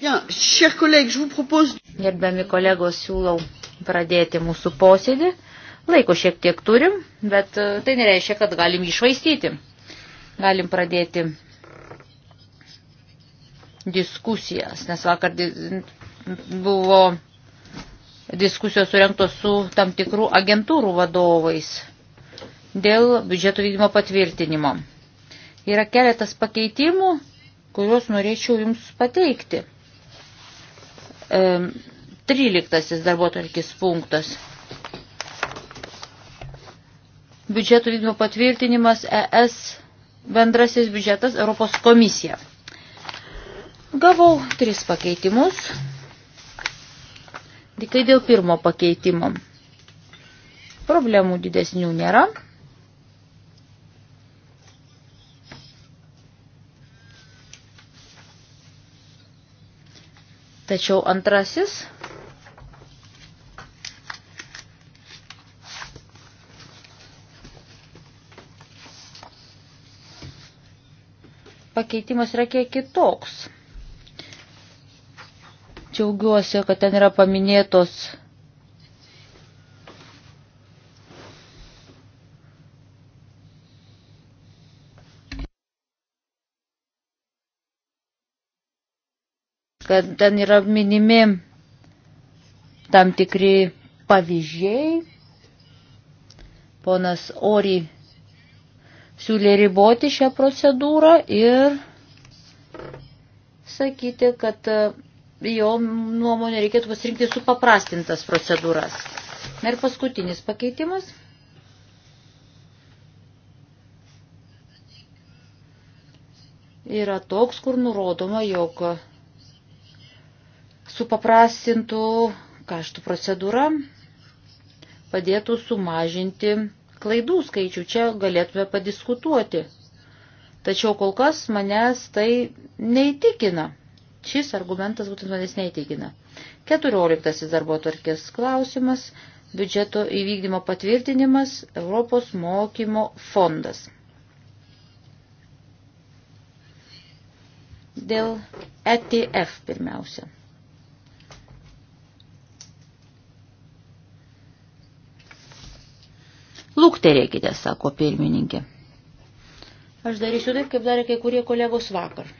Gerbiami kolegos, siūlau pradėti mūsų posėdį. Laiko šiek tiek turim, bet e, tai nereiškia, kad galim išvaistyti. Galim pradėti diskusijas, nes vakar buvo diskusijos surinktos su tam tikrų agentūrų vadovais dėl biudžeto vykdymo patvirtinimo. Yra keletas pakeitimų, kuriuos norėčiau Jums pateikti. 13 darbotvarkis punktas. Biudžeto vykdymo patvirtinimas ES bendrasis biudžetas Europos komisija. Gavau tris pakeitimus. Tik tai dėl pirmo pakeitimo. Problemų didesnių nėra. Tačiau antrasis pakeitimas yra kiek kitoks. Džiaugiuosi, kad ten yra paminėtos kad ten yra minimi tam tikri pavyzdžiai. Ponas Ori siūlė riboti šią procedūrą ir sakyti, kad e, jo nuomonė reikėtų pasirinkti supaprastintas procedūras. Na ir paskutinis pakeitimas. Yra toks, kur nurodoma, jog supaprastintų kaštų procedūra padėtų sumažinti klaidų skaičių. Čia galėtume padiskutuoti. Tačiau kol kas manęs tai neįtikina. Šis argumentas būtent manęs neįtikina. Keturioliktasis darbo tvarkės klausimas – biudžeto įvykdymo patvirtinimas Europos mokymo fondas. Dėl ETF pirmiausia. Lūkterėkite, sako pirmininkė. Aš darysiu taip, kaip darė kai kurie kolegos vakar.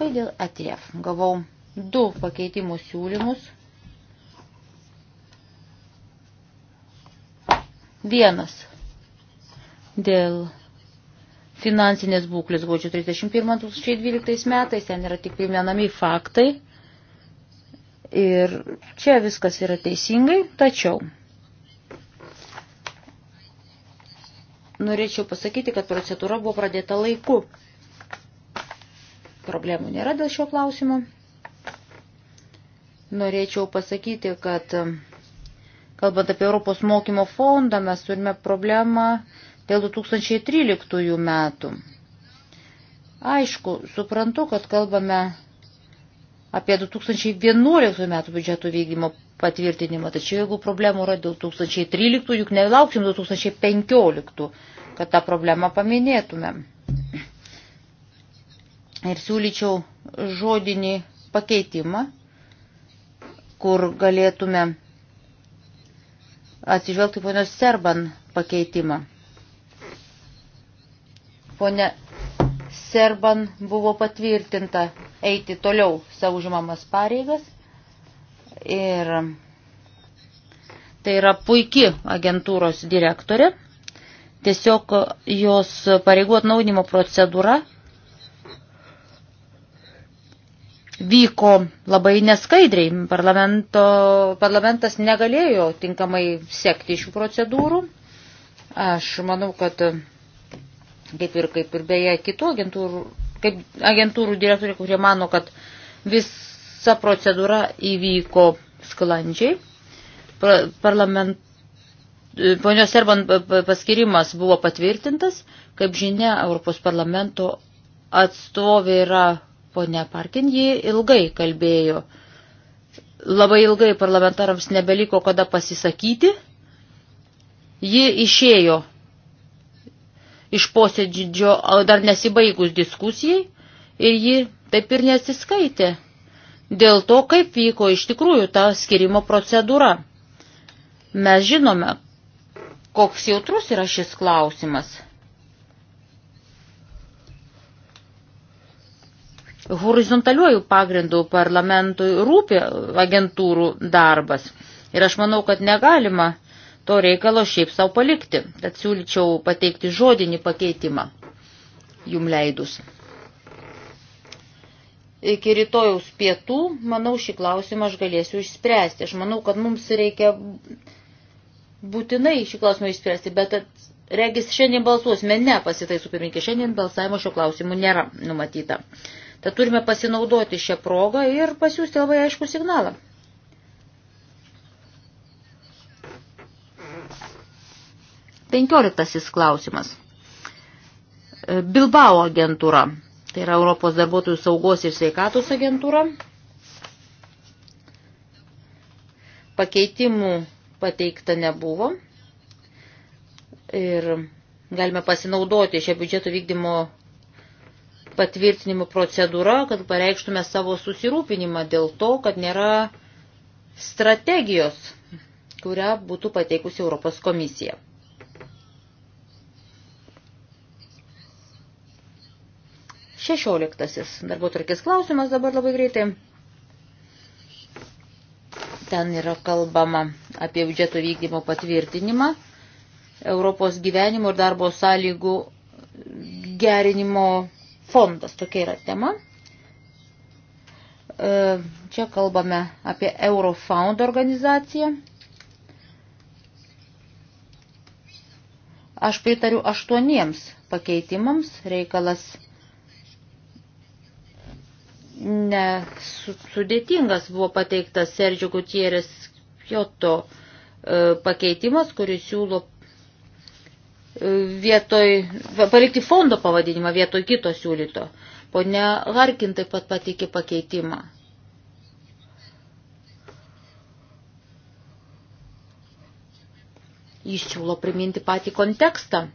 Kai dėl ATF e gavau du pakeitimų siūlymus. Vienas dėl finansinės būklės gruodžio 31.2012 metais, ten yra tik primenami faktai ir čia viskas yra teisingai, tačiau norėčiau pasakyti, kad procedūra buvo pradėta laiku Problemų nėra dėl šio klausimo. Norėčiau pasakyti, kad um, kalbant apie Europos mokymo fondą, mes turime problemą dėl 2013 metų. Aišku, suprantu, kad kalbame apie 2011 metų biudžeto vykdymo patvirtinimą, tačiau jeigu problemų yra dėl 2013, juk nelauksim 2015, kad tą problemą paminėtumėm ir siūlyčiau žodinį pakeitimą, kur galėtume atsižvelgti ponios Serban pakeitimą. Pone Serban buvo patvirtinta eiti toliau savo užimamas pareigas ir tai yra puiki agentūros direktorė. Tiesiog jos pareigų atnaudimo procedūra vyko labai neskaidriai. Parlamentas negalėjo tinkamai sekti šių procedūrų. Aš manau, kad kaip ir, kaip ir beje kitų agentūrų, kaip agentūrų direktoriai, kurie mano, kad visa procedūra įvyko sklandžiai. Parlament, ponios Serban paskirimas buvo patvirtintas, kaip žinia, Europos parlamento atstovė yra Pone Parkin, ji ilgai kalbėjo. Labai ilgai parlamentarams nebeliko kada pasisakyti. Ji išėjo iš posėdžio dar nesibaigus diskusijai ir ji taip ir nesiskaitė dėl to, kaip vyko iš tikrųjų ta skirimo procedūra. Mes žinome, koks jautrus yra šis klausimas. horizontaliuoju pagrindu parlamentui rūpi agentūrų darbas. Ir aš manau, kad negalima to reikalo šiaip savo palikti. Tad siūlyčiau pateikti žodinį pakeitimą jum leidus. Iki rytojaus pietų, manau, šį klausimą aš galėsiu išspręsti. Aš manau, kad mums reikia būtinai šį klausimą išspręsti, bet regis šiandien balsuosime, ne pasitaisų pirmininkė, šiandien balsavimo šio klausimų nėra numatyta. Tad turime pasinaudoti šią progą ir pasiūsti labai aišku signalą. Penkioliktasis klausimas. E, Bilbao agentūra, tai yra Europos darbuotojų saugos ir sveikatos agentūra. Pakeitimų pateikta nebuvo ir galime pasinaudoti šią biudžeto vykdymo patvirtinimo procedūra, kad pareikštume savo susirūpinimą dėl to, kad nėra strategijos, kurią būtų pateikusi Europos komisija. Šešioliktasis darbo tvarkės klausimas dabar labai greitai. Ten yra kalbama apie biudžeto vykdymo patvirtinimą, Europos gyvenimo ir darbo sąlygų gerinimo fondas. Tokia yra tema. E, čia kalbame apie Eurofound organizaciją. Aš pritariu aštuoniems pakeitimams. Reikalas nesudėtingas buvo pateiktas Sergio Gutierrez Kyoto e, pakeitimas, kuris siūlo vietoj, palikti fondo pavadinimą vietoj kito siūlyto. Pone Harkin taip pat patikė pakeitimą. Jis siūlo priminti patį kontekstą,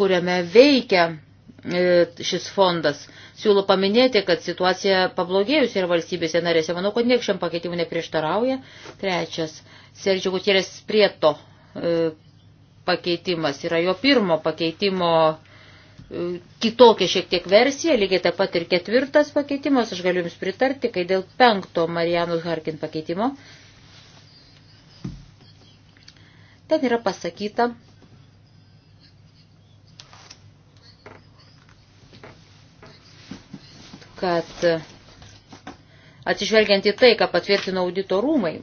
kuriame veikia e, šis fondas. Siūlo paminėti, kad situacija pablogėjusi yra valstybėse narėse. Manau, kad niek šiam pakeitimu neprieštarauja. Trečias, Sergio Gutierės Prieto e, pakeitimas yra jo pirmo pakeitimo e, kitokia šiek tiek versija, lygiai taip pat ir ketvirtas pakeitimas, aš galiu Jums pritarti, kai dėl penkto Marijanus Harkin pakeitimo. Ten yra pasakyta, kad atsižvelgiant į tai, ką patvirtino audito rūmai,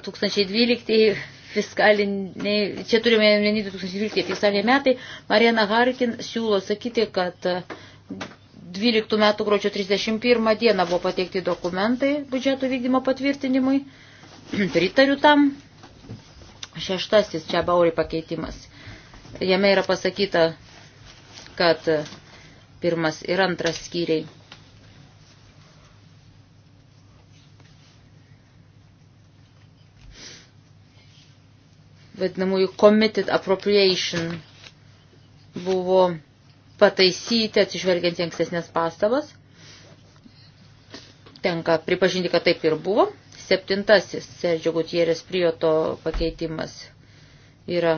2012 fiskaliniai, čia turime 2012 fiskaliniai metai, Mariana Harkin siūlo sakyti, kad 12 metų gruodžio 31 dieną buvo pateikti dokumentai biudžeto vykdymo patvirtinimui. Pritariu tam. Šeštasis čia bauri pakeitimas. Jame yra pasakyta, kad pirmas ir antras skyriai vadinamųjų committed appropriation buvo pataisyti atsižvelgiant į ankstesnės pastabas. Tenka pripažinti, kad taip ir buvo. Septintasis Sergio Gutierės Prioto pakeitimas yra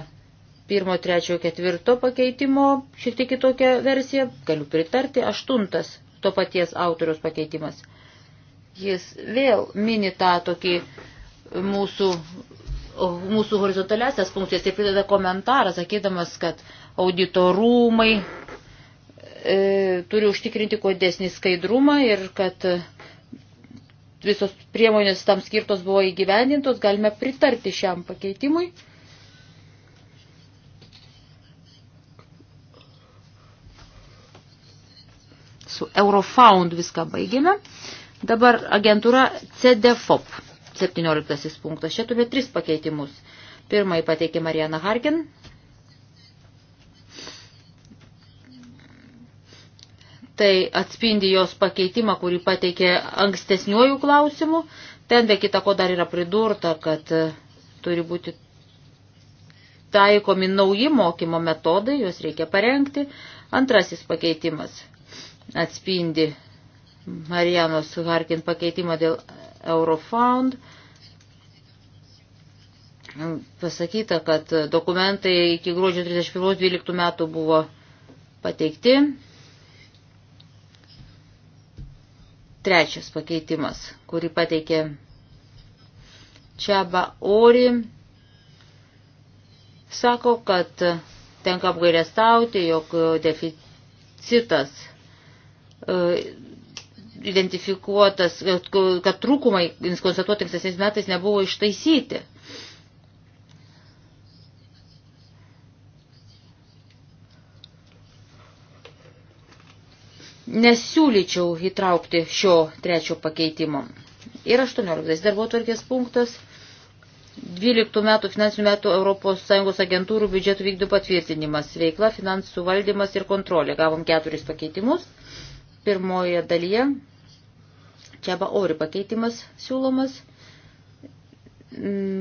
pirmo, trečio, ketvirto pakeitimo, šiek tiek kitokia versija, galiu pritarti. Aštuntas to paties autoriaus pakeitimas. Jis vėl mini tą tokį mūsų mūsų horizontaliasias funkcijas ir tai prideda komentarą, sakydamas, kad auditorumai e, turi užtikrinti kuo desnį skaidrumą ir kad visos priemonės tam skirtos buvo įgyvendintos, galime pritarti šiam pakeitimui. Su Eurofound viską baigėme. Dabar agentūra CDFOP. 17 punktas. Čia turime tris pakeitimus. Pirmąjį pateikė Mariana Harkin. Tai atspindi jos pakeitimą, kurį pateikė ankstesniojų klausimų. Ten be kita ko dar yra pridurta, kad e, turi būti taikomi nauji mokymo metodai, juos reikia parengti. Antrasis pakeitimas atspindi Marijanos Harkin pakeitimą dėl Eurofound. Pasakyta, kad dokumentai iki gruodžio 31.12 metų buvo pateikti. Trečias pakeitimas, kurį pateikė Čiaba Ori, sako, kad tenka apgailestauti, jog deficitas e, identifikuotas, kad trūkumai konstatuoti ankstesniais metais nebuvo ištaisyti. Nesiūlyčiau įtraukti šio trečio pakeitimo. Ir 18 darbo tvarkės punktas. 12 metų finansinių metų ES agentūrų biudžetų vykdų patvirtinimas, veikla, finansų valdymas ir kontrolė. Gavom keturis pakeitimus. Pirmoje dalyje Keba Ori pakeitimas siūlomas.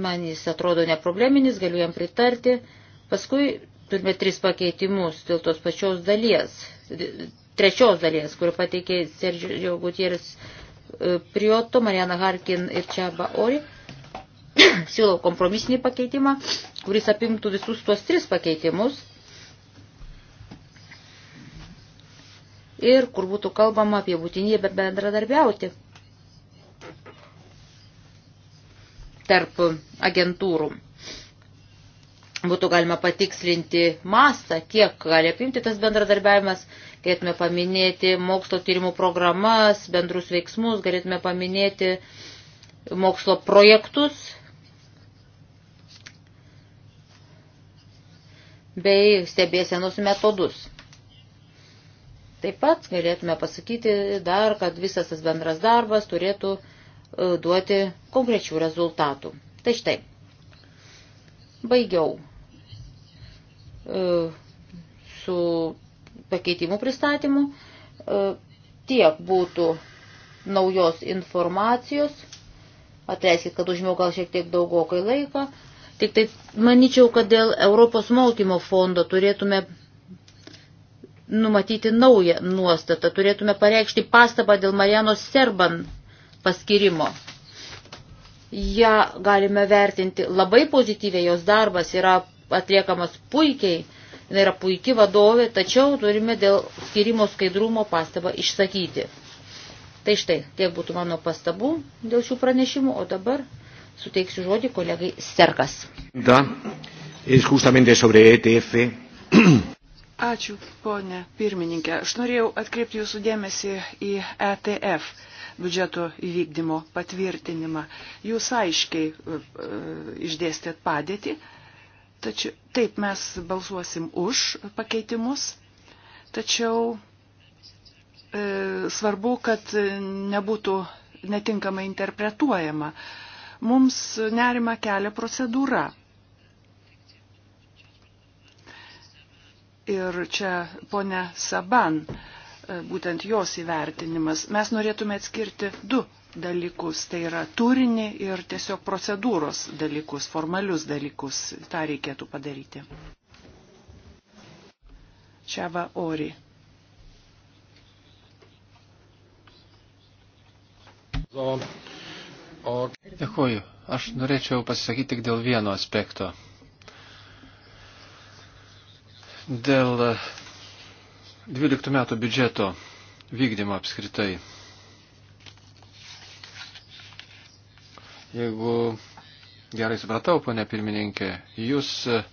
Man jis atrodo neprobleminis, galiu jam pritarti. Paskui turime tris pakeitimus dėl tos pačios dalies, trečios dalies, kur pateikė Sergio Gutieris e, Prioto, Mariana Harkin ir Čeba Ori. Siūlau kompromisinį pakeitimą, kuris apimtų visus tuos tris pakeitimus. Ir kur būtų kalbama apie būtinybę bendradarbiauti tarp agentūrų. Būtų galima patikslinti mastą, kiek gali apimti tas bendradarbiavimas, galėtume paminėti mokslo tyrimų programas, bendrus veiksmus, galėtume paminėti mokslo projektus bei stebėsenos metodus. Taip pat galėtume pasakyti dar, kad visas tas bendras darbas turėtų uh, E, duoti konkrečių rezultatų. Tai štai, baigiau e, su pakeitimų pristatymu. E, tiek būtų naujos informacijos. Atleiskit, kad užmiau gal šiek tiek daugokai laiko. Tik tai manyčiau, kad dėl Europos mokymo fondo turėtume numatyti naują nuostatą, turėtume pareikšti pastabą dėl Marianos Serban paskirimo. Ja galime vertinti labai pozityviai, jos darbas yra atliekamas puikiai, jinai yra puikia vadovė, tačiau turime dėl skirimo skaidrumo pastabą išsakyti. Tai štai, tiek būtų mano pastabų dėl šių pranešimų, o dabar suteiksiu žodį kolegai Serkas. Da, es justamente sobre ETF. Ačiū, ponė pirmininkė. Aš norėjau atkreipti jūsų dėmesį į ETF biudžeto įvykdymo patvirtinimą. Jūs aiškiai e, e, išdėstėt padėtį, tačiau taip mes balsuosim už pakeitimus, tačiau e, svarbu, kad nebūtų netinkamai interpretuojama. Mums nerima kelia procedūra. Ir čia ponia Saban. E, E, būtent jos įvertinimas. Mes norėtume atskirti du dalykus, tai yra turinį ir tiesiog procedūros dalykus, formalius dalykus. Ta reikėtų padaryti. Čia va ori. Dėkuoju. Aš norėčiau pasisakyti tik dėl vieno aspekto. Dėl 12 metų biudžeto vykdymą apskritai. Jeigu gerai supratau, ponė pirmininkė, jūs e,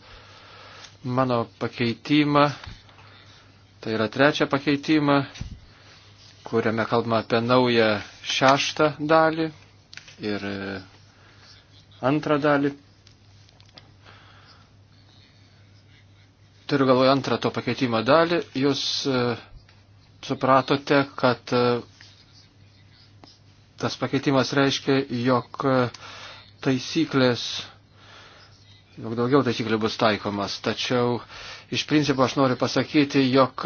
mano pakeitimą, tai yra trečią pakeitimą, kuriame kalbama apie naują šeštą dalį ir e, antrą dalį turiu galvoje antrą to pakeitimo dalį, jūs e, supratote, kad e, tas pakeitimas reiškia, jog e, taisyklės, jog daugiau taisyklių bus taikomas. Tačiau iš principo aš noriu pasakyti, jog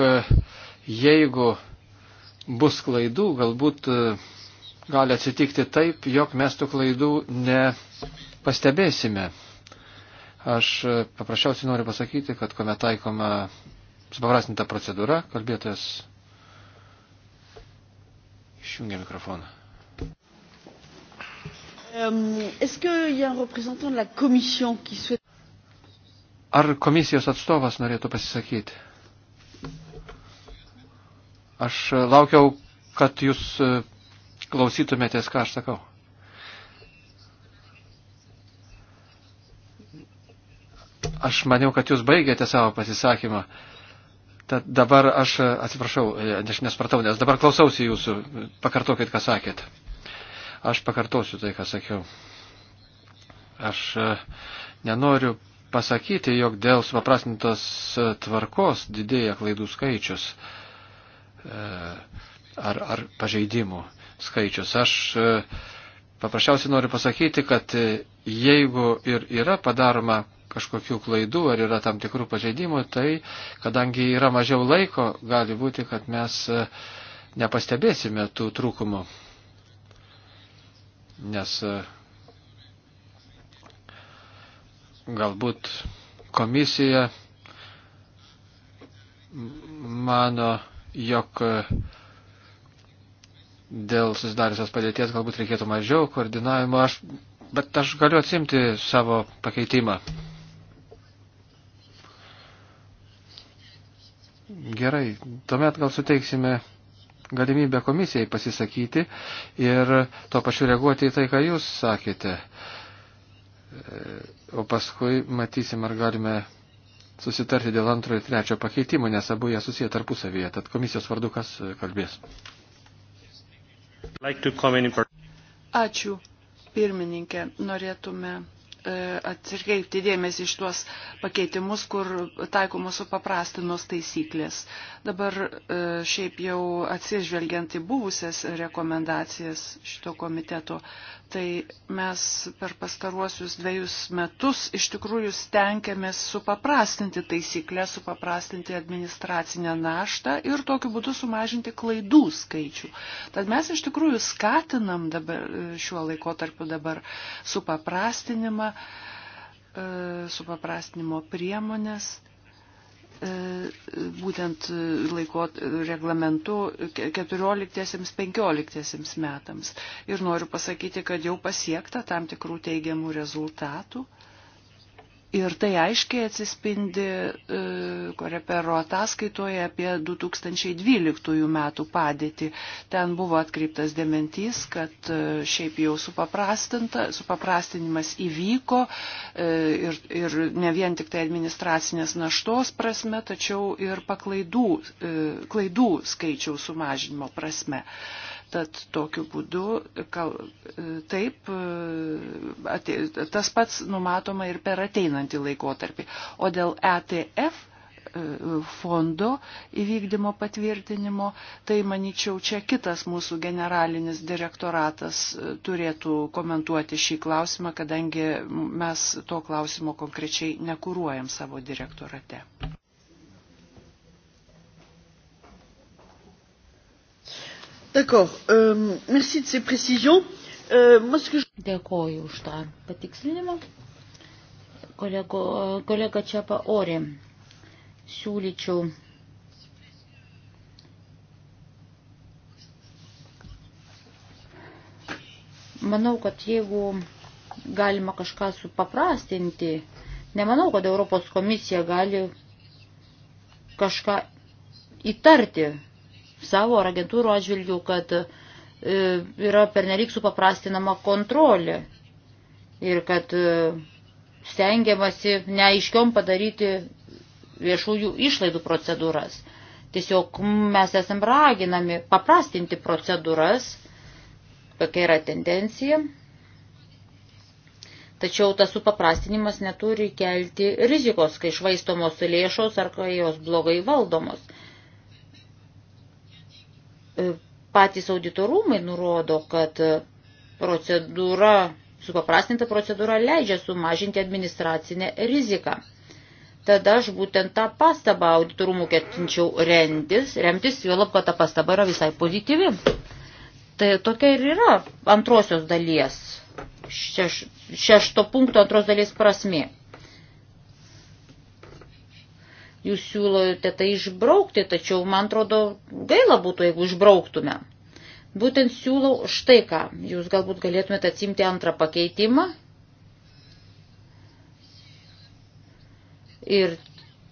jeigu bus klaidų, galbūt gali atsitikti taip, jog mes tų klaidų nepastebėsime. Aš e, paprasčiausiai noriu pasakyti, kad kuomet taikoma supaprastinta procedūra, kalbėtojas išjungia mikrofoną. Ar komisijos atstovas norėtų pasisakyti? Aš e, laukiau, kad jūs e, klausytumėtės, ką aš sakau. Aš maniau, kad jūs baigėte savo pasisakymą. Tad dabar aš e, atsiprašau, e, aš nespratau, nes dabar klausausi jūsų. Pakartokit, ką sakėt. Aš pakartosiu tai, ką sakiau. Aš e, nenoriu pasakyti, jog dėl supaprastintos tvarkos didėja klaidų skaičius ar, ar pažeidimų skaičius. Aš paprasčiausiai noriu pasakyti, kad jeigu ir yra padaroma kažkokių klaidų ar yra tam tikrų pažeidimų, tai kadangi yra mažiau laiko, gali būti, kad mes e, nepastebėsime tų trūkumų. Nes e, galbūt komisija mano, jog e, dėl susidariusios padėties galbūt reikėtų mažiau koordinavimo, aš, bet aš galiu atsimti savo pakeitimą. Gerai, tuomet gal suteiksime galimybę komisijai pasisakyti ir to pačiu reaguoti į tai, ką jūs sakėte. O paskui matysim, ar galime susitarti dėl antro ir trečio pakeitimo, nes abu jie susiję tarpusavyje. Tad komisijos vardu kas kalbės. Ačiū, pirmininkė. Norėtume E, atkreipti dėmesį iš tuos pakeitimus, kur taikomos supaprastinos taisyklės. Dabar e, šiaip jau atsižvelgiant į buvusias rekomendacijas šito komiteto, tai mes per pastaruosius dviejus metus iš tikrųjų stengiamės supaprastinti taisyklę, supaprastinti administracinę naštą ir tokiu būdu sumažinti klaidų skaičių. Tad mes iš tikrųjų skatinam dabar šiuo laikotarpiu dabar supaprastinimą E, supaprastinimo priemonės e, būtent laiko reglamentu 14-15 metams. Ir noriu pasakyti, kad jau pasiekta tam tikrų teigiamų rezultatų. Ir tai aiškiai atsispindi e, korepero ataskaitoje apie 2012 metų padėtį. Ten buvo atkreiptas dementys, kad e, šiaip jau supaprastinimas įvyko e, ir, ir ne vien tik tai administracinės naštos prasme, tačiau ir paklaidų klaidų skaičiaus sumažinimo prasme. Uh, Tad tokiu būdu, kal, e, taip, e, ate, tas pats numatoma ir per ateinantį laikotarpį. O dėl ETF e, fondo įvykdymo patvirtinimo, tai manyčiau, čia kitas mūsų generalinis direktoratas turėtų komentuoti šį klausimą, kadangi mes to klausimo konkrečiai nekūruojam savo direktorate. Euh, euh, Dėkoju už tą patikslinimą. Kolego, kolega Čiapa Orė, siūlyčiau manau, kad jeigu galima kažką supaprastinti, nemanau, kad Europos komisija gali kažką įtarti savo ar agentūrų atžvilgių, kad e, yra pernelyg supaprastinama kontrolė ir kad e, stengiamasi neaiškiom padaryti viešųjų išlaidų procedūras. Tiesiog mes esam raginami paprastinti procedūras, tokia yra tendencija. Tačiau tas supaprastinimas neturi kelti rizikos, kai švaistomos lėšos ar kai jos blogai valdomos. E, patys auditorumai nurodo, kad procedūra, supaprastinta procedūra leidžia sumažinti administracinę riziką. Tada aš būtent tą pastabą auditorumų ketinčiau remtis, remtis, jo lab, kad ta pastaba yra visai pozityvi. Tai tokia ir yra antrosios dalies, šeš, šešto punkto antros dalies prasmė. Jūs siūlote tai išbraukti, tačiau man atrodo gaila būtų, jeigu išbrauktume. Būtent siūlau štai ką. Jūs galbūt galėtumėte atsimti antrą pakeitimą. Ir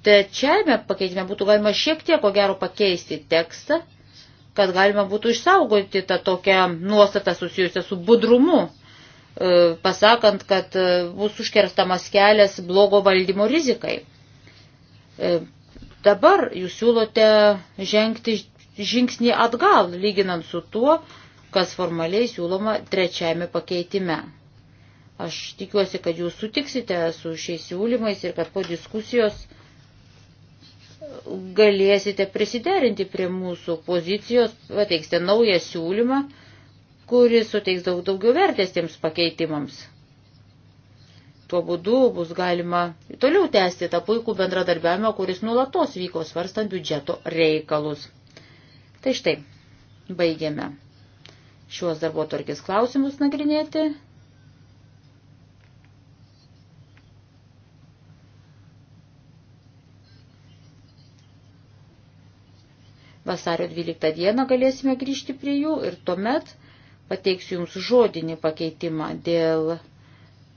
trečiajame pakeitime būtų galima šiek tiek, ko gero, pakeisti tekstą, kad galima būtų išsaugoti tą tokią nuostatą susijusią su budrumu, e, pasakant, kad e, bus užkerstamas kelias blogo valdymo rizikai. E, dabar jūs siūlote žengti žingsnį atgal, lyginant su tuo, kas formaliai siūloma trečiame pakeitime. Aš tikiuosi, kad jūs sutiksite su šiais siūlymais ir kad po diskusijos galėsite prisiderinti prie mūsų pozicijos, pateiksite naują siūlymą, kuris suteiks daug daugiau vertės tiems pakeitimams. Tuo būdu bus galima toliau tęsti tą puikų bendradarbiavimą, kuris nulatos vyko svarstant biudžeto reikalus. Tai štai, baigiame šiuos darbo tvarkės klausimus nagrinėti. Vasario 12 dieną galėsime grįžti prie jų ir tuomet pateiksiu Jums žodinį pakeitimą dėl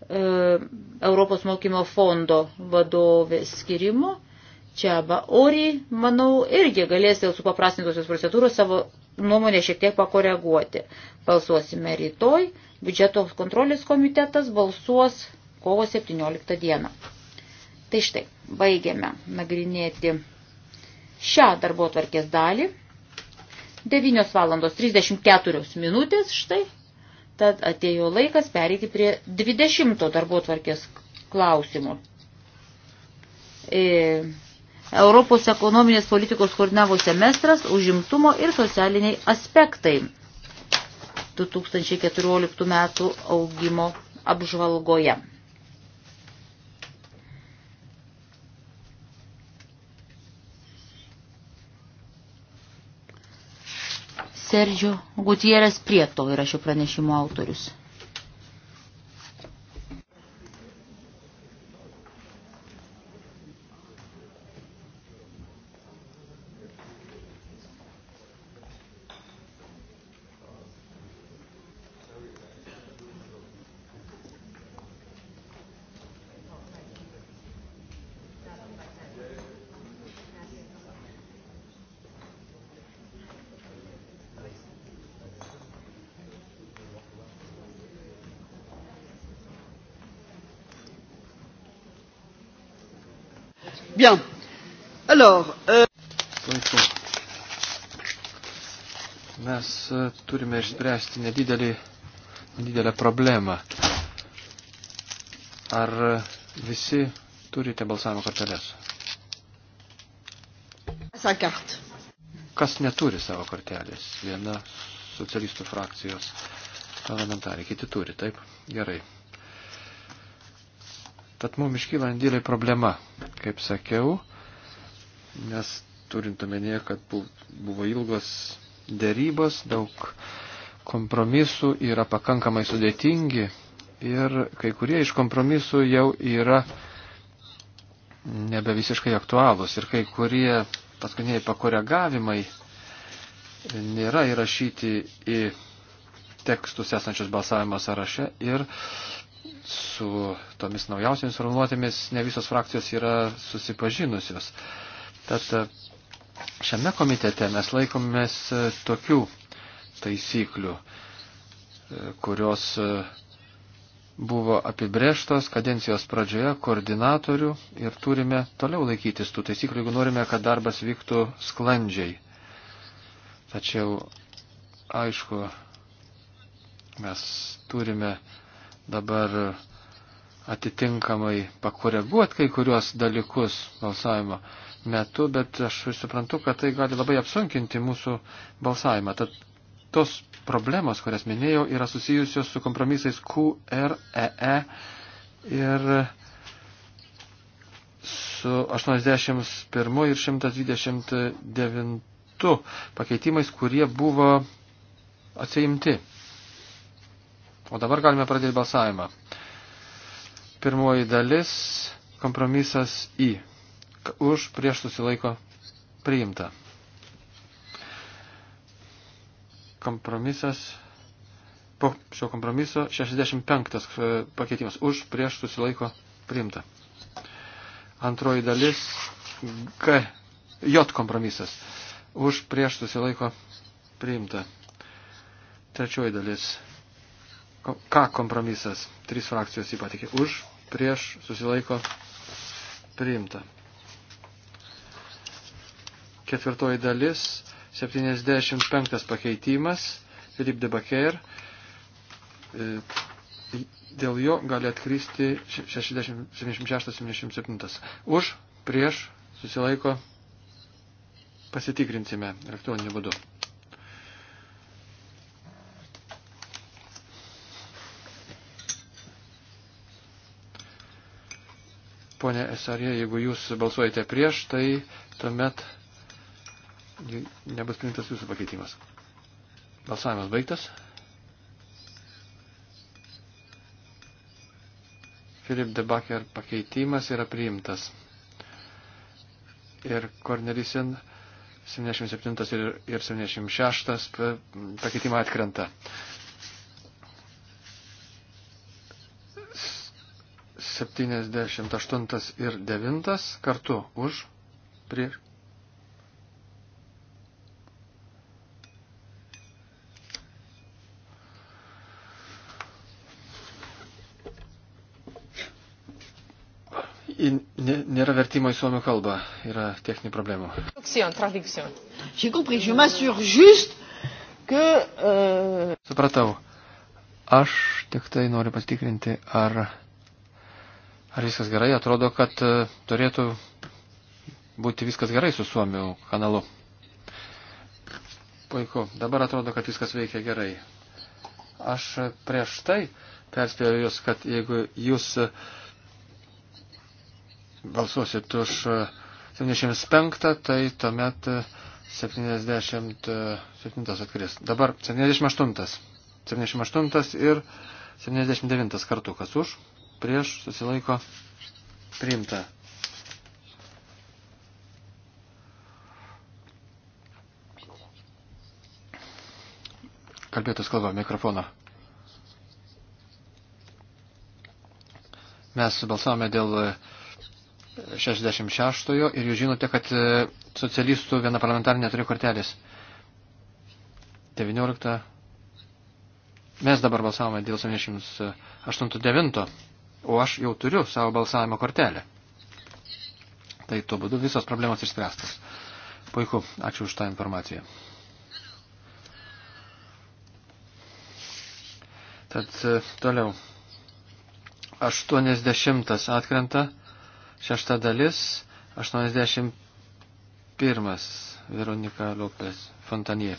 E, Europos mokymo fondo vadovės skirimo. Čiaba Ori, manau, irgi galės dėl supaprastintosios procedūros savo nuomonę šiek tiek pakoreguoti. Balsuosime rytoj, biudžeto kontrolės komitetas balsuos kovo 17 dieną. Tai štai, baigiame nagrinėti šią darbo tvarkės dalį. 9 valandos 34 minutės štai Tad atėjo laikas pereiti prie 20 darbo tvarkės klausimo. E, Europos ekonominės politikos koordinavo semestras užimtumo ir socialiniai aspektai 2014 metų augimo apžvalgoje. Serdžio Gutierės Prieto yra šio pranešimo autorius. Bien. Alors. Euh... Puiku. Mes e, turime išspręsti nedidelį, nedidelę problemą. Ar e, visi turite balsavimo korteles? Kas neturi savo kortelės? Viena socialistų frakcijos parlamentarė, kiti turi, taip? Gerai. Tad mums iškyla nedėlė problema kaip sakiau, nes turint omenyje, kad buvo ilgos dėrybos, daug kompromisų yra pakankamai sudėtingi ir kai kurie iš kompromisų jau yra nebe visiškai aktualūs ir kai kurie paskutiniai pakoregavimai nėra įrašyti į tekstus esančius balsavimo sąraše ir su tomis naujausiamis formuluotėmis ne visos frakcijos yra susipažinusios. Tad e, šiame komitete mes laikomės e, tokių taisyklių, e, kurios buvo apibrėžtos kadencijos pradžioje koordinatorių ir turime toliau laikytis tų taisyklių, jeigu norime, kad darbas vyktų sklandžiai. Tačiau, aišku, mes turime dabar atitinkamai pakoreguoti kai kuriuos dalykus balsavimo metu, bet aš suprantu, kad tai gali labai apsunkinti mūsų balsavimą. Tad tos problemos, kurias minėjau, yra susijusios su kompromisais Q, R, E, E ir su 81 ir 129 pakeitimais, kurie buvo atsiimti. O dabar galime pradėti balsavimą. Pirmoji dalis - kompromisas į. Už prieš susilaiko priimta. Kompromisas. Po šio kompromiso 65 e, pakeitimas. Už prieš susilaiko priimta. Antroji dalis G. J kompromisas. Už prieš susilaiko priimta. Trečioji dalis Ką kompromisas? Trys frakcijos jį patikė. Už, prieš, susilaiko, priimta. Ketvirtoji dalis, 75 pakeitimas, Filip de Baker. E, dėl jo gali atkristi 76-77. Už, prieš, susilaiko, pasitikrinsime elektroniniu būdu. Pone Esarė, jeigu jūs balsuojate prieš, tai tuomet nebus priimtas jūsų pakeitimas. Balsavimas baigtas. Filip de Bacher pakeitimas yra priimtas. Ir Kornelisen 77 ir 76 pakeitimą atkrenta. 78 ir 9 kartu už prieš. Nėra vertimo į suomių kalbą, yra techninių problemų. Euh, Supratau. Aš tik tai noriu pasitikrinti, ar Ar viskas gerai? Atrodo, kad e, turėtų būti viskas gerai su Suomijų kanalu. Puiku. Dabar atrodo, kad viskas veikia gerai. Aš prieš tai perspėjau jūs, kad jeigu jūs e, balsuosit už 75, e, tai tuomet 77 atkris. Dabar 78. 78 ir 79 kartu, kas už, prieš susilaiko priimta. Kalbėtas kalba mikrofoną. Mes balsavome dėl 66 e, ir jūs žinote, kad e, socialistų viena parlamentarė neturi kortelės. 19. Mes dabar balsavome dėl 78 9 o aš jau turiu savo balsavimo kortelę. Tai tuo būdu visos problemos išspręstas. Puiku, ačiū už tą informaciją. Tad e, toliau. 80 atkrenta, šešta dalis, 81 Veronika Lopez Fontanie.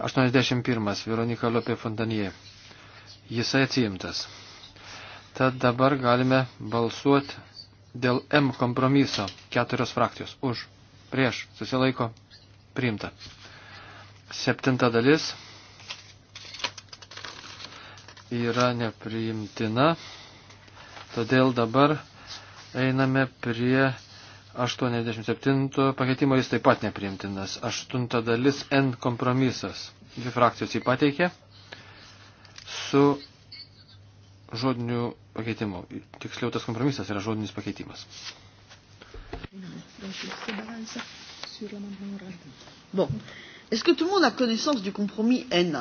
81 Veronika Lopez Fontanie jisai atsiimtas. Tad dabar galime balsuoti dėl M kompromiso. Keturios frakcijos. Už, prieš, susilaiko, priimta. Septinta dalis yra nepriimtina. Todėl dabar einame prie 87 pakeitimo, jis taip pat nepriimtinas. Aštunta dalis N kompromisas. Dvi frakcijos jį pateikė su žodiniu pakeitimu. Tiksliau, tas kompromisas yra žodinis pakeitimas. Bon. Est-ce que tout le monde a connaissance du compromis N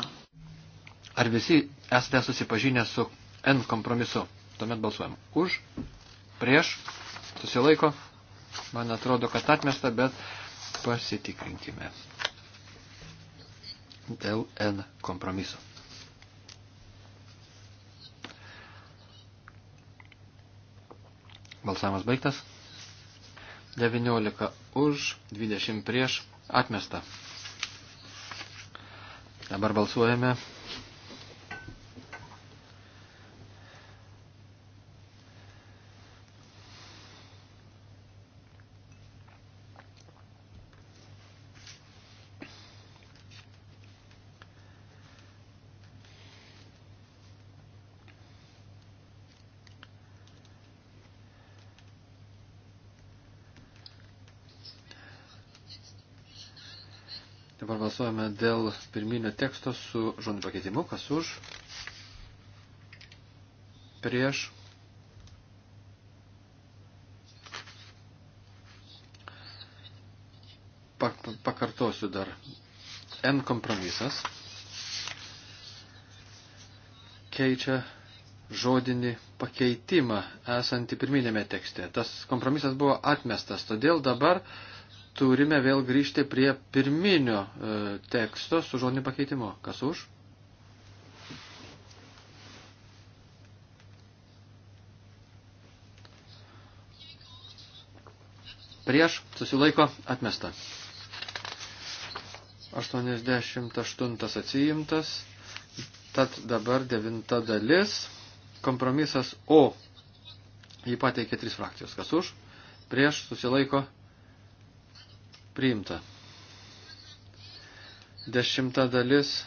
Ar visi esate susipažinę su N kompromisu? Tuomet balsuojam už, prieš, susilaiko. Man atrodo, kad atmesta, bet pasitikrinkime dėl N kompromiso. Balsavimas baigtas. 19 už, 20 prieš, atmesta. Dabar balsuojame Balsuojame dėl pirminio teksto su žodžiu pakeitimu, kas už, prieš. Pakartosiu dar. N kompromisas keičia žodinį pakeitimą esantį pirminėme tekste. Tas kompromisas buvo atmestas, todėl dabar uh, turime vėl grįžti prie pirminio e, teksto su žodiniu pakeitimu. Kas už? Prieš susilaiko atmesta. 88 atsijimtas. Tad dabar devinta dalis. Kompromisas O. Jį pateikė trys frakcijos. Kas už? Prieš susilaiko atmesta priimta. Dešimta dalis,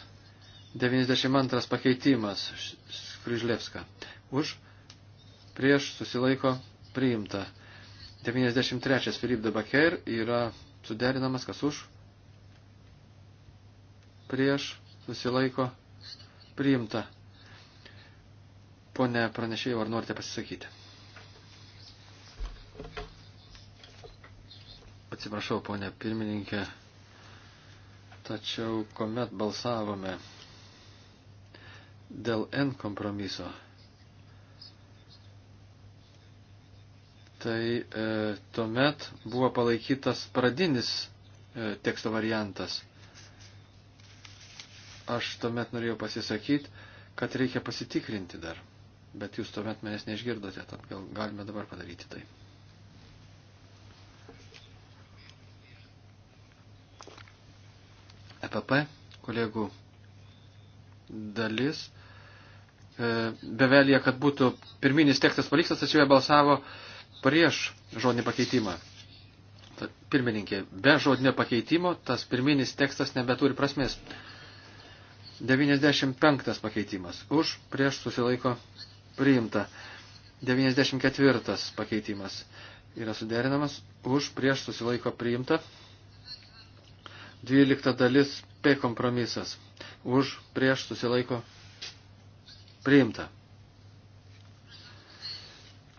92 pakeitimas, Kryžlevska. Už, prieš, susilaiko, priimta. 93 Filip de Baker yra suderinamas, kas už, prieš, susilaiko, priimta. Pone pranešėjai, ar norite pasisakyti? Atsiprašau, ponė pirmininkė, tačiau kuomet balsavome dėl N kompromiso, tai e, tuomet buvo palaikytas pradinis e, teksto variantas. Aš tuomet norėjau pasisakyti, kad reikia pasitikrinti dar, bet jūs tuomet manęs neišgirdote, tad gal galime dabar padaryti tai. EPP kolegų dalis. E, Bevelija, kad būtų pirminis tekstas paliktas, tačiau jie balsavo prieš žodinį pakeitimą. Tad, pirmininkė, be žodinio pakeitimo tas pirminis tekstas nebeturi prasmės. 95 pakeitimas. Už, prieš susilaiko priimta. 94 pakeitimas yra suderinamas. Už, prieš susilaiko priimta. 12 dalis P kompromisas. Už, prieš, susilaiko, priimta.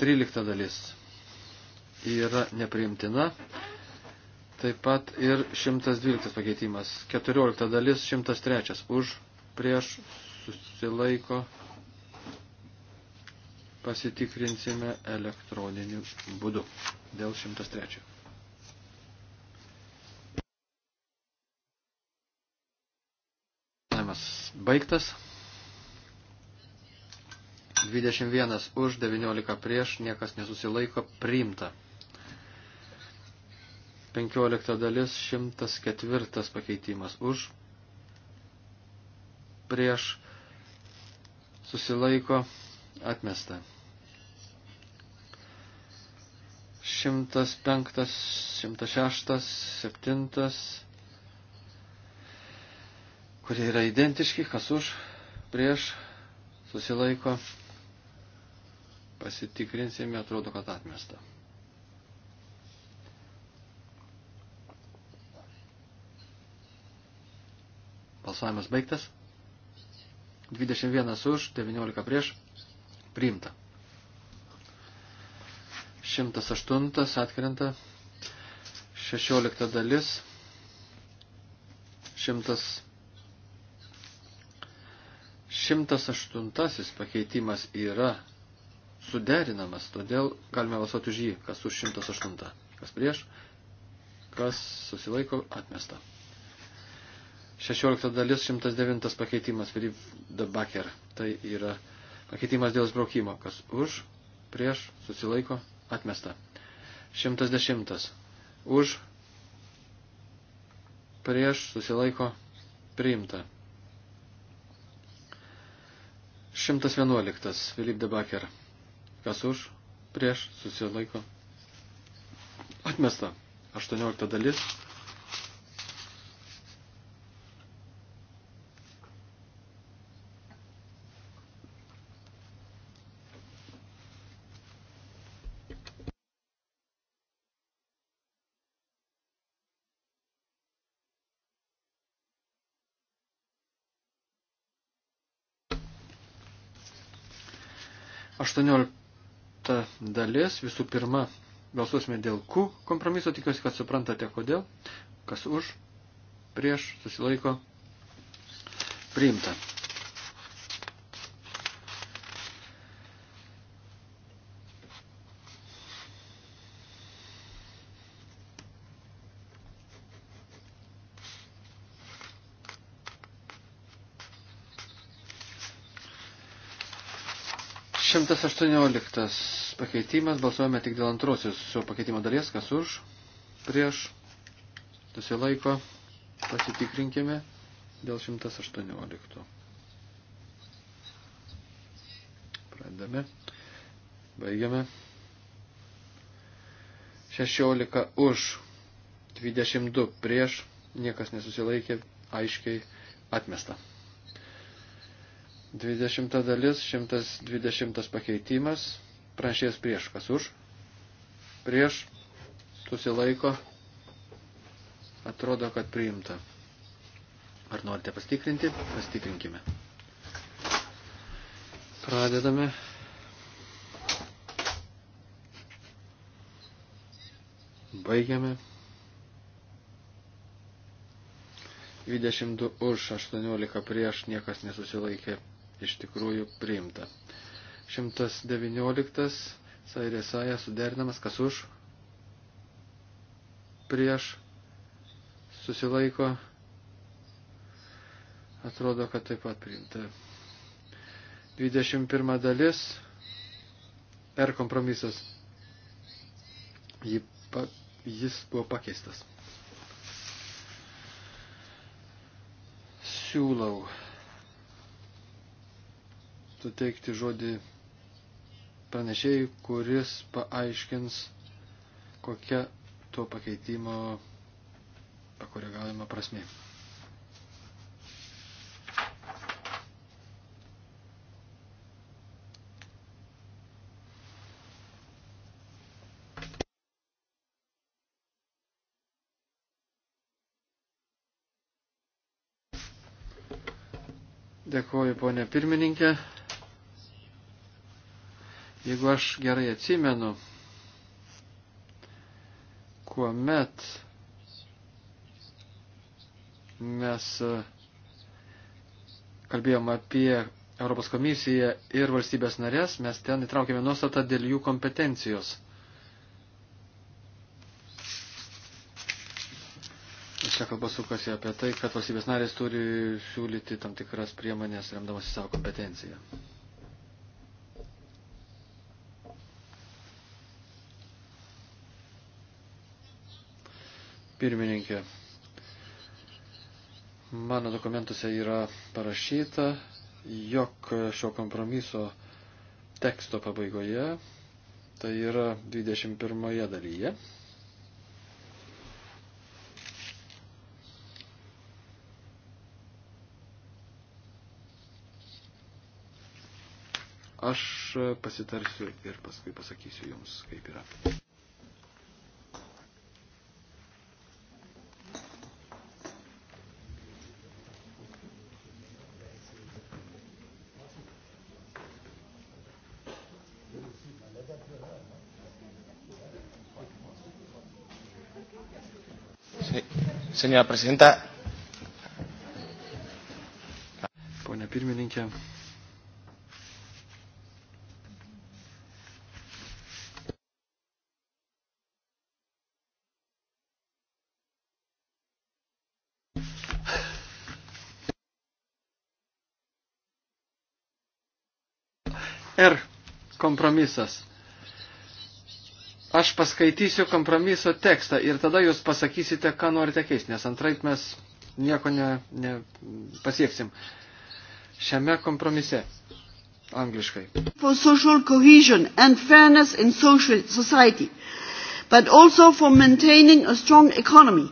13 dalis yra nepriimtina. Taip pat ir 112 pakeitimas. 14 dalis 103. Už, prieš, susilaiko, pasitikrinsime elektroniniu būdu dėl 103. baigtas. 21 už, 19 prieš, niekas nesusilaiko, priimta. 15 dalis, 104 pakeitimas už, prieš, susilaiko, atmesta. 105, 106, 7, kurie yra identiški, kas už, prieš, susilaiko, pasitikrinsime, atrodo, kad atmesta. Balsavimas baigtas. 21 už, 19 prieš, priimta. 108 atkrenta, 16 dalis, 100. 108 pakeitimas yra suderinamas, todėl galime balsuoti už jį, kas už 108, kas prieš, kas susilaiko atmesta. 16 dalis 109 pakeitimas prie the backer. Tai yra pakeitimas dėl sbraukimo, kas už, prieš, susilaiko, atmesta. 110. Už, prieš, susilaiko, priimta. 111. Filip de Baker. Kas už? Prieš susilaiko. Atmesta. 18 dalis. 18 dalis, visų pirma, balsuosime dėl Q kompromiso, tikiuosi, kad suprantate kodėl, kas už, prieš, susilaiko, priimta. 18 pakeitimas, balsuojame tik dėl antrosios šio pakeitimo dalies, kas už, prieš, susilaiko, pasitikrinkime dėl 118. Pradame, baigiame. 16 už, 22 prieš, niekas nesusilaikė, aiškiai atmesta. 20 dalis, 120 pakeitimas, pranšės prieš, kas už, prieš, susilaiko, atrodo, kad priimta. Ar norite pastikrinti? Pastikrinkime. Pradedame. Baigiame. 22 už 18 prieš niekas nesusilaikė iš tikrųjų priimta. 119. Sairėsaja suderinamas, kas už, prieš, susilaiko, atrodo, kad taip pat priimta. 21 dalis, per kompromisas, jis buvo pakeistas. Siūlau suteikti žodį pranešėjai, kuris paaiškins, kokia to pakeitimo pakoregavimo prasme. Dėkuoju, ponė pirmininkė. Jeigu aš gerai atsimenu, kuomet mes e, kalbėjom apie Europos komisiją ir valstybės narės, mes ten įtraukėme nuostatą dėl jų kompetencijos. Čia kalba sukasi apie tai, kad valstybės narės turi siūlyti tam tikras priemonės remdamasi savo kompetenciją. pirmininkė. Mano dokumentuose yra parašyta, jog šio kompromiso teksto pabaigoje, tai yra 21 dalyje, aš pasitarsiu ir paskui pasakysiu jums, kaip yra. señora presidenta. Pone pirmininkė. ir kompromisas aš paskaitysiu kompromiso tekstą ir tada jūs pasakysite, ką norite keisti, nes antraip mes nieko nepasieksim. Ne, ne Šiame kompromise. Angliškai. For social cohesion and fairness in social society, but also for maintaining a strong economy,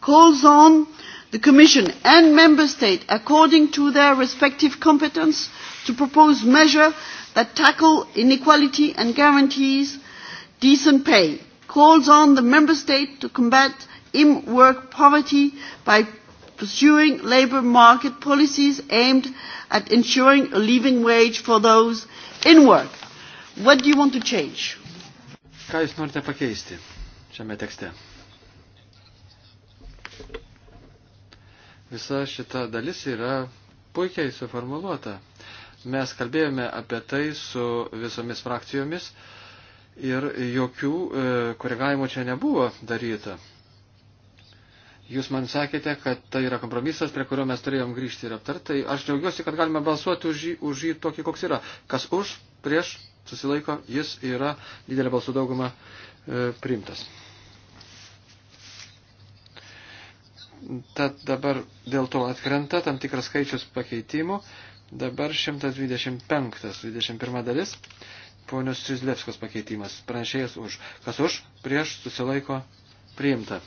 calls on the Commission and Member State, according to their respective competence, to propose measures that tackle inequality and guarantees decent pay, calls on the member state to combat in-work poverty by pursuing labour market policies aimed at ensuring a living wage for those in work. What do you want to change? Ką jūs norite pakeisti šiame tekste? Visa šita dalis yra puikiai suformuoluota. Mes kalbėjome apie tai su visomis frakcijomis. Uh, ir jokių e, koregavimų čia nebuvo daryta. Jūs man sakėte, kad tai yra kompromisas, prie kurio mes turėjom grįžti ir aptartai. Aš džiaugiuosi, kad galime balsuoti už jį, už jį tokį, koks yra. Kas už, prieš, susilaiko, jis yra didelė balsų dauguma e, priimtas. Tad dabar dėl to atkrenta tam tikras skaičius pakeitimų. Dabar 125, 21 dalis ponios Trizlevskos pakeitimas. Pranešėjas už. Kas už? Prieš susilaiko priimta.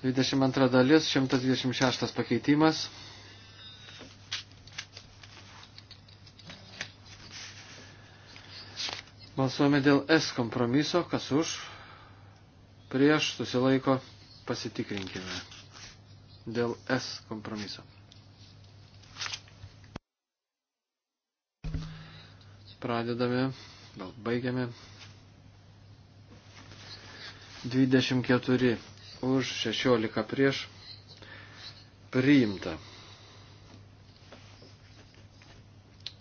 22 dalis, 126 pakeitimas. Balsuojame dėl S kompromiso, kas už, prieš, susilaiko, pasitikrinkime. Dėl S kompromiso. pradedame, gal baigiame. 24 už 16 prieš priimta.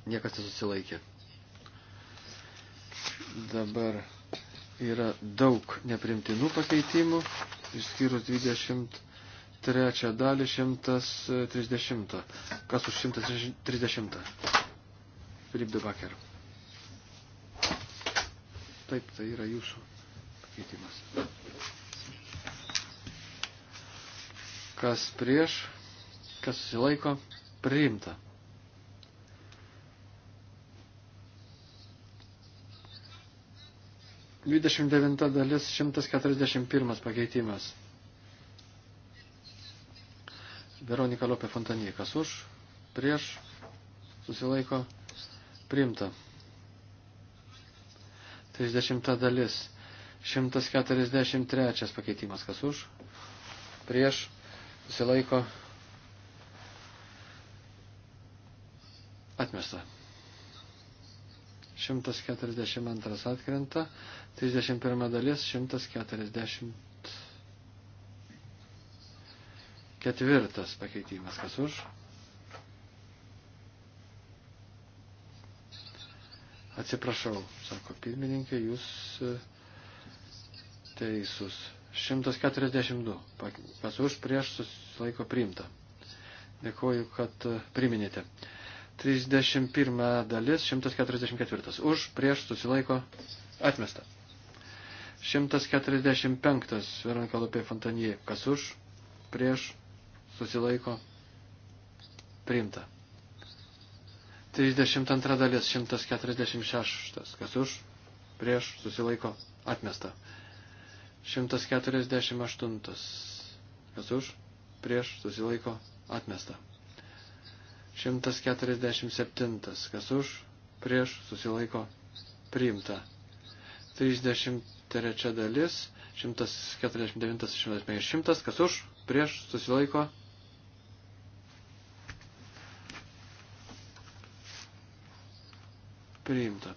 Niekas nesusilaikė. Dabar yra daug neprimtinų pakeitimų, išskyrus 23 dalį 130. Kas už 130? Filip Dubaker. Taip, tai yra jūsų pakeitimas. Kas prieš, kas susilaiko, priimta. Dvidešimt devinta dalis, šimtas keturiasdešimt pirmas pakeitimas. Veronika Lopė Fontanikas už, prieš, susilaiko, priimta. 30 dalis. 143 pakeitimas. Kas už? Prieš. Susilaiko. Atmesta. 142 atkrenta. 31 dalis. 140. Ketvirtas pakeitimas. Kas už? Atsiprašau, sako pirmininkė, jūs e, teisus. 142. Kas už prieš susilaiko priimta. Dėkuoju, kad e, priminėte. 31 dalis, 144. Už prieš susilaiko atmesta. 145. Veronika Lupė Fontanie. Kas už prieš susilaiko priimta. 32 dalis 146. Kas už? Prieš susilaiko atmesta. 148. Kas už? Prieš susilaiko atmesta. 147. Kas už? Prieš susilaiko priimta. 33 dalis 149-150. Kas už? Prieš susilaiko Priimta.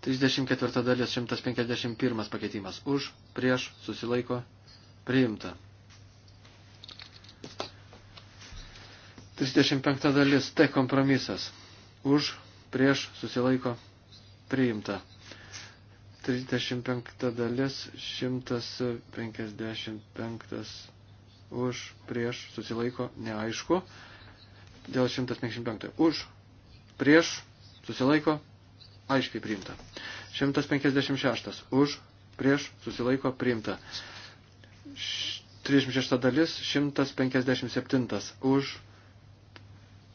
34 dalis 151 pakeitimas. Už, prieš, susilaiko. Priimta. 35 dalis T kompromisas. Už, prieš, susilaiko. Priimta. 35 dalis 155 už, prieš, susilaiko, neaišku. Dėl 155. Už, prieš, susilaiko, aiškiai priimta. 156 už, prieš, susilaiko, priimta. 36 dalis, 157 už,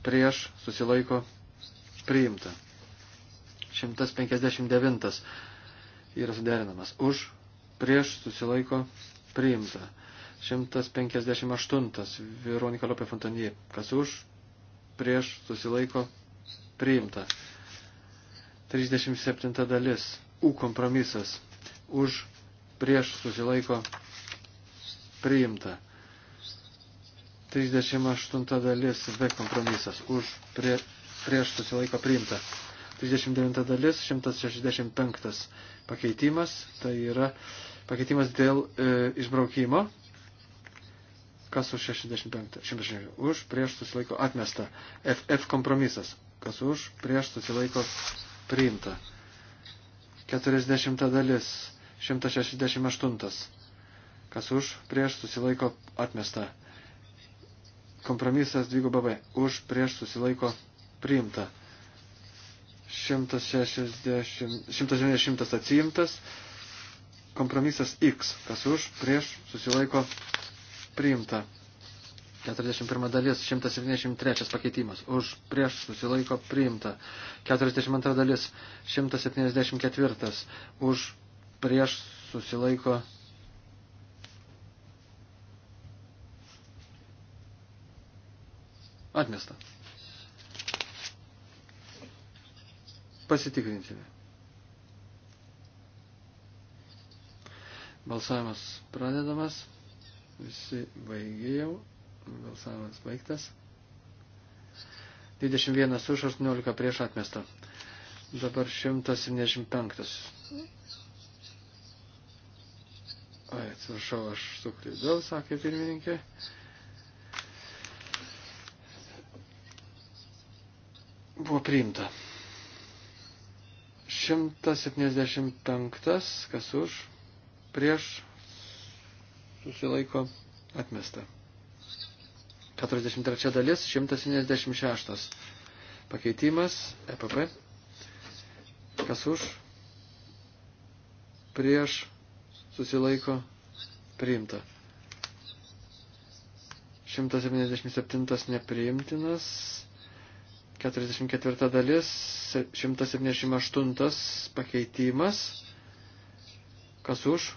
prieš, susilaiko, priimta. 159 yra suderinamas. Už, prieš, susilaiko, priimta. 158 Veronika Lopė Fontanie. Kas už, prieš, susilaiko, priimta. 37 dalis. U kompromisas. Už prieš susilaiko priimta. 38 dalis V kompromisas. Už prie, prieš susilaiko priimta. 39 dalis 165 pakeitimas. Tai yra pakeitimas dėl e, išbraukimo. Kas už 65? 165. Už prieš susilaiko atmesta. FF kompromisas. Kas už, prieš susilaiko priimta. 40 dalis, 168. Kas už, prieš susilaiko atmesta. Kompromisas 2B. Už, prieš susilaiko priimta. 160, 190 atsiimtas. Kompromisas X. Kas už, prieš susilaiko priimta. 41 dalis, 173 pakeitimas. Už prieš susilaiko priimta. 42 dalis, 174. Už prieš susilaiko. Atmesta. Pasitikrinsime. Balsavimas pradedamas. Visi baigė jau. Balsavimas baigtas. 21 už 18 prieš atmestą. Dabar 175. Oi, atsiprašau, aš suklydau, sakė pirmininkė. Buvo priimta. 175, kas už, prieš, susilaiko, atmesta. 43 dalis, 176 pakeitimas, EPP. Kas už, prieš, susilaiko, priimta. 177 nepriimtinas, 44 dalis, 178 pakeitimas. Kas už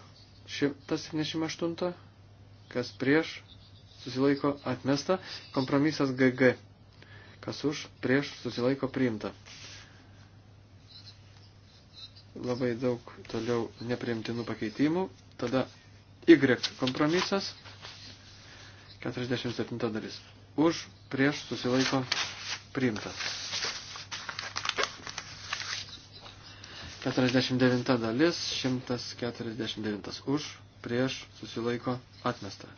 178, kas prieš susilaiko atmesta, kompromisas GG, kas už, prieš, susilaiko priimta. Labai daug toliau nepriimtinų pakeitimų, tada Y kompromisas, 47 dalis, už, prieš, susilaiko priimta. 49 dalis, 149 už, prieš, susilaiko atmesta.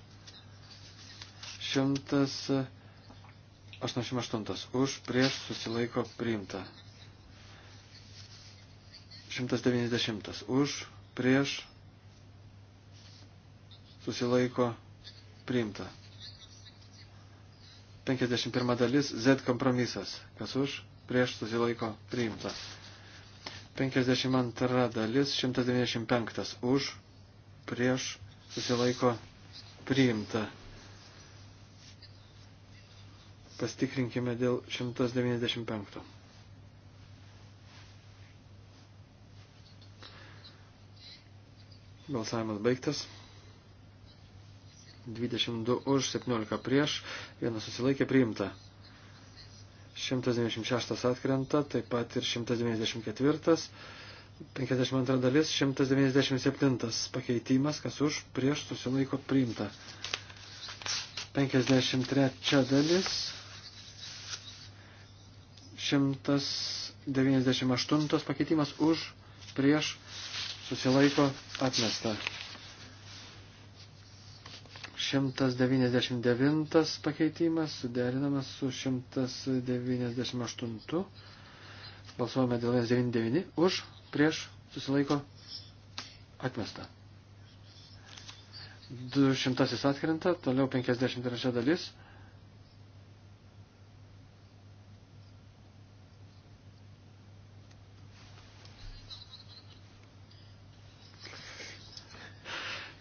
188 e, už prieš susilaiko priimta. 190 už prieš susilaiko priimta. 51 dalis Z kompromisas. Kas už prieš susilaiko priimta. 52 dalis 195 už prieš susilaiko priimta. Pastikrinkime dėl 195. Balsavimas baigtas. 22 už, 17 prieš, vienas susilaikė priimta. 196 atkrenta, taip pat ir 194, 52 dalis, 197 pakeitimas, kas už, prieš susilaiko priimta. 53 dalis, 198 pakeitimas už, prieš, susilaiko, atmesta. 199 pakeitimas suderinamas su 198. Balsuojame dėl 199. Už, prieš, susilaiko, atmesta. 200 atkrenta, toliau 53 dalis.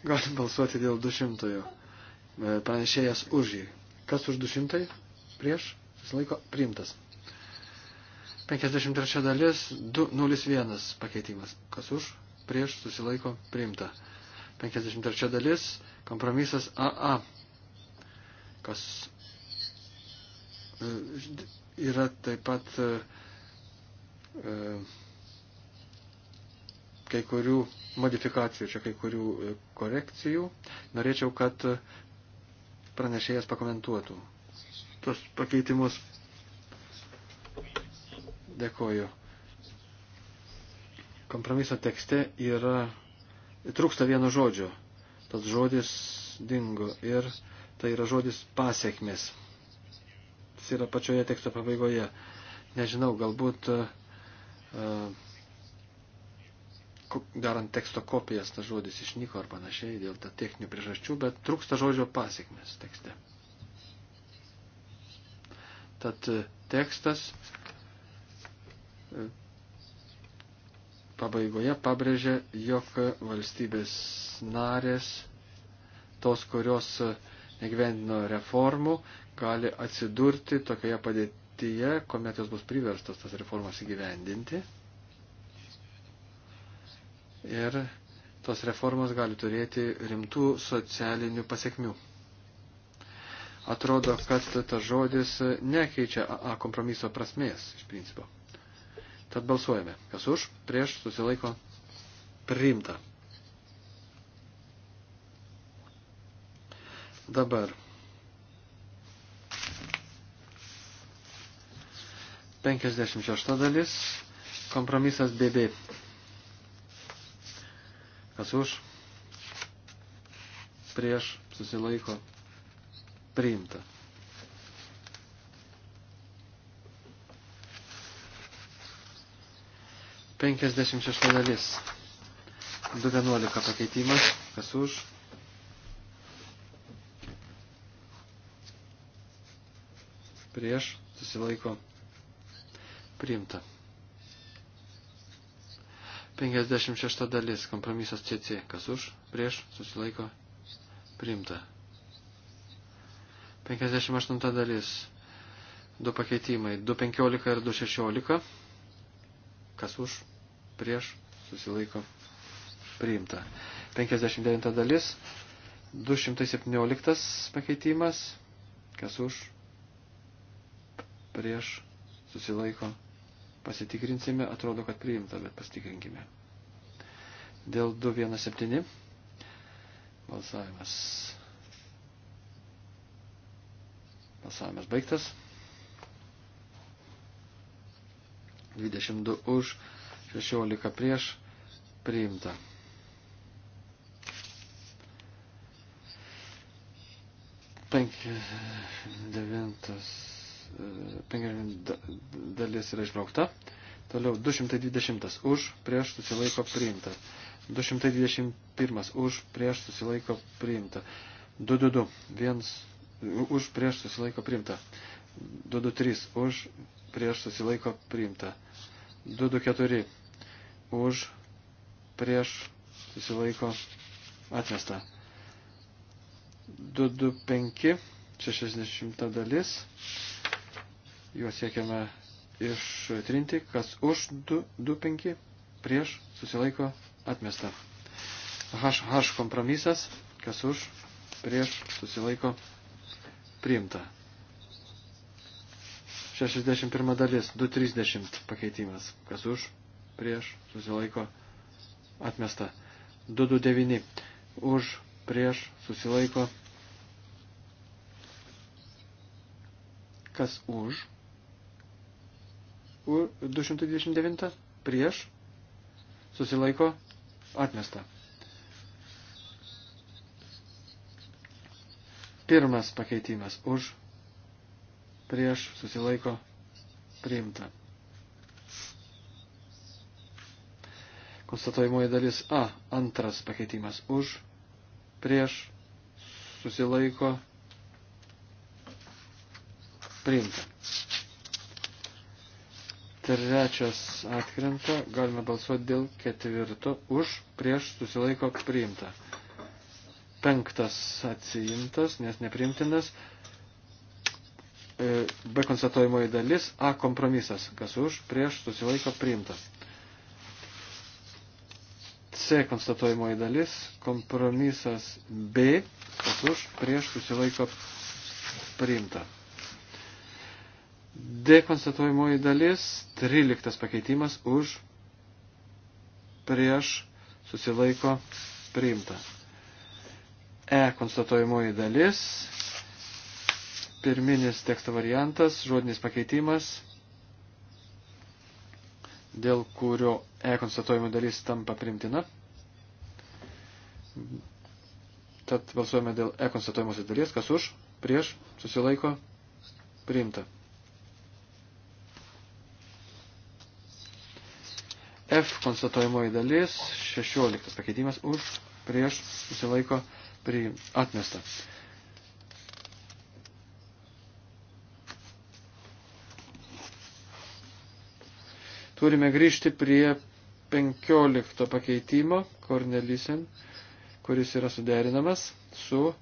Galim balsuoti dėl 200. E, pranešėjas už jį. Kas už 200? Prieš? Susilaiko? Priimtas. 53 dalis 201 pakeitimas. Kas už? Prieš? Susilaiko? Priimta. 53 dalis kompromisas AA. Kas e, yra taip pat e, kai kurių modifikacijų, čia kai kurių e, korekcijų. Norėčiau, kad pranešėjas pakomentuotų tos pakeitimus. Dėkoju. Kompromiso tekste yra, trūksta vieno žodžio. Tas žodis dingo ir tai yra žodis pasiekmes. Jis yra pačioje teksto pabaigoje. Nežinau, galbūt uh, darant teksto kopijas, tas žodis išnyko ar panašiai dėl ta techninių priežasčių, bet trūksta žodžio pasiekmes tekste. Tad e, tekstas e, pabaigoje pabrėžė, jog valstybės narės, tos, kurios negyvendino reformų, gali atsidurti tokioje padėtyje, kuomet jos bus priverstos tas reformas įgyvendinti ir tos reformos gali turėti rimtų socialinių pasiekmių. Atrodo, kad tas žodis nekeičia AA kompromiso prasmės iš principo. Tad balsuojame. Kas už, prieš, susilaiko, priimta. Dabar. 56 dalis. Kompromisas BB. Kas už? Prieš susilaiko priimta. Penkiasdešimt šešta dalis. 2.11 pakeitimas. Kas už? Prieš susilaiko priimta. 56 dalis, kompromisas CC, kas už, prieš, susilaiko, priimta. 58 dalis, du pakeitimai, 2.15 ir 2.16, kas už, prieš, susilaiko, priimta. 59 dalis, 217 pakeitimas, kas už, prieš, susilaiko, priimta Pasitikrinsime, atrodo, kad priimta, bet pasitikrinkime. Dėl 217 balsavimas. Balsavimas baigtas. 22 už, 16 prieš, priimta. Penki, devintas. 50 dalis yra išbraukta. Toliau 220 už, prieš susilaiko priimta. 221 už, prieš susilaiko priimta. 222, 1 už, prieš susilaiko priimta. 223 už, prieš susilaiko priimta. 224 už, prieš susilaiko atmesta. 225, 60 dalis juos siekiame ištrinti, kas už 2-5 prieš susilaiko atmesta. HH kompromisas, kas už prieš susilaiko priimta. 61 dalis, 230 pakeitimas, kas už prieš susilaiko atmesta. 229 už prieš susilaiko kas už 229 prieš susilaiko atmesta. Pirmas pakeitimas už prieš susilaiko priimta. Konstatuojamoji dalis A. Antras pakeitimas už prieš susilaiko priimta. Trečias atkrenta, galime balsuoti dėl ketvirto, už, prieš, susilaiko, priimta. Penktas atsiimtas, nes nepriimtinas. E, B konstatuojamoji dalis, A kompromisas, kas už, prieš, susilaiko, priimtas. C konstatuojamoji dalis, kompromisas B, kas už, prieš, susilaiko, priimta. D konstatuojamoji dalis, 13 pakeitimas už, prieš, susilaiko, priimta. E konstatuojamoji dalis, pirminis teksto variantas, žodinis pakeitimas, dėl kurio E konstatuojimo dalis tampa primtina. Tad balsuojame dėl E konstatuojimos dalies, kas už, prieš, susilaiko, priimta. F konstatuojamoji dalis, 16 pakeitimas už, prieš, susilaiko, priim, atmesta. Turime grįžti prie 15 pakeitimo, Cornelisen, kuris yra suderinamas su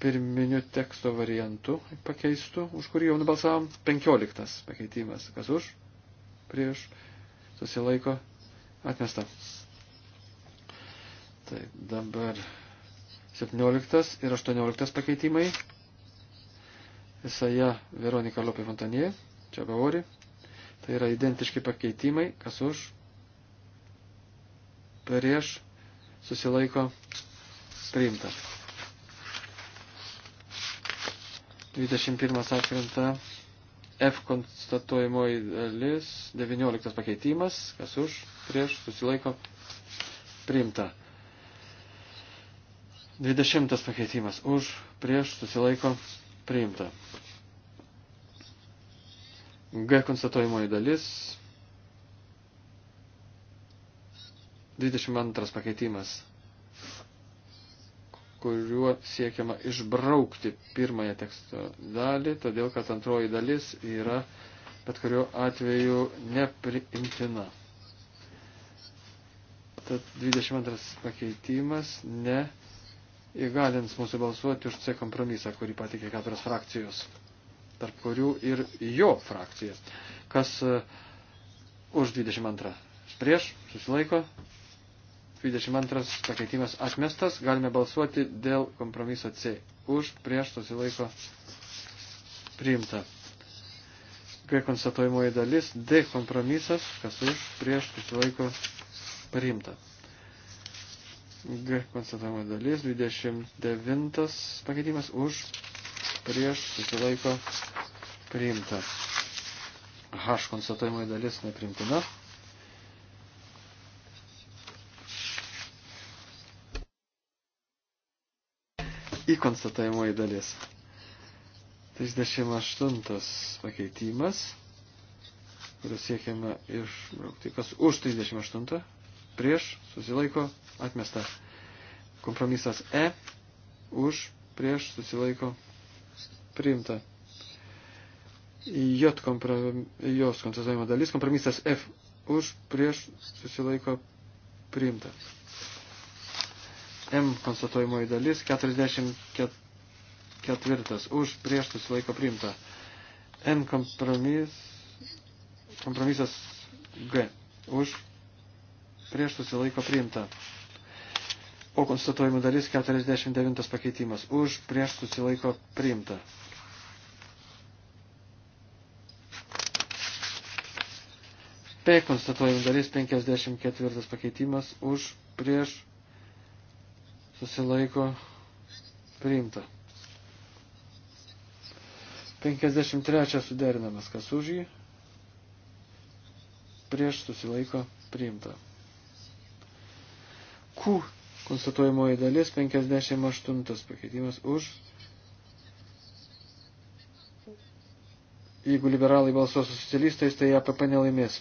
pirminiu teksto variantu pakeistu, už kurį jau nubalsavom, 15 pakeitimas. Kas už? Prieš susilaiko atmesta. Tai dabar 17 ir 18 pakeitimai. Isaja Veronika Lopė Fontanie, čia Baori. Tai yra identiški pakeitimai, kas už, prieš, susilaiko, priimta. 21 atkrenta F konstatuojamoji dalis, 19 pakeitimas, kas už, prieš, susilaiko, priimta. 20 pakeitimas, už, prieš, susilaiko, priimta. G konstatuojamoji dalis, 22 pakeitimas, kuriuo siekiama išbraukti pirmąją teksto dalį, todėl kad antroji dalis yra bet kuriuo atveju nepriimtina. Tad 22 pakeitimas ne įgalins mūsų balsuoti už C kompromisą, kurį patikė keturios frakcijos, tarp kurių ir jo frakcijas. Kas uh, už 22? Prieš? Susilaiko? 22 pakeitimas atmestas. Galime balsuoti dėl kompromiso C. Už, prieš, susilaiko priimta. Kai konstatuojamoji dalis D kompromisas, kas už, prieš, susilaiko priimta. G konstatuojamoji dalis 29 pakeitimas už, prieš, susilaiko priimta. H konstatuojamoji dalis neprimtina. į konstatavimo į dalis. 38 pakeitimas, kuris siekiama išbraukti. Kas už 38, prieš, susilaiko, atmesta. Kompromisas E, už, prieš, susilaiko, priimta. J komprom, jos konstatuojama dalis, kompromisas F, už, prieš, susilaiko, priimta. M konstatuojamoji dalis 44 už prieš susilaiko priimta. N kompromis, kompromisas G už prieš susilaiko priimta. O konstatuojimų dalis 49 pakeitimas už prieš susilaiko priimta. P konstatuojimų dalis 54 pakeitimas už prieš susilaiko priimta. 53 suderinamas, kas už jį, prieš susilaiko priimta. Q konstatuojamoji dalis 58 pakeitimas už. Jeigu liberalai balsuos su socialistais, tai APP nelaimės.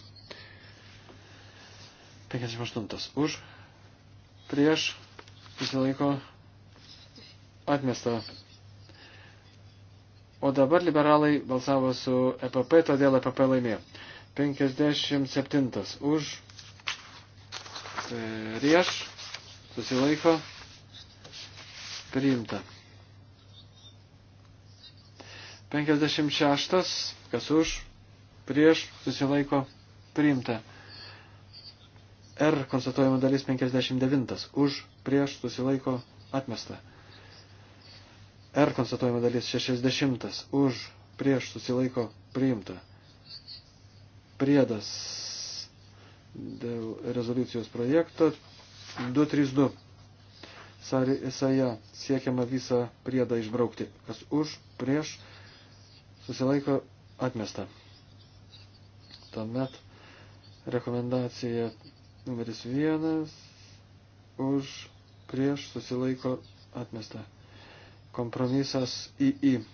58 už prieš susilaiko atmesta. O dabar liberalai balsavo su EPP, todėl EPP laimėjo. 57 už, e, prieš, susilaiko, priimta. 56, kas už, prieš, susilaiko, priimta. R konstatuojama dalis 59. Už, prieš, susilaiko, atmesta. R konstatuojama dalis 60. Už, prieš, susilaiko, priimta. Priedas dėl rezoliucijos projekto 232. Sari Isaija siekiama visą priedą išbraukti. Kas už, prieš, susilaiko, atmesta. Tuomet rekomendacija Numeris vienas už prieš susilaiko atmesta. Kompromisas II.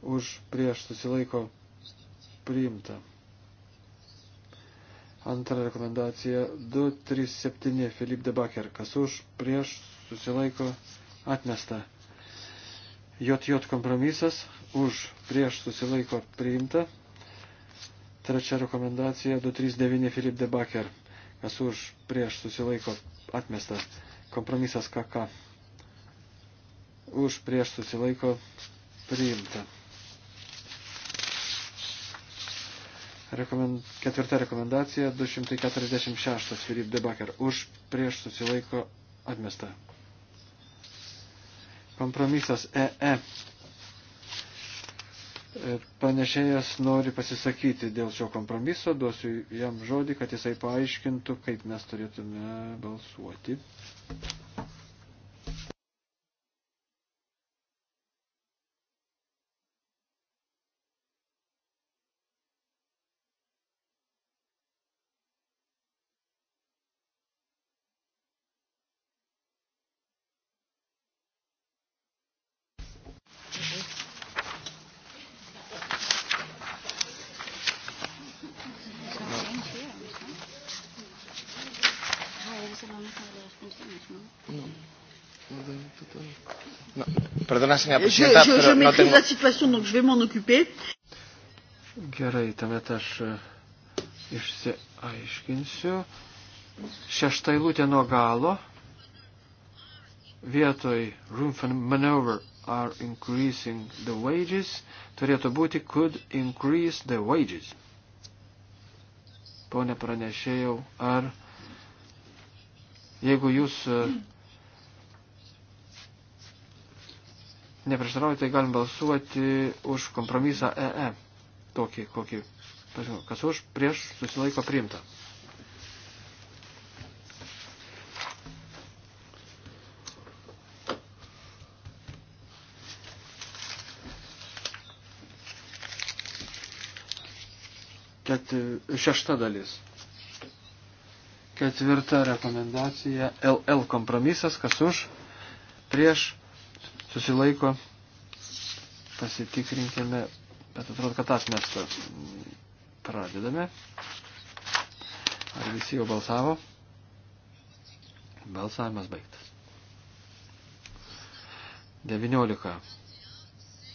Už prieš susilaiko priimta. Antra rekomendacija 237 Filip de Baker. Kas už prieš susilaiko atmesta. JJ kompromisas už prieš susilaiko priimta. Trečia rekomendacija 239 Filip de Baker. Kas už prieš susilaiko atmesta. Kompromisas KK. Už prieš susilaiko priimta. Rekomen... Ketvirta rekomendacija 246 Filip de Baker. Už prieš susilaiko atmesta. Kompromisas EE. -E, e. Panešėjas nori pasisakyti dėl šio kompromiso, duosiu jam žodį, kad jisai paaiškintų, kaip mes turėtume balsuoti. perdona, señora presidenta. Je, je, je maîtrise tengo... la situation, donc je vais m'en occuper. Gerai, tuomet aš e, išsiaiškinsiu. Šešta eilutė nuo galo. Vietoj room for maneuver are increasing the wages turėtų būti could increase the wages. Pone pranešėjau, ar jeigu jūs e, neprieštarauja, tai galim balsuoti už kompromisą EE. E. Tokį, kokį, kas už, prieš, susilaiko priimta. Ket, šešta dalis. Ketvirta rekomendacija LL kompromisas, kas už, prieš, susilaiko, pasitikrinkime, bet atrodo, kad atmesta. Pradedame. Ar visi jau balsavo? Balsavimas baigtas. 19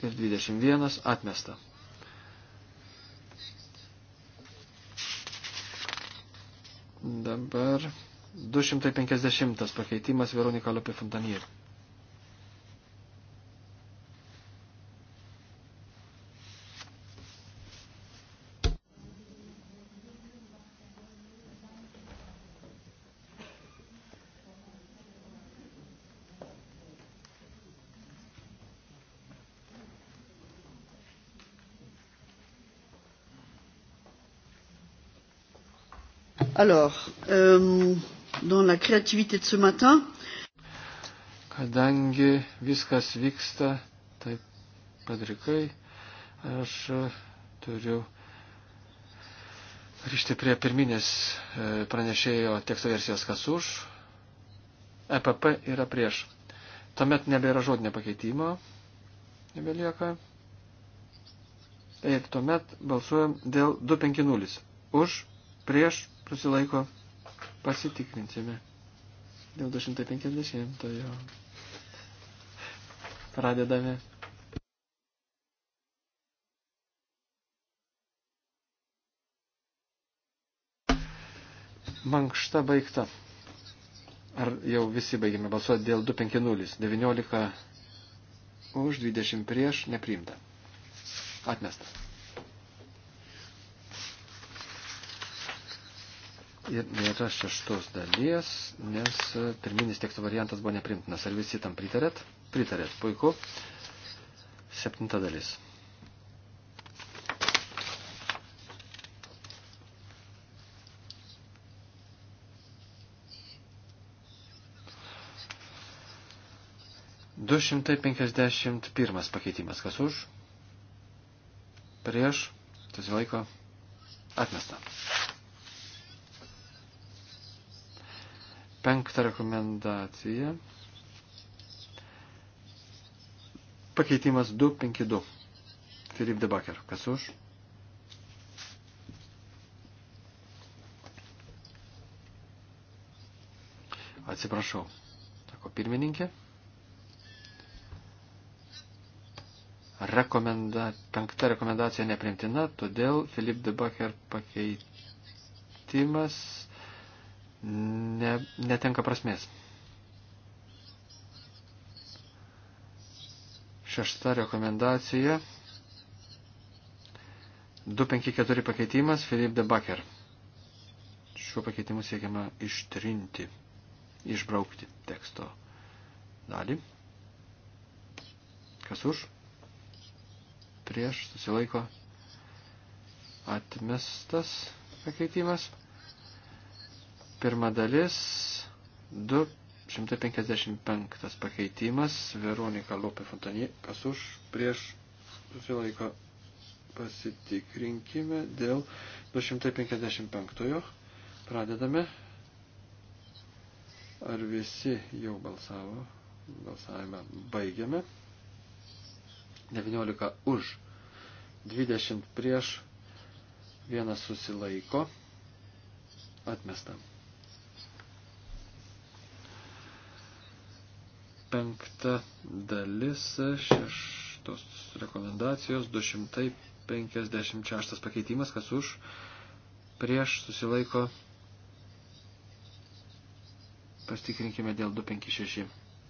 ir 21 atmesta. Dabar 250 pakeitimas Veronika Lopė Fontanier. Alors, euh, dans la créativité de ce matin, kadangi viskas vyksta taip padrikai, aš turiu grįžti prie pirminės e, pranešėjo teksto versijos, kas už. EPP yra prieš. Tuomet nebėra žodinio pakeitimo, nebelieka. Ir tuomet balsuojam dėl 250. Už, prieš, susilaiko pasitikrinsime. Dėl 250 jo. Pradedame. Mankšta baigta. Ar jau visi baigėme balsuoti dėl 250? 19 už 20 prieš nepriimta. Atmestas. ir nėra šeštos dalies, nes e, pirminis teksto variantas buvo neprimtinas. Ar visi tam pritarėt? Pritarėt, puiku. Septinta dalis. Du šimtai penkiasdešimt pirmas pakeitimas. Kas už? Prieš? Susilaiko? Atmesta. Penktą rekomendaciją. Pakeitimas 252. Filip Debaker. Kas už? Atsiprašau. Sako pirmininkė. rekomenda, penkta rekomendacija neprimtina, todėl Filip de Bacher pakeitimas ne, netenka prasmės. Šešta rekomendacija. 254 pakeitimas Filip de Baker. Šiuo pakeitimu siekiama ištrinti, išbraukti teksto dalį. Kas už? Prieš susilaiko atmestas pakeitimas. Pirma dalis 255 pakeitimas. Veronika Lopė Fontanė, kas už prieš susilaiko pasitikrinkime dėl 255. Pradedame. Ar visi jau balsavo? Balsavimą baigiame. 19 už, 20 prieš, vienas susilaiko, atmestam. penkta dalis šeštos rekomendacijos 256 pakeitimas, kas už prieš susilaiko. Pastikrinkime dėl 256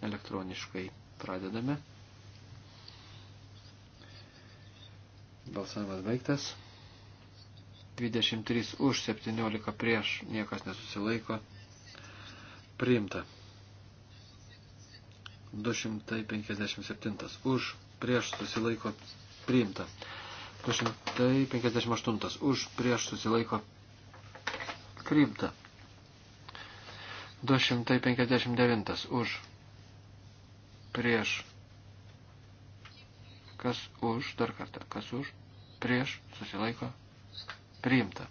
elektroniškai. Pradedame. Balsavimas baigtas. 23 už 17 prieš niekas nesusilaiko. Priimta. 257 už, prieš susilaiko priimta. 258 už, prieš susilaiko priimta. 259 už, prieš. Kas už, dar kartą, kas už, prieš susilaiko priimta.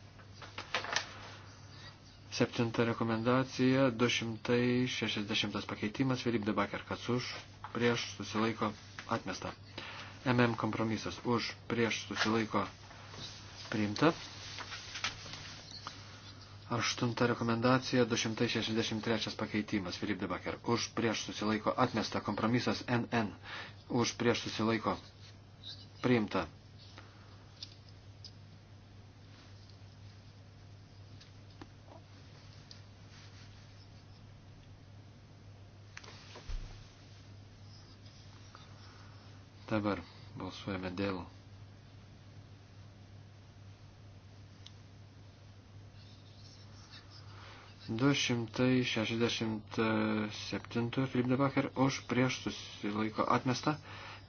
Septinta rekomendacija, 260 pakeitimas, Filip de Baker, kas už, prieš, susilaiko, atmesta. MM kompromisas už, prieš, susilaiko, priimta. Aštunta rekomendacija, 263 pakeitimas, Filip de Baker, už, prieš, susilaiko, atmesta. Kompromisas NN, už, prieš, susilaiko, priimta. Dabar balsuojame dėl Du šimtai šešiasdešimt septintų Filipdebacher už prieš susilaiko atmesta.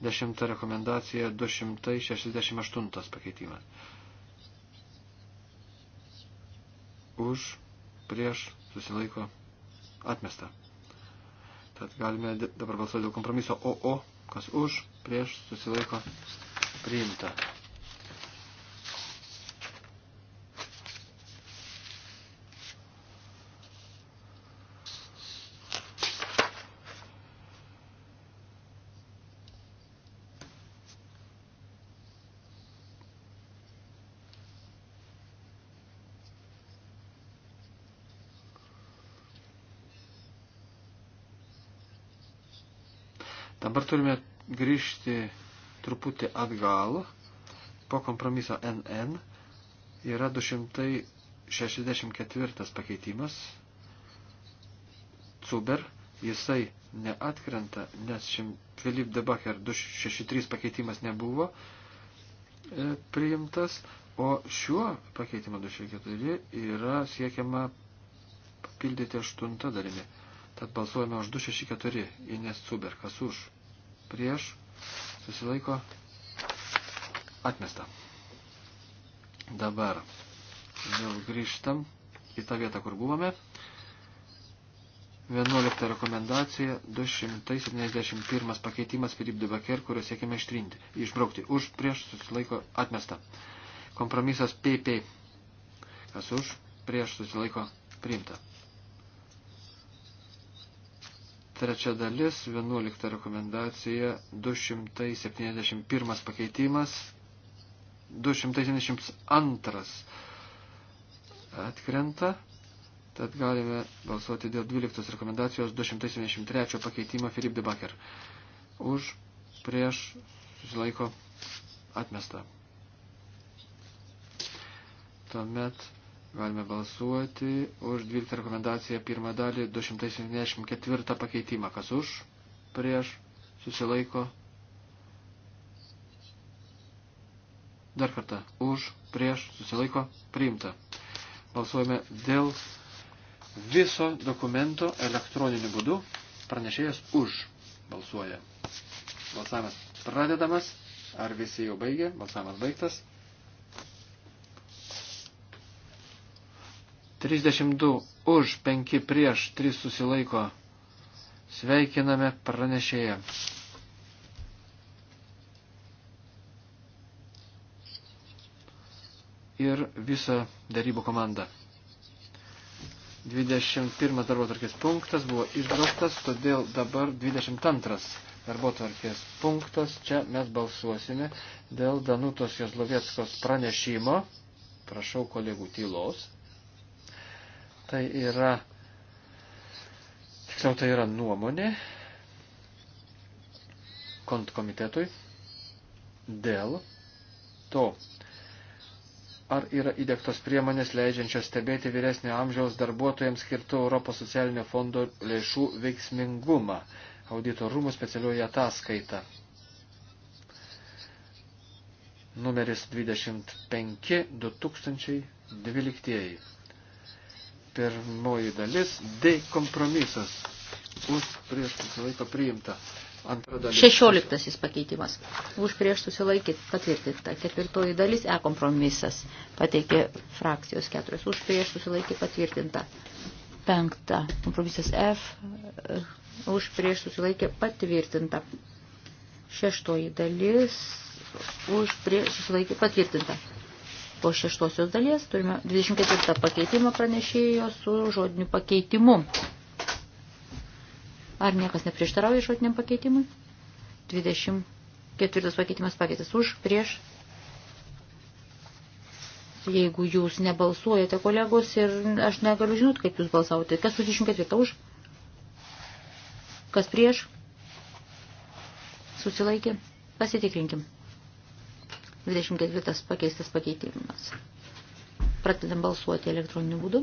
Dešimta rekomendacija 268 pakeitimas. Už prieš susilaiko atmesta. Tad galime dabar balsuoti dėl kompromiso OO kas už, prieš, susilaiko, priimta. turime truputį atgal. Po kompromiso NN yra 264 pakeitimas. Cuber, jisai neatkrenta, nes Filip Debacher 263 pakeitimas nebuvo e, priimtas, o šiuo pakeitimu 264 yra siekiama papildyti aštuntą dalimi. Tad balsuojame už 264 Ines Cuber, kas už, prieš, susilaiko atmesta. Dabar vėl grįžtam į tą vietą, kur buvome. 11 rekomendacija 271 pakeitimas Filip de Baker, kurio siekime ištrinti, išbraukti. Už prieš susilaiko atmesta. Kompromisas PP. Kas už prieš susilaiko priimta. Trečia dalis, 11 rekomendacija, 271 pakeitimas, 272 atkrenta. Tad galime balsuoti dėl 12 rekomendacijos 273 pakeitimo Filip de Baker. Už, prieš, susilaiko, atmesta. Tuomet Galime balsuoti už 12 rekomendaciją pirmą dalį 274 pakeitimą. Kas už? Prieš? Susilaiko? Dar kartą. Už? Prieš? Susilaiko? Priimta. Balsuojame dėl viso dokumento elektroniniu būdu. Pranešėjas už balsuoja. Balsavimas pradedamas. Ar visi jau baigė? Balsavimas baigtas. 32 už, 5 prieš, 3 susilaiko. Sveikiname pranešėją. Ir visą darybų komandą. 21 darbo tvarkės punktas buvo išbrauktas, todėl dabar 22 darbo tvarkės punktas. Čia mes balsuosime dėl Danutos Jozlovietskos pranešimo. Prašau kolegų tylos. Tai yra, tiksliau tai yra nuomonė kontkomitetui dėl to, ar yra įdėktos priemonės leidžiančios stebėti vyresnio amžiaus darbuotojams skirtų Europos socialinio fondo lėšų veiksmingumą audito rūmų specialioje ataskaita. Numeris 25 2012. Pirmoji dalis D kompromisas. Už prieš susilaiko priimta. Antra dalis. Šešioliktasis pakeitimas. Už prieš susilaikė patvirtinta. Ketvirtoji dalis E kompromisas. Pateikė frakcijos keturios. Už prieš susilaikė patvirtinta. Penkta. Kompromisas F. Už prieš susilaikė patvirtinta. Šeštoji dalis. Už prieš susilaikė patvirtinta po šeštosios dalies turime 24 pakeitimą pranešėjo su žodiniu pakeitimu. Ar niekas neprieštarauja žodiniam pakeitimui? 24 pakeitimas pakeitės už, prieš. Jeigu jūs nebalsuojate, kolegos, ir aš negaliu žinot, kaip jūs balsavote. Kas už 24 už? Kas prieš? Susilaikė? Pasitikrinkim. 24 pakeistas pakeitimas. Pratedam balsuoti elektroniniu būdu.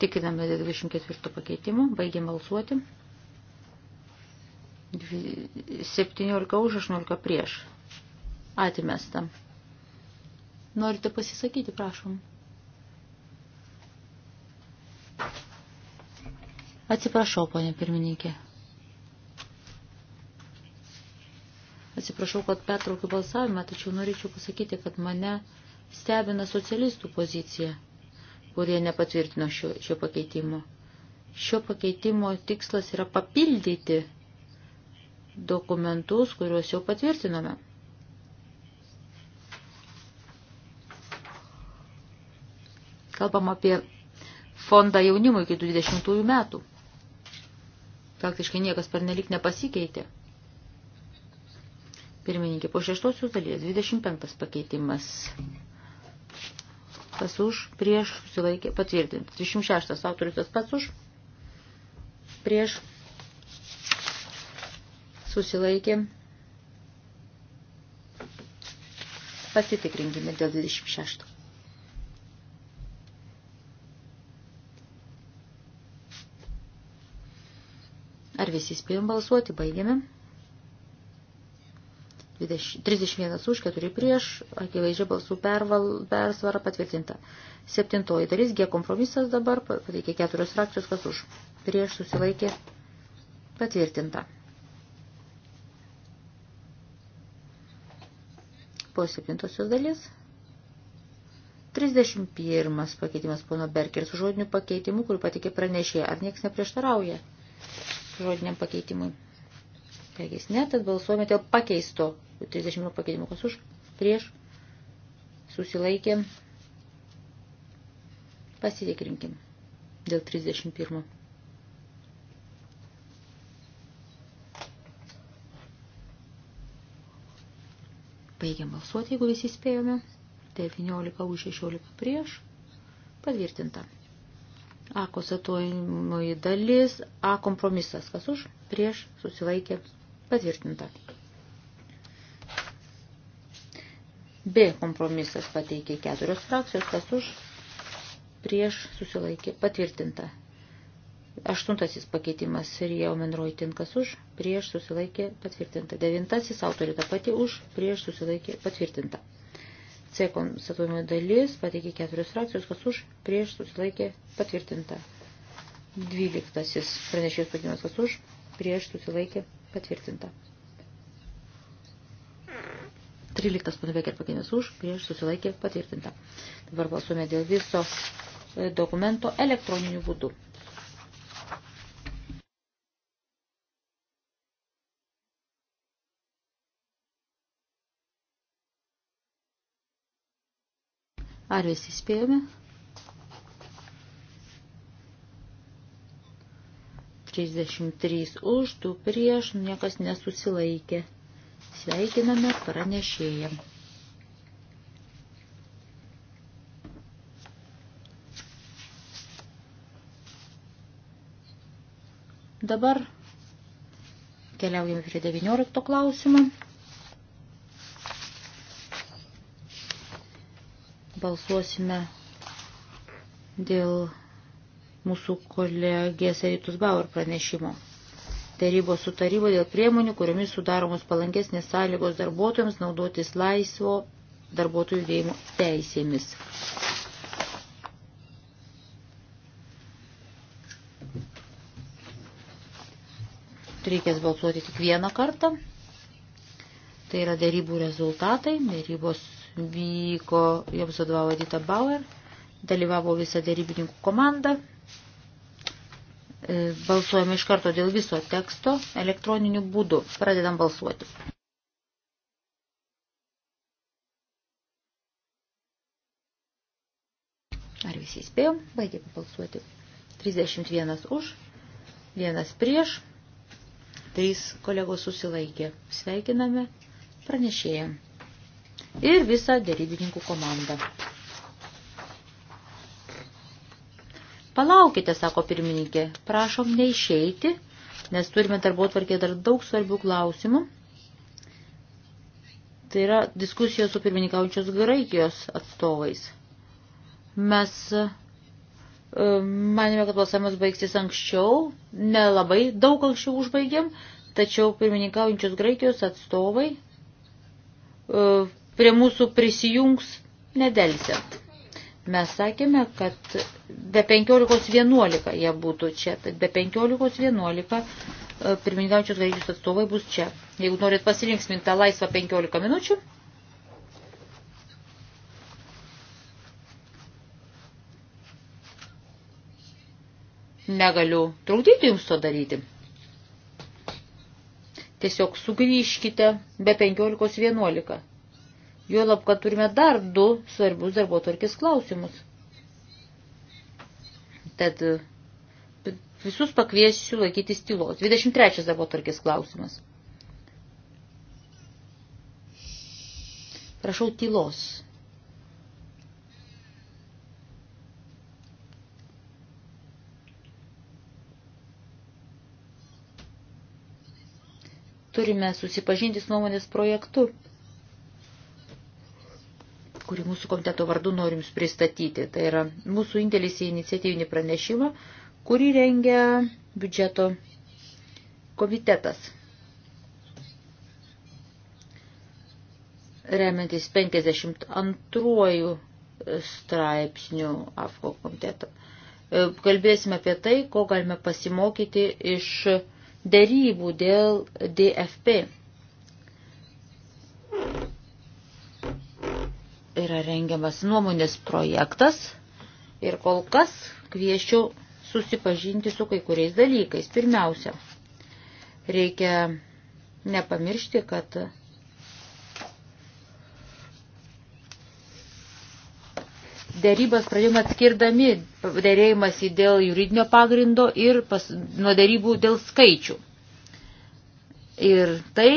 Tikiname 24 pakeitimų, baigiam balsuoti. 17 už, 18 prieš. Atimesta. Norite pasisakyti, prašom. Atsiprašau, ponė pirmininkė. Atsiprašau, kad pertraukiu balsavimą, tačiau norėčiau pasakyti, kad mane stebina socialistų pozicija, kurie nepatvirtino šio, šio pakeitimo. Šio pakeitimo tikslas yra papildyti dokumentus, kuriuos jau patvirtinome. Kalbam apie fondą jaunimui iki 20 metų. Praktiškai niekas pernelik nepasikeitė. Pirmininkė, po šeštosios dalies 25 pakeitimas. Pas už, prieš, susilaikė, patvirtinti. 26 autorius tas pats už, prieš, susilaikė. Pasitikrinkime dėl 26. Ar visi spėjom balsuoti? Baigiame. 31 už, 4 prieš, akivaizdžia balsų perval, persvara patvirtinta. Septintoji dalis, G kompromisas dabar, pateikė keturios frakcijos, kas už. Prieš susilaikė patvirtinta. Po septintosios dalies. 31 pakeitimas pono Berkers žodinių pakeitimų, kurį patikė pranešė, ar nieks neprieštarauja žodiniam pakeitimui. Regis ne, tad balsuojame dėl pakeisto 30 pakeitimo. Kas už? Prieš? Susilaikė? Pasitikrinkim dėl 31. Baigiam balsuoti, jeigu visi spėjome. 19 už 16 prieš. Patvirtinta. A konstatuojamoji dalis, A kompromisas, kas už, prieš, susilaikė, patvirtinta. B kompromisas pateikė keturios frakcijos, kas už, prieš, susilaikė, patvirtinta. Aštuntasis pakeitimas Sirija Omenroitin, kas už, prieš, susilaikė, patvirtinta. Devintasis autorita pati už, prieš, susilaikė, patvirtinta. C konstatuojama dalis, pateikė keturios frakcijos, kas už, prieš, susilaikė, patvirtinta. Dvyliktasis pranešėjos pakeitimas, kas už, prieš, susilaikė, patvirtinta. Tryliktas panabeker pakeitimas už, prieš, susilaikė, patvirtinta. Dabar balsuome dėl viso e, dokumento elektroniniu būdu. Ar visi spėjome? 33 už, 2 prieš, niekas nesusilaikė. Sveikiname pranešėjam. Dabar keliaujame prie 19 klausimą. balsuosime dėl mūsų kolegės Eritus Bauer pranešimo. Tarybos sutarybo dėl priemonių, kuriomis sudaromos palankesnės sąlygos darbuotojams naudotis laisvo darbuotojų judėjimo teisėmis. Reikės balsuoti tik vieną kartą. Tai yra dėrybų rezultatai, dėrybos vyko, joms vadovavo Dita Bauer, dalyvavo visa darybininkų komanda. E, balsuojame iš karto dėl viso teksto elektroniniu būdu. Pradedam balsuoti. Ar visi įspėjom? Baigėme balsuoti. 31 už, 1 prieš, 3 kolegos susilaikė. Sveikiname pranešėjam ir visą dėrybininkų komandą. Palaukite, sako pirmininkė, prašom neišeiti, nes turime darbo tvarkė dar daug svarbių klausimų. Tai yra diskusijos su pirmininkaujančios Graikijos atstovais. Mes e, manėme, kad balsavimas baigsis anksčiau, nelabai daug anksčiau užbaigėm, tačiau pirmininkaujančios Graikijos atstovai e, prie mūsų prisijungs nedelsiant. Mes sakėme, kad be 15.11 jie būtų čia, tad be 15.11 e, pirmininkaujančios garyčius atstovai bus čia. Jeigu norit pasirinksminti tą laisvą 15 minučių, negaliu trukdyti jums to daryti. Tiesiog sugrįžkite be 15.11. Juolab, kad turime dar du svarbius darbo tvarkės klausimus. Tad visus pakviesiu laikytis tylos. 23 darbo tvarkės klausimas. Prašau tylos. Turime susipažinti su nuomonės projektu kurį mūsų komiteto vardu norim pristatyti. Tai yra mūsų indėlis į iniciatyvinį pranešimą, kurį rengia biudžeto komitetas. Remiantis 52 straipsnių AFKO komiteto. E, kalbėsime apie tai, ko galime pasimokyti iš dėrybų dėl DFP yra rengiamas nuomonės projektas ir kol kas kviečiu susipažinti su kai kuriais dalykais. Pirmiausia, reikia nepamiršti, kad Dėrybas pradėjome atskirdami dėrėjimas į dėl juridinio pagrindo ir pas, nuo dėrybų dėl skaičių. Ir tai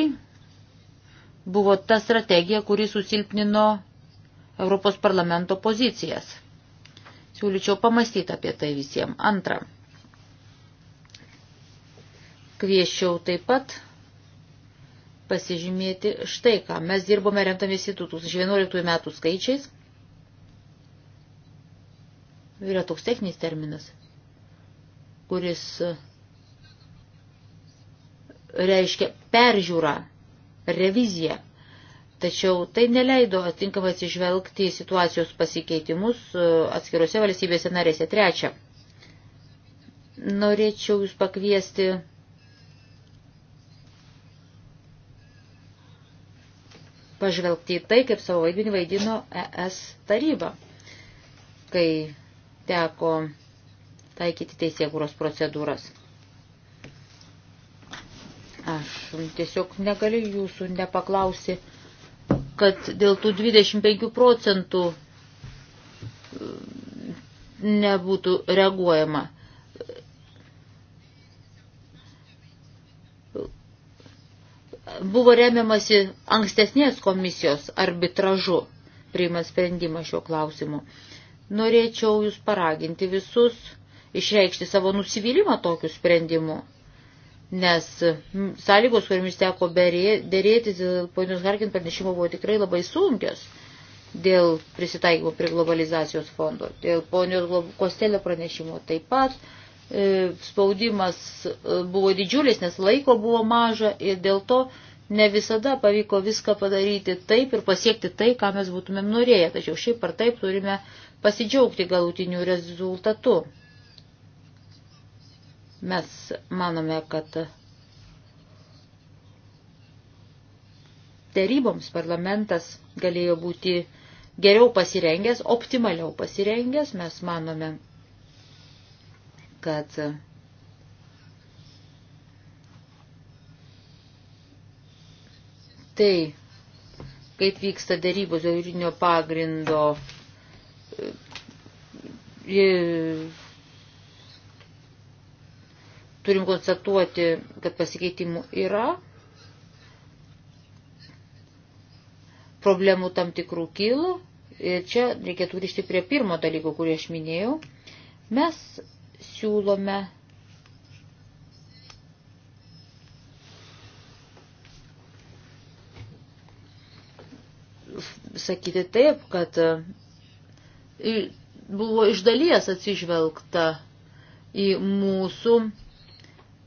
buvo ta strategija, kuri susilpnino Europos parlamento pozicijas. Siūlyčiau pamastyti apie tai visiems. Antra. Kvieščiau taip pat pasižymėti štai ką. Mes dirbome remtamėsi 2011 metų skaičiais. Yra toks techninis terminas, kuris reiškia peržiūrą, reviziją Tačiau tai neleido atinkamai atsižvelgti į situacijos pasikeitimus e, atskiruose valstybėse narėse. Trečia, norėčiau Jūs pakviesti pažvelgti į tai, kaip savo vaidmenį vaidino ES taryba, kai teko taikyti teisėkūros procedūras. Aš tiesiog negaliu jūsų nepaklausti kad dėl tų 25 procentų e, nebūtų reaguojama. Buvo remiamasi ankstesnės komisijos arbitražu priima sprendimą šiuo klausimu. Norėčiau jūs paraginti visus išreikšti savo nusivylimą tokiu sprendimu nes sąlygos, kuriamis teko dėrėtis dėl ponios Harkin pranešimo, buvo tikrai labai sunkios dėl prisitaikymo prie globalizacijos fondo, dėl ponios Kostelio pranešimo taip pat. E, spaudimas e, buvo didžiulis, nes laiko buvo maža ir dėl to ne visada pavyko viską padaryti taip ir pasiekti tai, ką mes būtumėm norėję, tačiau šiaip ar taip turime pasidžiaugti galutiniu rezultatu. Mes manome, kad dėryboms parlamentas galėjo būti geriau pasirengęs, optimaliau pasirengęs. Mes manome, kad tai, kaip vyksta dėrybos juridinio pagrindo e, Turim konstatuoti, kad pasikeitimų yra, problemų tam tikrų kyla ir čia reikėtų grįžti prie pirmo dalyko, kurį aš minėjau. Mes siūlome sakyti taip, kad e, buvo iš dalies atsižvelgta į mūsų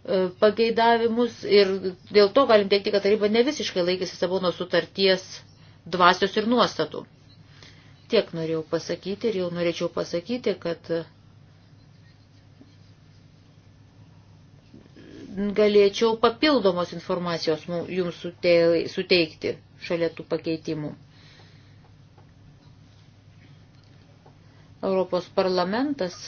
E, pageidavimus ir dėl to galim teikti, kad taryba ne visiškai laikėsi Sabono sutarties dvasios ir nuostatų. Tiek norėjau pasakyti ir jau norėčiau pasakyti, kad galėčiau papildomos informacijos jums suteikti šalia tų pakeitimų. Europos parlamentas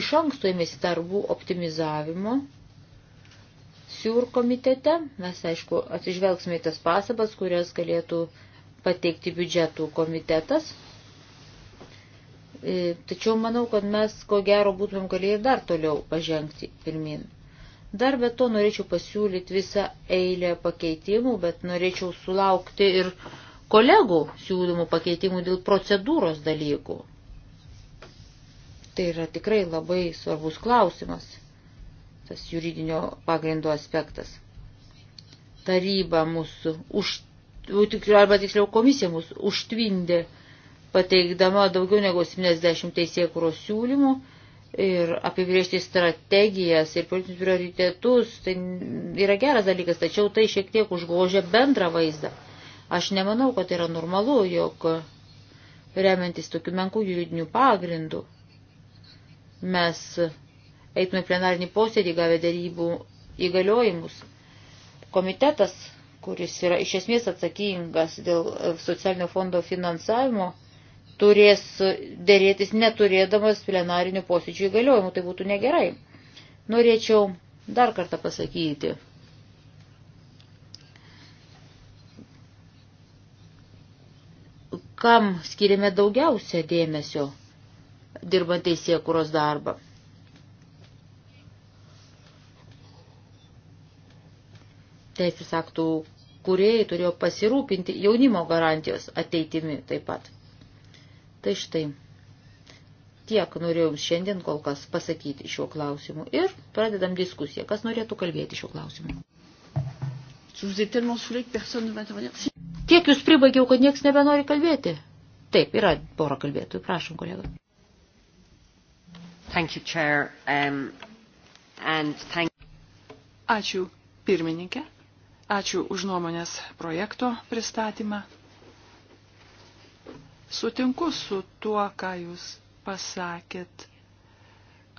iš anksto ėmėsi darbų optimizavimo siūr komitete. Mes, aišku, atsižvelgsime į tas pasabas, kurias galėtų pateikti biudžetų komitetas. E, tačiau manau, kad mes ko gero būtumėm galėję ir dar toliau pažengti pirmin. Dar be to norėčiau pasiūlyti visą eilę pakeitimų, bet norėčiau sulaukti ir kolegų siūlymų pakeitimų dėl procedūros dalykų. Tai yra tikrai labai svarbus klausimas, tas juridinio pagrindo aspektas. Taryba mūsų už, tiksliau, arba tiksliau komisija mūsų užtvindė, pateikdama daugiau negu 70 teisėkuros siūlymų ir apibriežti strategijas ir politinius prioritetus, tai yra geras dalykas, tačiau tai šiek tiek užgožia bendrą vaizdą. Aš nemanau, kad tai yra normalu, jog remiantis tokių menkų juridinių pagrindų mes eitume plenarinį posėdį gavę dėrybų įgaliojimus. Komitetas, kuris yra iš esmės atsakingas dėl e, socialinio fondo finansavimo, turės dėrėtis neturėdamas plenarinių posėdžių įgaliojimų. Tai būtų negerai. Norėčiau dar kartą pasakyti. Kam skiriame daugiausia dėmesio dirbant teisėkuros darbą. Teisės aktų kuriejai turėjo pasirūpinti jaunimo garantijos ateitimi taip pat. Tai štai. Tiek norėjau jums šiandien kol kas pasakyti šiuo klausimu ir pradedam diskusiją. Kas norėtų kalbėti šiuo klausimu? Tiek jūs pribaigiau, kad nieks nebenori kalbėti. Taip, yra pora kalbėtojų. Prašom, kolega. Thank you, Chair. Um, and thank... Ačiū pirmininkė. Ačiū už nuomonės projekto pristatymą. Sutinku su tuo, ką jūs pasakėt.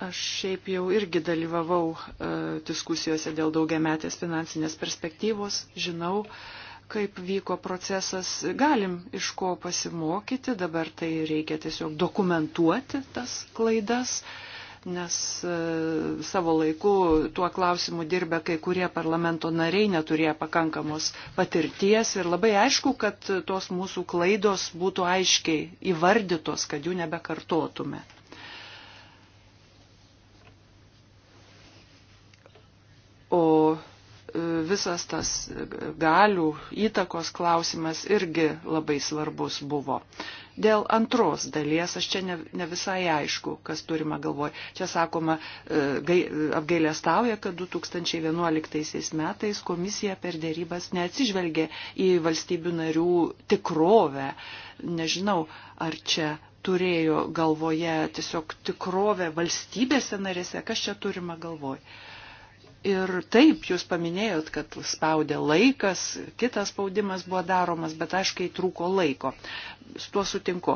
Aš šiaip jau irgi dalyvavau e, diskusijose dėl daugiametės finansinės perspektyvos. Žinau, e, kaip vyko procesas, galim iš ko pasimokyti, dabar tai reikia tiesiog dokumentuoti tas klaidas, nes e, savo laiku tuo klausimu dirbę kai kurie parlamento nariai neturėjo pakankamos patirties ir labai aišku, kad tos mūsų klaidos būtų aiškiai įvardytos, kad jų nebekartotume. O visas tas galių įtakos klausimas irgi labai svarbus buvo. Dėl antros dalies aš čia ne, ne visai aišku, kas turima galvoj. Čia sakoma, e, apgailę stauja, kad 2011 metais komisija per dėrybas neatsižvelgė į valstybių narių tikrovę. Nežinau, ar čia turėjo galvoje tiesiog tikrovę valstybėse narėse, kas čia turima galvoj. Uh, Ir taip, jūs paminėjot, kad spaudė laikas, kitas spaudimas buvo daromas, bet aiškiai trūko laiko. Su tuo sutinku.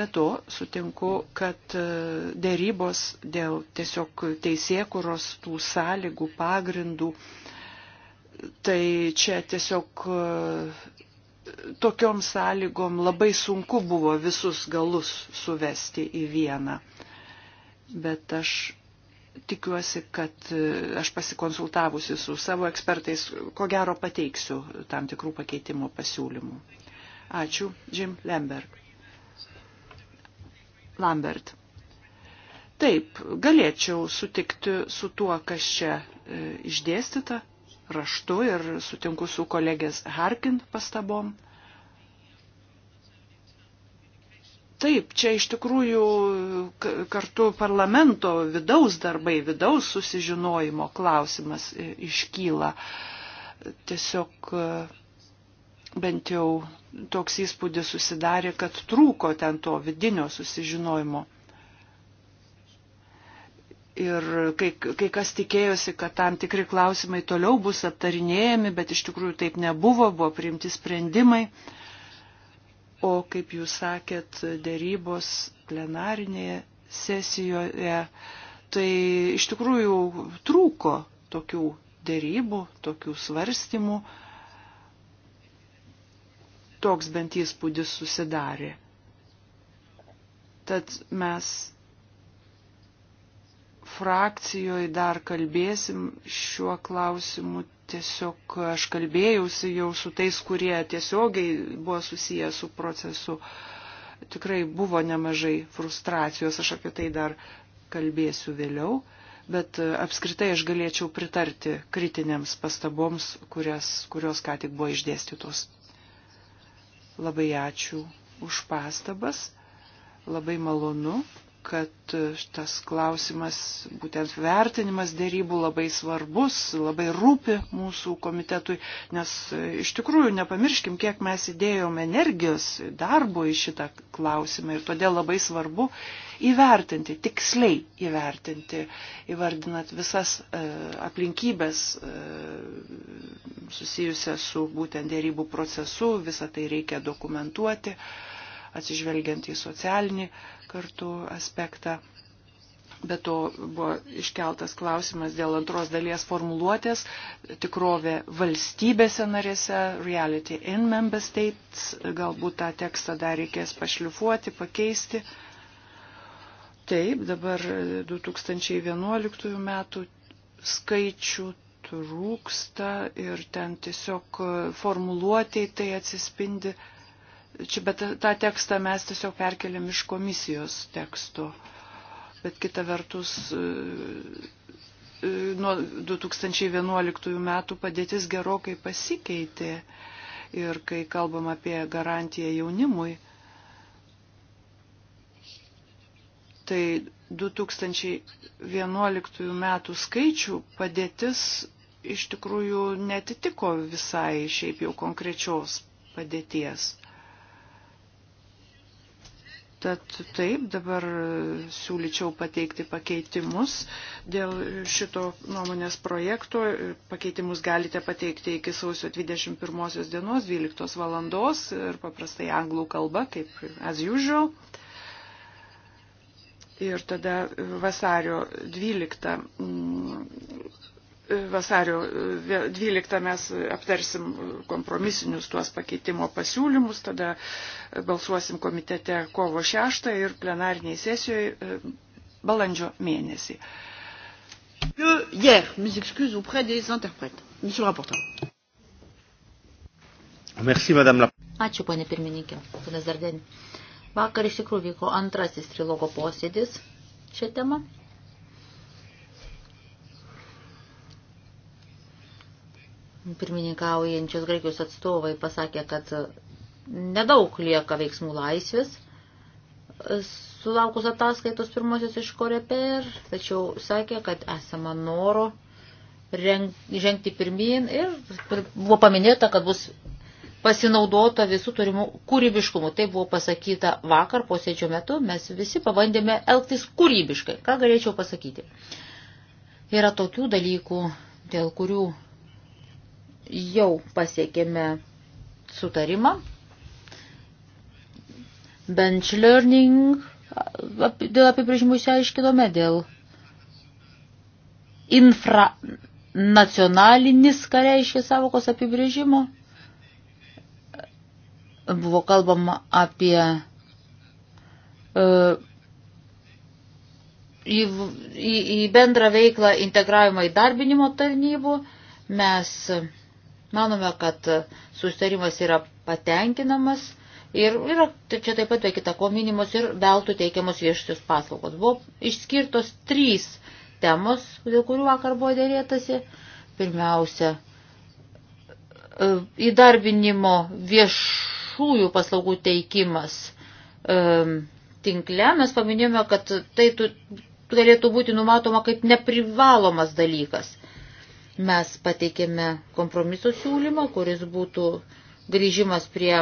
Be to, sutinku, kad e, dėrybos dėl tiesiog teisėkuros tų sąlygų pagrindų, tai čia tiesiog e, tokiom sąlygom labai sunku buvo visus galus suvesti į vieną. Bet aš tikiuosi, kad e, aš pasikonsultavusi su savo ekspertais, ko gero pateiksiu tam tikrų pakeitimų pasiūlymų. Ačiū, Jim Lambert. Lambert. Taip, galėčiau sutikti su tuo, kas čia e, išdėstyta raštu ir sutinku su kolegės Harkin pastabom. Taip, čia iš tikrųjų kartu parlamento vidaus darbai, vidaus susižinojimo klausimas e, iškyla. Tiesiog e, bent jau toks įspūdis susidarė, kad trūko ten to vidinio susižinojimo. Ir kai, kai kas tikėjosi, kad tam tikri klausimai toliau bus aptarinėjami, bet iš tikrųjų taip nebuvo, buvo priimti sprendimai. Uh, O kaip jūs sakėt, dėrybos plenarinėje sesijoje, tai iš tikrųjų trūko tokių dėrybų, tokių svarstymų. Toks bent įspūdis susidarė. Tad mes frakcijoje dar kalbėsim šiuo klausimu Tiesiog aš kalbėjausi jau su tais, kurie tiesiogiai buvo susiję su procesu. Tikrai buvo nemažai frustracijos, aš apie tai dar kalbėsiu vėliau, bet e, apskritai aš galėčiau pritarti kritinėms pastaboms, kurias, kurios ką tik buvo išdėstytos. Labai ačiū už pastabas, labai malonu kad tas klausimas, būtent vertinimas dėrybų labai svarbus, labai rūpi mūsų komitetui, nes iš tikrųjų nepamirškim, kiek mes įdėjome energijos darbo į šitą klausimą ir todėl labai svarbu įvertinti, tiksliai įvertinti, įvardinat visas e, aplinkybės e, susijusias su būtent dėrybų procesu, visą tai reikia dokumentuoti. E, atsižvelgiant į socialinį kartu aspektą. Bet to buvo iškeltas klausimas dėl antros dalies formuluotės - tikrovė valstybėse narėse, reality in member states, galbūt tą tekstą dar reikės pašlifuoti, pakeisti. Taip, dabar 2011 metų skaičių trūksta ir ten tiesiog formuluotėj tai atsispindi Čia, bet tą tekstą mes tiesiog perkeliam iš komisijos teksto. Bet kita vertus, e, e, nuo 2011 metų padėtis gerokai pasikeitė. Ir kai kalbam apie garantiją jaunimui, tai 2011 metų skaičių padėtis iš tikrųjų netitiko visai šiaip jau konkrečios padėties. Tad taip, dabar siūlyčiau pateikti pakeitimus dėl šito nuomonės projekto. Pakeitimus galite pateikti iki sausio 21 dienos 12 valandos ir paprastai anglų kalba, kaip as usual. Ir tada vasario 12 vasario 12 e, mes aptarsim kompromisinius tuos pakeitimo pasiūlymus, tada e, balsuosim komitete kovo 6 ir plenariniai sesijoje balandžio mėnesį. Hier, mes excuses auprès des interprètes. Monsieur le rapporteur. Merci, madame la. Ačiū, ponė pirmininkė. Ponas Dardenė. Vakar iš tikrųjų vyko antrasis trilogo posėdis šią temą. pirmininkaujančios Graikijos atstovai pasakė, kad nedaug lieka veiksmų laisvės, sulaukus ataskaitos pirmosios iš Koreper, tačiau sakė, kad esama noro renk, žengti pirmin ir buvo paminėta, kad bus pasinaudota visų turimų kūrybiškumų. Tai buvo pasakyta vakar posėdžio metu, mes visi pabandėme elgtis kūrybiškai. Ką galėčiau pasakyti? Yra tokių dalykų, dėl kurių jau pasiekėme sutarimą. Bench learning dėl apibrėžimų išsiaiškinome, dėl infranacionalinis, ką reiškia savokos apibrėžimo. Buvo kalbama apie uh, į, į, į bendrą veiklą integravimą į darbinimo tarnybų. Mes uh, Manome, kad sustarimas yra patenkinamas ir yra čia taip pat be kita ko minimos ir veltų teikiamos viešosios paslaugos. Buvo išskirtos trys temos, dėl kurių vakar buvo dėrėtasi. Pirmiausia, e, įdarbinimo viešųjų paslaugų teikimas e, tinkle. Mes paminėjome, kad tai galėtų būti numatoma kaip neprivalomas dalykas. Mes pateikėme kompromiso siūlymą, kuris būtų grįžimas prie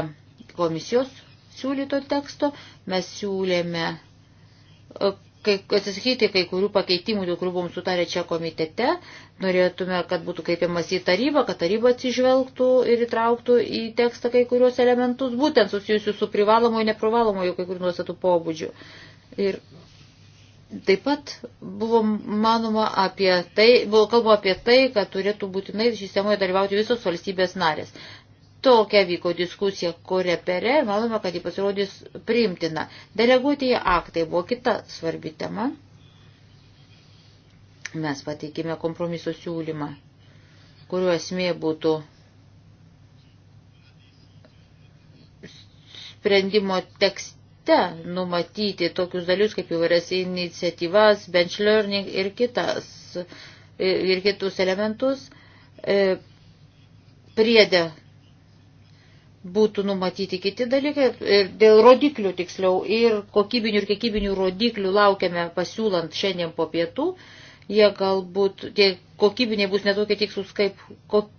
komisijos siūlyto teksto. Mes siūlėme e, kai, atsisakyti kai kurių pakeitimų, dėl kurių buvom sutarę čia komitete. Norėtume, kad būtų kreipiamas į tarybą, kad taryba atsižvelgtų ir įtrauktų į tekstą kai kuriuos elementus, būtent susijusius su privalomojo ir neprivalomojo kai kurių nuostatų pobūdžių. Ir Taip pat buvo manoma apie tai, buvo kalba apie tai, kad turėtų būtinai sistemoje dalyvauti visos valstybės narės. Tokia vyko diskusija korepere, manome, kad jį pasirodys priimtina. Deleguotieji aktai buvo kita svarbi tema. Mes pateikime kompromiso siūlymą, kurio esmė būtų sprendimo tekst tekste numatyti tokius dalykus kaip įvairias iniciatyvas, bench learning ir, kitas, ir kitus elementus. E, Priedė būtų numatyti kiti dalykai ir e, dėl rodiklių tiksliau ir kokybinių ir kiekybinių rodiklių laukiame pasiūlant šiandien po pietų. Jie galbūt, tie kokybiniai bus netokie tikslus kaip, kok,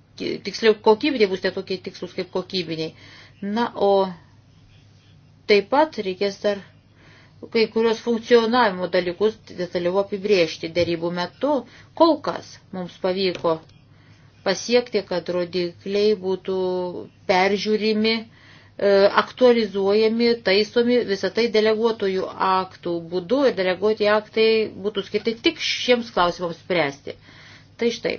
tiksliau kokybiniai bus netokie tikslus kaip kokybiniai. Na, o Taip pat reikės dar kai kurios funkcionavimo dalykus detaliau apibriežti dėrybų metu. Kol kas mums pavyko pasiekti, kad rodikliai būtų peržiūrimi, e, aktualizuojami, taisomi, visą tai deleguotojų aktų būdu ir deleguoti aktai būtų skirti tik šiems klausimams spręsti. Tai štai,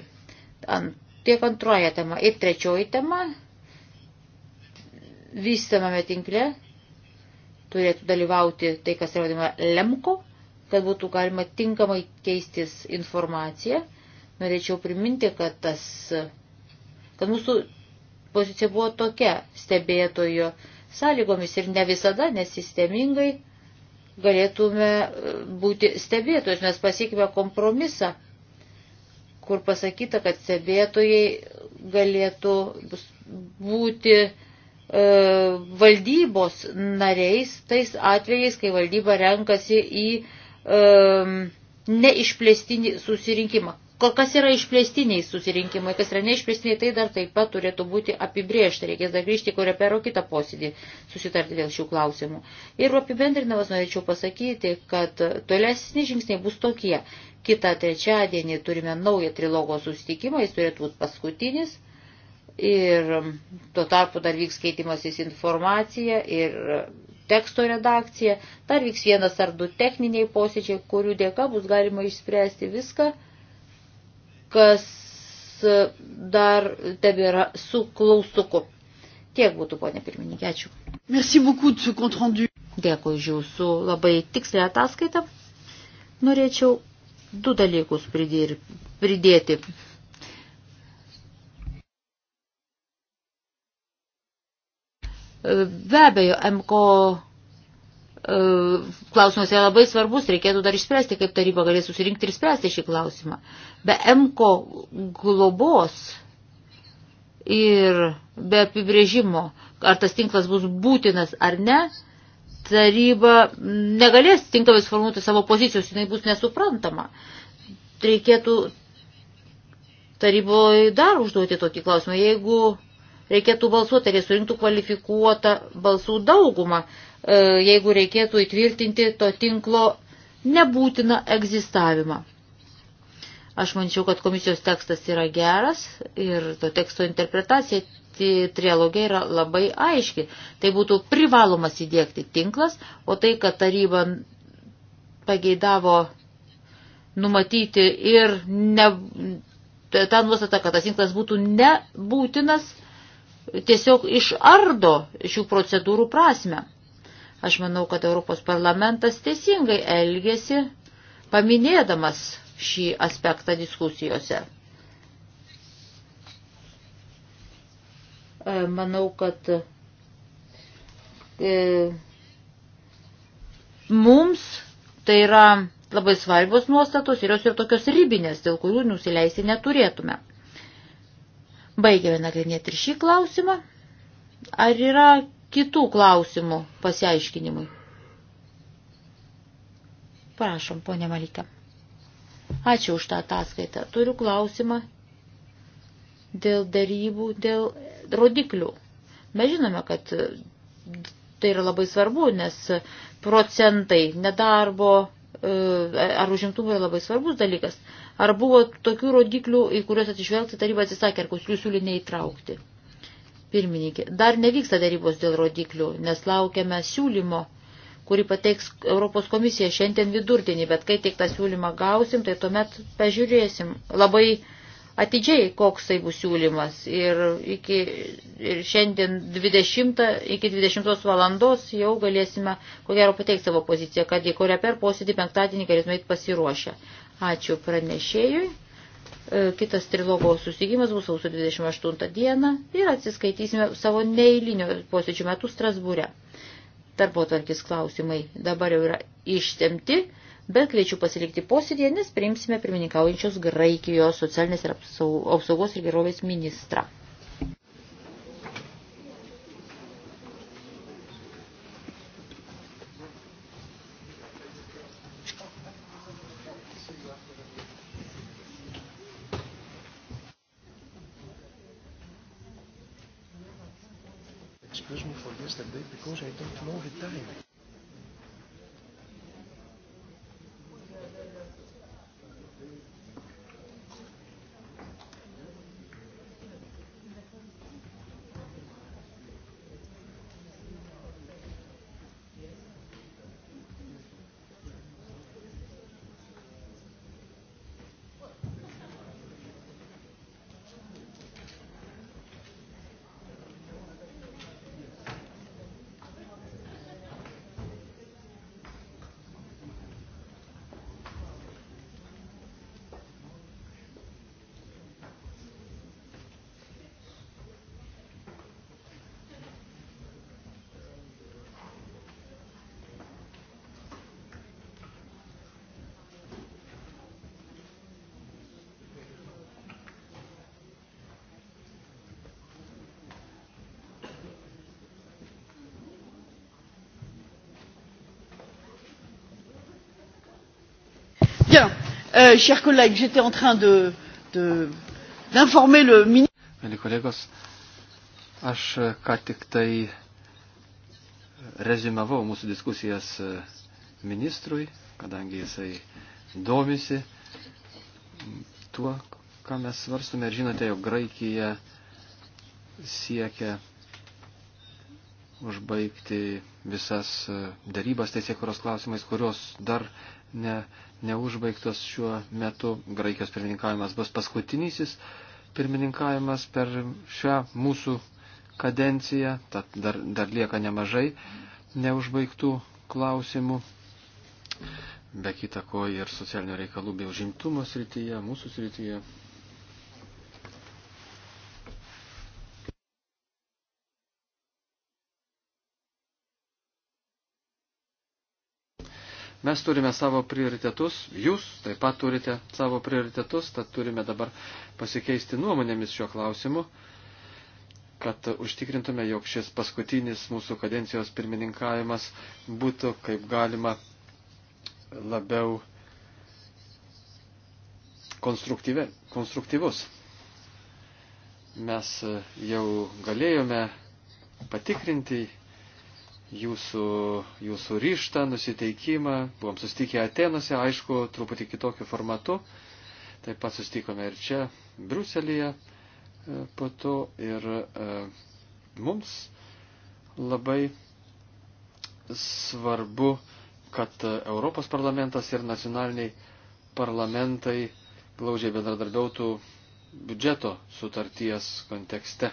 ant, tiek antroji tema. Ir trečioji tema, vystamame tinkle, turėtų dalyvauti tai, kas yra vadinama lemko, kad būtų galima tinkamai keistis informaciją. Norėčiau priminti, kad, tas, kad mūsų pozicija buvo tokia stebėtojo sąlygomis ir ne visada nesistemingai galėtume e, būti stebėtojus. Mes pasiekime kompromisą, kur pasakyta, kad stebėtojai galėtų būti E, valdybos nariais tais atvejais, kai valdyba renkasi į um, neišplėstinį susirinkimą. Kas yra išplėstiniai susirinkimai, kas yra neišplėstiniai, tai dar taip pat turėtų būti apibriežta. Reikės dar grįžti, kurio per kitą posėdį susitarti dėl šių klausimų. Ir apibendrinamas norėčiau pasakyti, kad tolesni žingsniai bus tokie. Kita trečiadienį turime naują trilogo susitikimą, jis turėtų būti paskutinis. Ir um, tuo tarpu dar vyks keitimasis informacija ir uh, teksto redakcija, dar vyks vienas ar du techniniai posėdžiai, kurių dėka bus galima išspręsti viską, kas uh, dar tebėra su klaustuku. Tiek būtų, ponė pirmininkė, ačiū. Merci beaucoup de ce compte rendu. Dėkui už jūsų labai tikslę ataskaitą. Norėčiau du dalykus pridir, pridėti Be abejo, MKO e, klausimas yra labai svarbus, reikėtų dar išspręsti, kaip taryba galės susirinkti ir spręsti šį klausimą. Be MKO globos ir be apibrėžimo, ar tas tinklas bus būtinas ar ne, taryba negalės tinkamai sformuoti savo pozicijos, jinai bus nesuprantama. Reikėtų taryboje dar užduoti tokį klausimą. Jeigu reikėtų balsuoti, ar jie surinktų kvalifikuotą balsų daugumą, e, jeigu reikėtų įtvirtinti to tinklo nebūtiną egzistavimą. Aš mančiau, kad komisijos tekstas yra geras ir to teksto interpretacija trialogė yra labai aiški. Tai būtų privalomas įdėkti tinklas, o tai, kad taryba pageidavo numatyti ir ne, ta nuostata, kad tas tinklas būtų nebūtinas, tiesiog išardo šių procedūrų prasme. Aš manau, kad Europos parlamentas teisingai elgėsi, paminėdamas šį aspektą diskusijose. E, manau, kad e, mums tai yra labai svarbios nuostatos ir jos yra tokios ribinės, dėl kurių nusileisti neturėtume. Baigėme nagrinėti ir šį klausimą. Ar yra kitų klausimų pasiaiškinimui? Prašom, ponė Malytė. Ačiū už tą ataskaitą. Turiu klausimą dėl darybų, dėl rodiklių. Mes žinome, kad tai yra labai svarbu, nes procentai nedarbo, E, ar užimtumai labai svarbus dalykas, ar buvo tokių rodiklių, į kuriuos atsižvelgti taryba atsisakė, ar kurių siūlė neįtraukti. Pirmininkė, dar nevyksta darybos dėl rodiklių, nes laukiame siūlymo, kurį pateiks Europos komisija šiandien vidurdienį, bet kai tik tą siūlymą gausim, tai tuomet pažiūrėsim. Labai uh, atidžiai, koks tai bus siūlymas. Ir, iki, ir šiandien 20, iki 20 valandos jau galėsime, ko gero, pateikti savo poziciją, kad į kurią per posėdį penktadienį galėsime eiti pasiruošę. Ačiū pranešėjui. E, kitas trilogo susitikimas bus sausio 28 dieną ir atsiskaitysime savo neįlinio posėdžių metų Strasbūre. Tarpotvarkis klausimai dabar jau yra ištemti bet kviečiu pasilikti posėdėje, nes priimsime pirmininkaujančios Graikijos socialinės ir apsaugos ir gerovės ministrą. because I Euh, chers collègues, j'étais en train de, de, d'informer le ministre. Mėly kolegos, aš euh, ką tik tai euh, rezimavau mūsų diskusijas euh, ministrui, kadangi jisai domisi tuo, ką mes svarstume. Ir žinote, jog Graikija siekia užbaigti visas e, darybas teisėkuros klausimais, kurios dar ne, neužbaigtos šiuo metu. Graikijos pirmininkavimas bus paskutinysis pirmininkavimas per šią mūsų kadenciją, tad dar, dar lieka nemažai neužbaigtų klausimų. Be kita ko ir socialinių reikalų bei užimtumo srityje, mūsų srityje. Mes turime savo prioritetus, jūs taip pat turite savo prioritetus, tad turime dabar pasikeisti nuomonėmis šiuo klausimu, kad užtikrintume, jog šis paskutinis mūsų kadencijos pirmininkavimas būtų kaip galima labiau konstruktyvus. Mes jau galėjome patikrinti jūsų, jūsų ryštą, nusiteikimą. Buvom sustikę Atenose, aišku, truputį kitokiu formatu. Taip pat sustikome ir čia, Bruselėje e, po to. Ir e, mums labai svarbu, kad Europos parlamentas ir nacionaliniai parlamentai glaudžiai bendradarbiautų biudžeto sutarties kontekste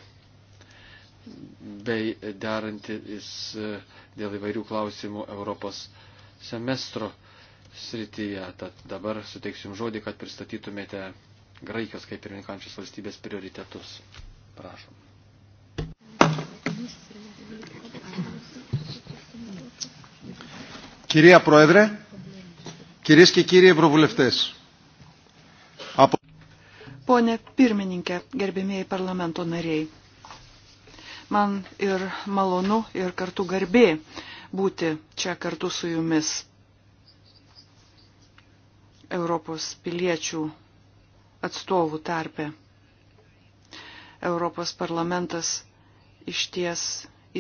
bei derantis e, dėl įvairių klausimų Europos semestro srityje. Tad dabar suteiksiu Jums žodį, kad pristatytumėte Graikijos kaip pirmininkančios valstybės prioritetus. Prašom. Κυρία Πρόεδρε, κυρίες και κύριοι Ευρωβουλευτές. Από... Pone pirmininkė, gerbėmėjai parlamento nariai. Man ir malonu, ir kartu garbė būti čia kartu su jumis. Europos piliečių atstovų tarpe. Europos parlamentas iš ties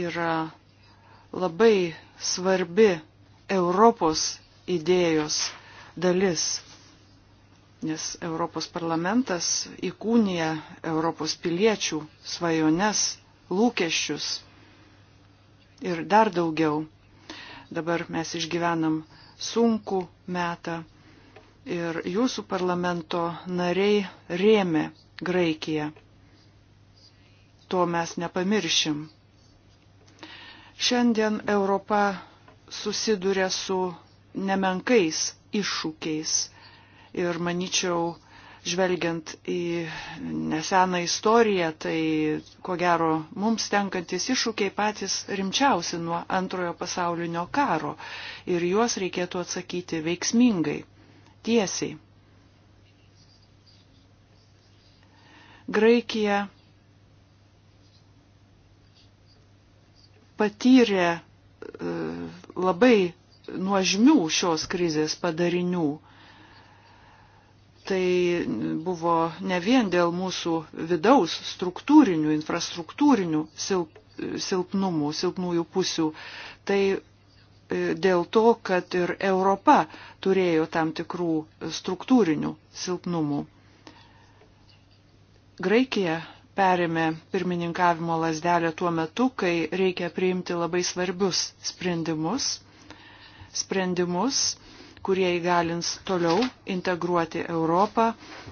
yra labai svarbi Europos idėjos dalis, nes Europos parlamentas įkūnija Europos piliečių svajones lūkesčius ir dar daugiau. Dabar mes išgyvenam sunku metą ir jūsų parlamento nariai rėmė Graikiją. To mes nepamiršim. Šiandien Europa susiduria su nemenkais iššūkiais ir, manyčiau, žvelgiant į neseną istoriją, tai ko gero mums tenkantis iššūkiai patys rimčiausi nuo antrojo pasaulinio karo ir juos reikėtų atsakyti veiksmingai, tiesiai. Graikija patyrė e, labai nuožmių šios krizės padarinių tai buvo ne vien dėl mūsų vidaus struktūrinių, infrastruktūrinių silp, silpnumų, silpnųjų pusių, tai e, dėl to, kad ir Europa turėjo tam tikrų struktūrinių silpnumų. Graikija perėmė pirmininkavimo lasdelę tuo metu, kai reikia priimti labai svarbius sprendimus. Sprendimus, kurie įgalins toliau integruoti Europą,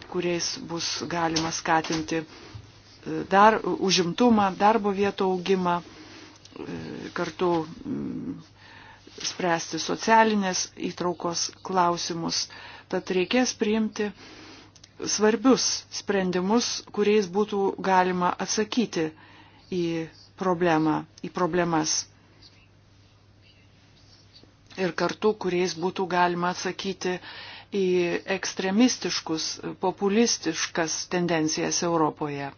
kuriais bus galima skatinti e, dar, užimtumą, darbo vietų augimą, e, kartu spręsti socialinės įtraukos klausimus. Tad reikės priimti svarbius sprendimus, kuriais būtų galima atsakyti į problemą, į problemas ir kartu, kuriais būtų galima atsakyti į ekstremistiškus, populistiškas tendencijas Europoje.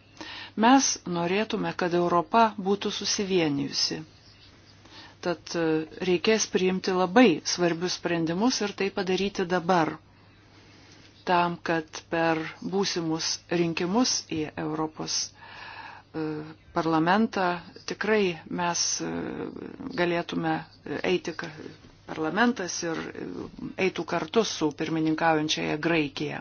Mes norėtume, kad Europa būtų susivienijusi. Tad e, reikės priimti labai svarbius sprendimus ir tai padaryti dabar, tam, kad per būsimus rinkimus į Europos e, parlamentą tikrai mes e, galėtume eiti parlamentas ir eitų kartu su pirmininkaujančiaja Graikija.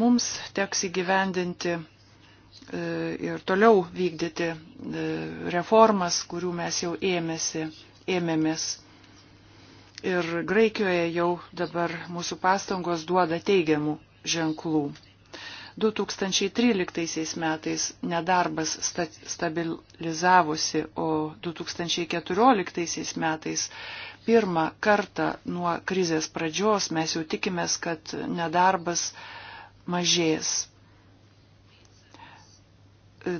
Mums teks įgyvendinti e, ir toliau vykdyti e, reformas, kurių mes jau ėmėsi, ėmėmės. Ir Graikijoje jau dabar mūsų pastangos duoda teigiamų ženklų. 2013 metais nedarbas stabilizavosi, o 2014 metais pirmą kartą nuo krizės pradžios mes jau tikimės, kad nedarbas mažės.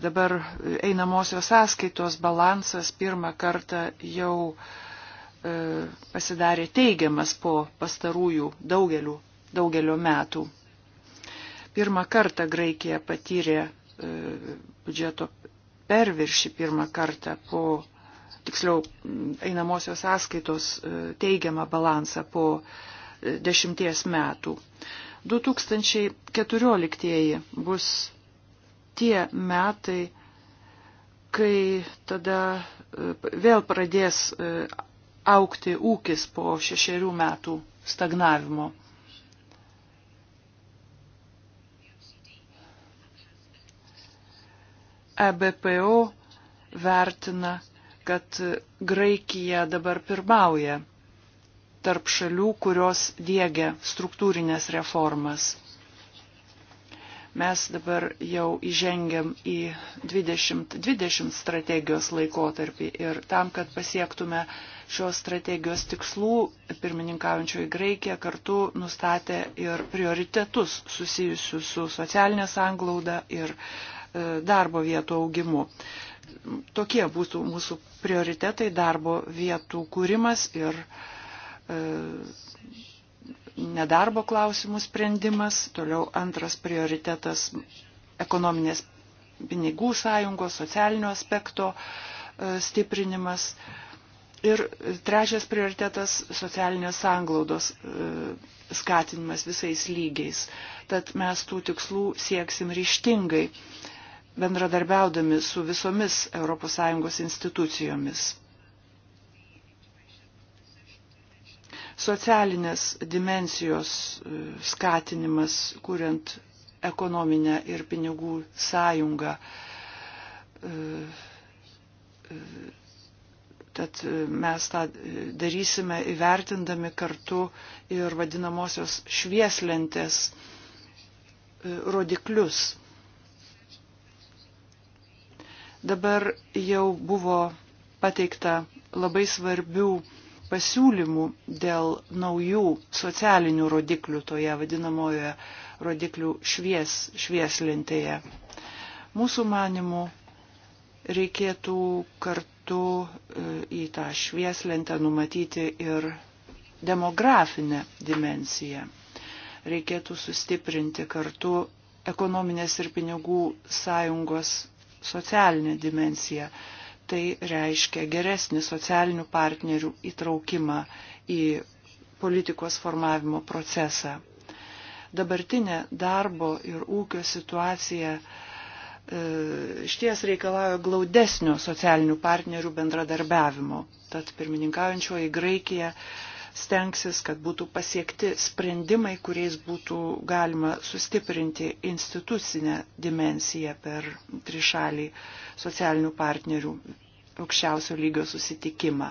Dabar einamosios sąskaitos balansas pirmą kartą jau e, pasidarė teigiamas po pastarųjų daugelių, daugelio metų. Pirmą kartą Graikija patyrė e, biudžeto perviršį pirmą kartą po, tiksliau, einamosios sąskaitos e, teigiamą balansą po e, dešimties metų. 2014 bus tie metai, kai tada vėl pradės aukti ūkis po šešerių metų stagnavimo. EBPO vertina, kad Graikija dabar pirmauja tarp šalių, kurios dėgia struktūrinės reformas. Mes dabar jau įžengiam į 2020 20 strategijos laikotarpį ir tam, kad pasiektume šios strategijos tikslų, pirmininkaujančioji Graikija kartu nustatė ir prioritetus susijusius su socialinė sanglauda ir E, darbo vietų augimu. Tokie būtų mūsų prioritetai - darbo vietų kūrimas ir e, nedarbo klausimų sprendimas. Toliau antras prioritetas - ekonominės pinigų sąjungos, socialinio aspekto e, stiprinimas. Ir trečias prioritetas - socialinės sanglaudos skatinimas visais lygiais. Tad mes tų tikslų sieksim ryštingai bendradarbiaudami su visomis ES institucijomis. Socialinės dimensijos e, skatinimas, kuriant ekonominę ir pinigų sąjungą. E, e, tad mes tą darysime įvertindami kartu ir vadinamosios švieslentės rodiklius Dabar jau buvo pateikta labai svarbių pasiūlymų dėl naujų socialinių rodiklių toje vadinamojoje rodiklių švies, švieslintėje. Mūsų manimų reikėtų kartu e, į tą švieslentę numatyti ir demografinę dimensiją. Reikėtų sustiprinti kartu ekonominės ir pinigų sąjungos socialinę dimensiją. Tai reiškia geresnį socialinių partnerių įtraukimą į politikos formavimo procesą. Dabartinė darbo ir ūkio situacija e, išties reikalauja glaudesnio socialinių partnerių bendradarbiavimo. Tad pirmininkaujančioji Graikija stengsis, kad būtų pasiekti sprendimai, kuriais būtų galima sustiprinti institucinę dimensiją per trišalį socialinių partnerių aukščiausio lygio susitikimą.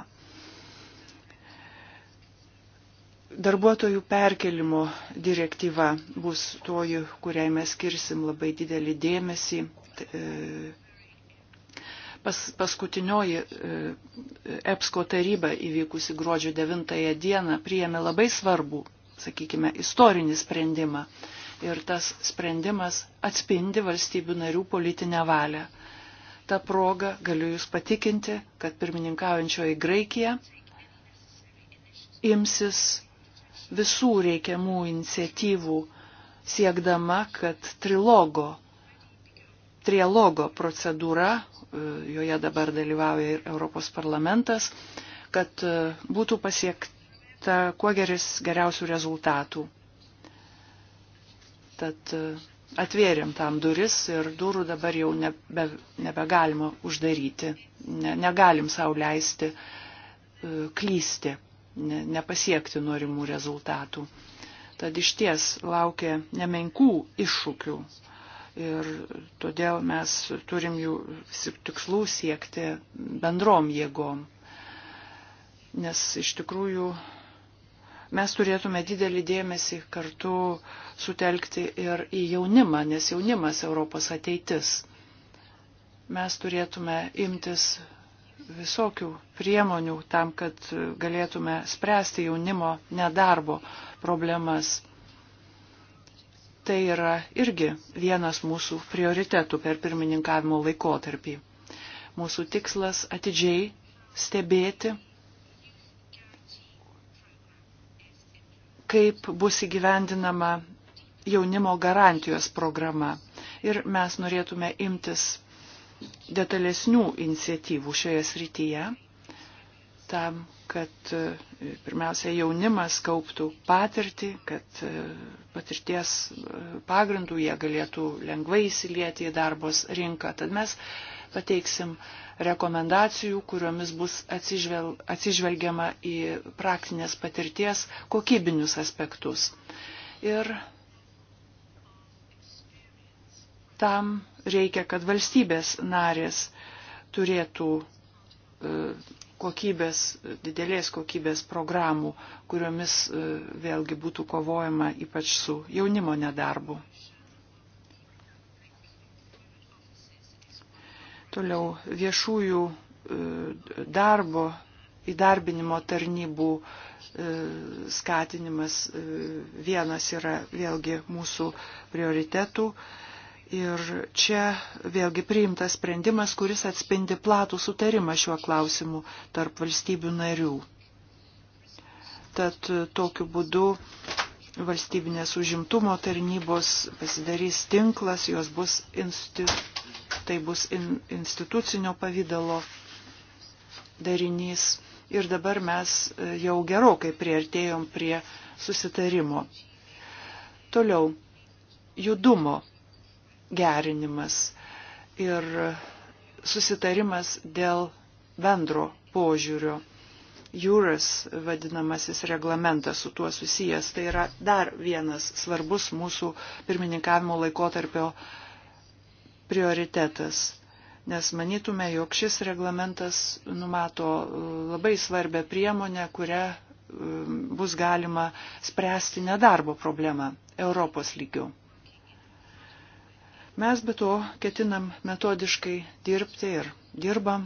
Darbuotojų perkelimo direktyva bus toji, kuriai mes skirsim labai didelį dėmesį. E, pas, paskutinioji e, EPSCO taryba įvykusi gruodžio 9 dieną priėmė labai svarbų, sakykime, istorinį sprendimą. Ir tas sprendimas atspindi valstybių narių politinę valią. Ta proga galiu Jūs patikinti, kad pirmininkaujančioji Graikija imsis visų reikiamų iniciatyvų siekdama, kad trilogo trialogo procedūra, e, joje dabar dalyvauja ir Europos parlamentas, kad e, būtų pasiekta kuo geris geriausių rezultatų. Tad e, atvėrėm tam duris ir durų dabar jau nebe, nebegalima uždaryti, ne, negalim sau leisti klysti, ne, nepasiekti norimų rezultatų. Tad iš ties laukia nemenkų iššūkių Ir todėl mes turim jų tikslų siekti bendrom jėgom. Nes iš tikrųjų mes turėtume didelį dėmesį kartu sutelkti ir į jaunimą, nes jaunimas Europos ateitis. Mes turėtume imtis visokių priemonių tam, kad galėtume spręsti jaunimo nedarbo problemas tai yra irgi vienas mūsų prioritetų per pirmininkavimo laikotarpį. Mūsų tikslas atidžiai stebėti, kaip bus įgyvendinama jaunimo garantijos programa. Ir mes norėtume imtis detalesnių iniciatyvų šioje srityje, tam, kad e, pirmiausia jaunimas kauptų patirtį, kad e, patirties e, pagrindų jie galėtų lengvai įsilieti į darbos rinką. Tad mes pateiksim rekomendacijų, kuriomis bus atsižvel, atsižvelgiama į praktinės patirties kokybinius aspektus. Ir tam reikia, kad valstybės narės turėtų kokybės, didelės kokybės programų, kuriomis e, vėlgi būtų kovojama ypač su jaunimo nedarbu. Toliau viešųjų e, darbo įdarbinimo tarnybų e, skatinimas vienas yra vėlgi mūsų prioritetų Ir čia vėlgi priimtas sprendimas, kuris atspindi platų sutarimą šiuo klausimu tarp valstybių narių. Tad e, tokiu būdu valstybinės užimtumo tarnybos pasidarys tinklas, jos bus insti, tai bus in, institucinio pavydalo darinys. Ir dabar mes e, jau gerokai prieartėjom prie susitarimo. Toliau, judumo gerinimas ir susitarimas dėl bendro požiūrio. Jūras vadinamasis reglamentas su tuo susijęs. Tai yra dar vienas svarbus mūsų pirmininkavimo laikotarpio prioritetas nes manytume, jog šis reglamentas numato e, labai svarbę priemonę, kurią e, bus galima spręsti nedarbo problemą Europos lygių. Mes be to ketinam metodiškai dirbti ir dirbam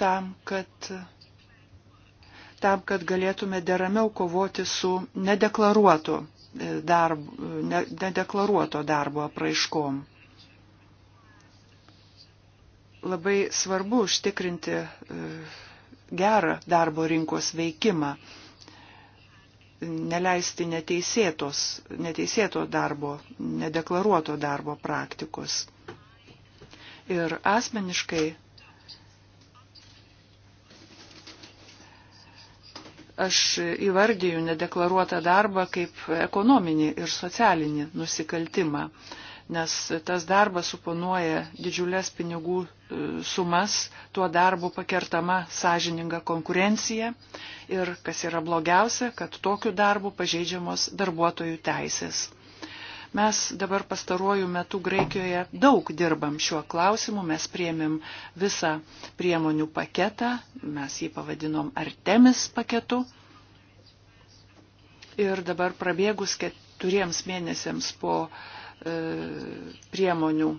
tam, kad tam, kad galėtume deramiau kovoti su nedeklaruotu e, darbu, ne, nedeklaruoto darbo apraiškom. Labai svarbu užtikrinti e, gerą darbo rinkos veikimą neleisti neteisėtos, neteisėto darbo, nedeklaruoto darbo praktikos. Ir asmeniškai aš įvardyju nedeklaruotą darbą kaip ekonominį ir socialinį nusikaltimą, nes tas darbas suponuoja didžiulės pinigų sumas, tuo darbu pakertama sąžininga konkurencija ir, kas yra blogiausia, kad tokiu darbu pažeidžiamos darbuotojų teisės. Mes dabar pastaruoju metu Graikijoje daug dirbam šiuo klausimu, mes priemėm visą priemonių paketą, mes jį pavadinom Artemis paketu. Ir dabar prabėgus keturiems mėnesiams po e, priemonių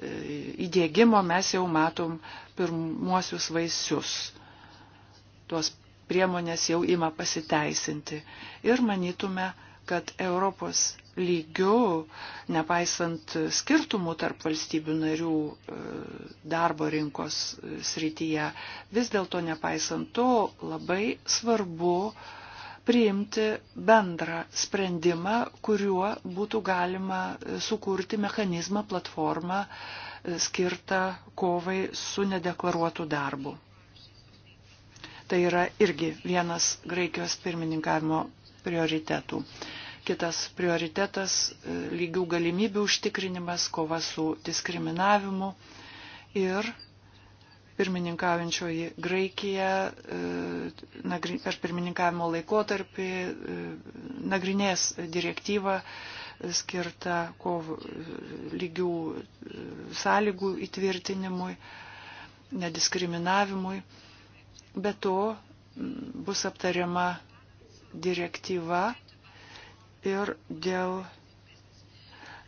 E, įdėgymo mes jau matom pirmuosius vaisius. Tuos priemonės jau ima pasiteisinti. Ir manytume, kad Europos lygių, nepaisant skirtumų tarp valstybių narių e, darbo rinkos e, srityje, vis dėlto nepaisant to labai svarbu, priimti bendrą sprendimą, kuriuo būtų galima sukurti mechanizmą, platformą e, skirtą kovai su nedeklaruotu darbu. Tai yra irgi vienas Graikijos pirmininkavimo prioritetų. Kitas prioritetas - e, lygių galimybių užtikrinimas, kova su diskriminavimu ir pirmininkaujančioji Graikija e, per pirmininkavimo laikotarpį e, nagrinės direktyvą e, skirtą kovų lygių sąlygų įtvirtinimui, nediskriminavimui. Be to bus aptariama direktyva ir dėl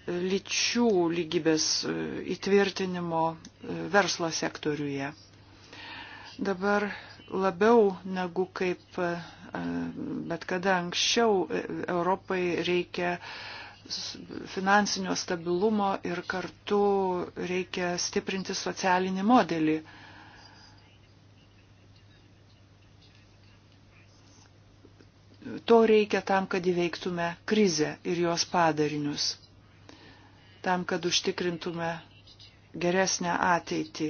lyčių lygybės e, įtvirtinimo e, verslo sektoriuje. Dabar labiau negu kaip e, bet kada anksčiau Europai reikia finansinio stabilumo ir kartu reikia stiprinti socialinį modelį. To reikia tam, kad įveiktume krizę ir jos padarinius tam, kad užtikrintume geresnę ateitį.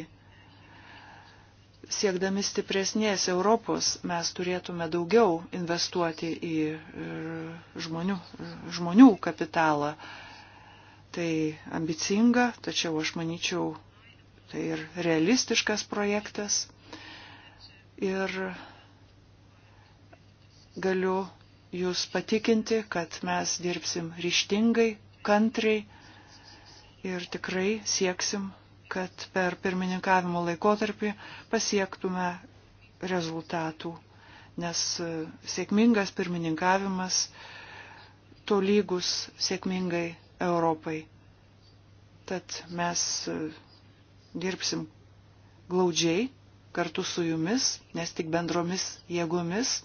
Siekdami stipresnės Europos mes turėtume daugiau investuoti į e, žmonių, e, žmonių kapitalą. Tai ambicinga, tačiau aš manyčiau, tai ir realistiškas projektas. Ir galiu Jūs patikinti, kad mes dirbsim ryštingai, kantriai ir tikrai sieksim, kad per pirmininkavimo laikotarpį pasiektume rezultatų, nes e, sėkmingas pirmininkavimas tolygus sėkmingai Europai. Tad mes e, dirbsim glaudžiai kartu su jumis, nes tik bendromis jėgomis,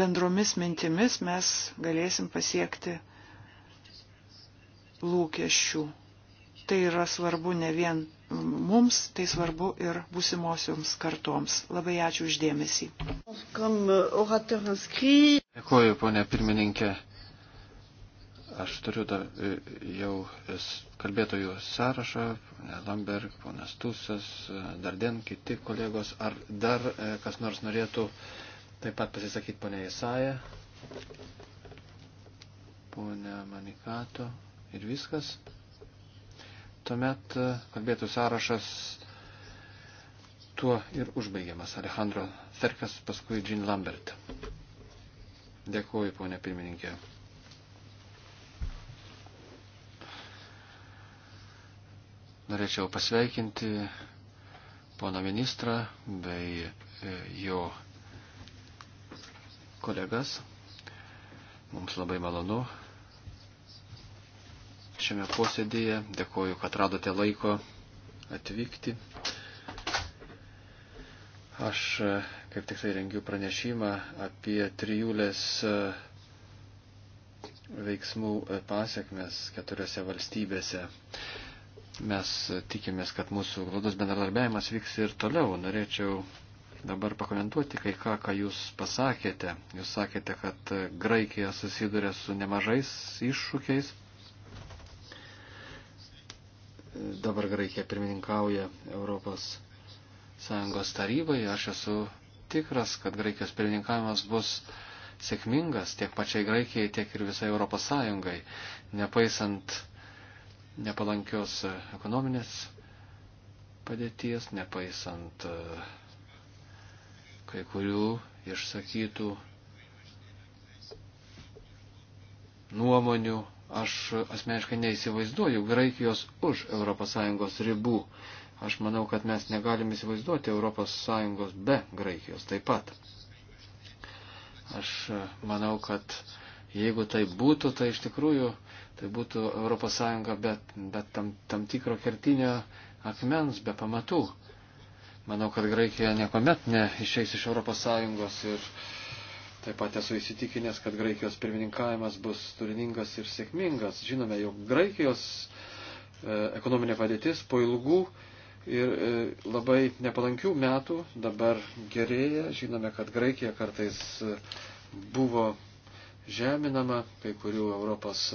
bendromis mintimis mes galėsim pasiekti lūkesčių. Tai yra svarbu ne vien mums, tai svarbu ir būsimosioms kartoms. Labai ačiū uždėmesį. Euh, Dėkuoju, ponė pirmininkė. Aš turiu da, e, jau kalbėtojų sąrašą, ponė Lamberg, ponas Tusas, e, dar den kiti kolegos. Ar dar e, kas nors norėtų taip pat pasisakyti, ponė Isaja? Ponė Manikato ir viskas. Tuomet e, kalbėtų sąrašas tuo ir užbaigiamas. Alejandro Serkas, paskui Jean Lambert. Dėkuoju, ponė pirmininkė. Norėčiau pasveikinti pono ministrą bei e, jo kolegas. Mums labai malonu šiame posėdėje. Dėkuoju, kad radote laiko atvykti. Aš e, kaip tik tai rengiu pranešimą apie trijulės e, veiksmų e, pasiekmes keturiose valstybėse. Mes tikimės, kad mūsų glaudus bendradarbiavimas vyks ir toliau. Norėčiau dabar pakomentuoti kai ką, ką jūs pasakėte. Jūs sakėte, kad Graikija susiduria su nemažais iššūkiais, dabar Graikija pirmininkauja Europos Sąjungos tarybai. Aš esu tikras, kad Graikijos pirmininkavimas bus sėkmingas tiek pačiai Graikijai, tiek ir visai Europos Sąjungai, nepaisant nepalankios e, ekonominės padėties, nepaisant e, kai kurių išsakytų nuomonių Aš asmeniškai neįsivaizduoju Graikijos už ES ribų. Aš manau, kad mes negalime įsivaizduoti ES be Graikijos taip pat. Aš manau, kad jeigu tai būtų, tai iš tikrųjų tai būtų ES be, be tam, tam tikro kertinio akmens, be pamatų. Manau, kad Graikija niekuomet neišeis iš ES ir Taip pat esu įsitikinęs, kad Graikijos pirmininkavimas bus turiningas ir sėkmingas. Žinome, jog Graikijos e, ekonominė padėtis po ilgų ir e, labai nepalankių metų dabar gerėja. Žinome, kad Graikija kartais e, buvo žeminama kai kurių Europos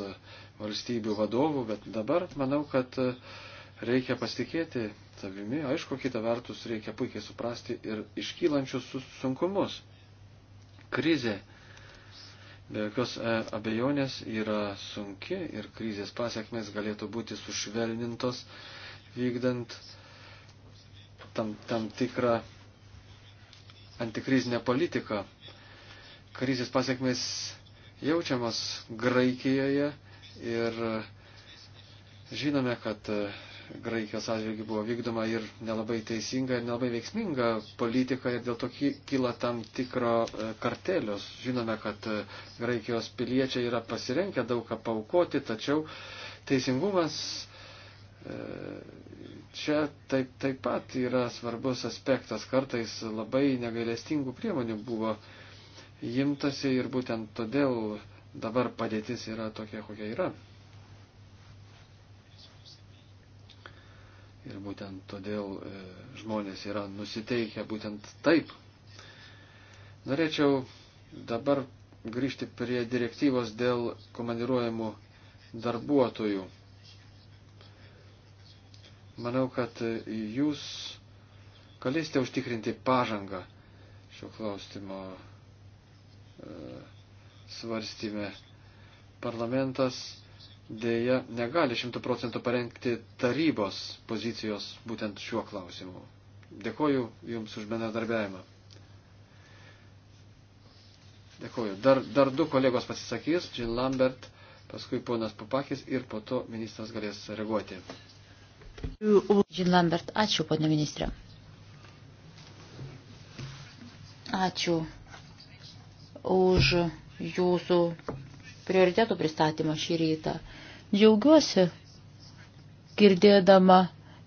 valstybių vadovų, bet dabar manau, kad reikia pasitikėti savimi. Aišku, kita vertus reikia puikiai suprasti ir iškylančius sunkumus krizė be jokios e, abejonės yra sunki ir krizės pasiekmes galėtų būti sušvelnintos vykdant tam, tam tikrą antikrizinę politiką. Krizės pasiekmes jaučiamas Graikijoje ir e, žinome, kad e, Graikijos atžvilgių buvo vykdoma ir nelabai teisinga, ir nelabai veiksminga politika ir dėl to kyla tam tikro e, kartelius. Žinome, kad e, Graikijos piliečiai yra pasirenkę daug ką paukoti, tačiau teisingumas e, čia taip, taip pat yra svarbus aspektas. Kartais labai negailestingų priemonių buvo imtasi ir būtent todėl dabar padėtis yra tokia, kokia yra. Ir būtent todėl e, žmonės yra nusiteikę būtent taip. Norėčiau dabar grįžti prie direktyvos dėl komandiruojamų darbuotojų. Manau, kad jūs galėsite užtikrinti pažangą šio klausimo e, svarstymę. Parlamentas dėja negali šimtų procentų parengti tarybos pozicijos būtent šiuo klausimu. Dėkoju Jums už bendradarbiavimą. Dėkoju. Dar, dar du kolegos pasisakys, Jean Lambert, paskui ponas Papakis ir po to ministras galės reaguoti. Jean Lambert, ačiū, ponė ministrė. Ačiū už jūsų prioritėtų pristatymą šį rytą. Džiaugiuosi, girdėdama,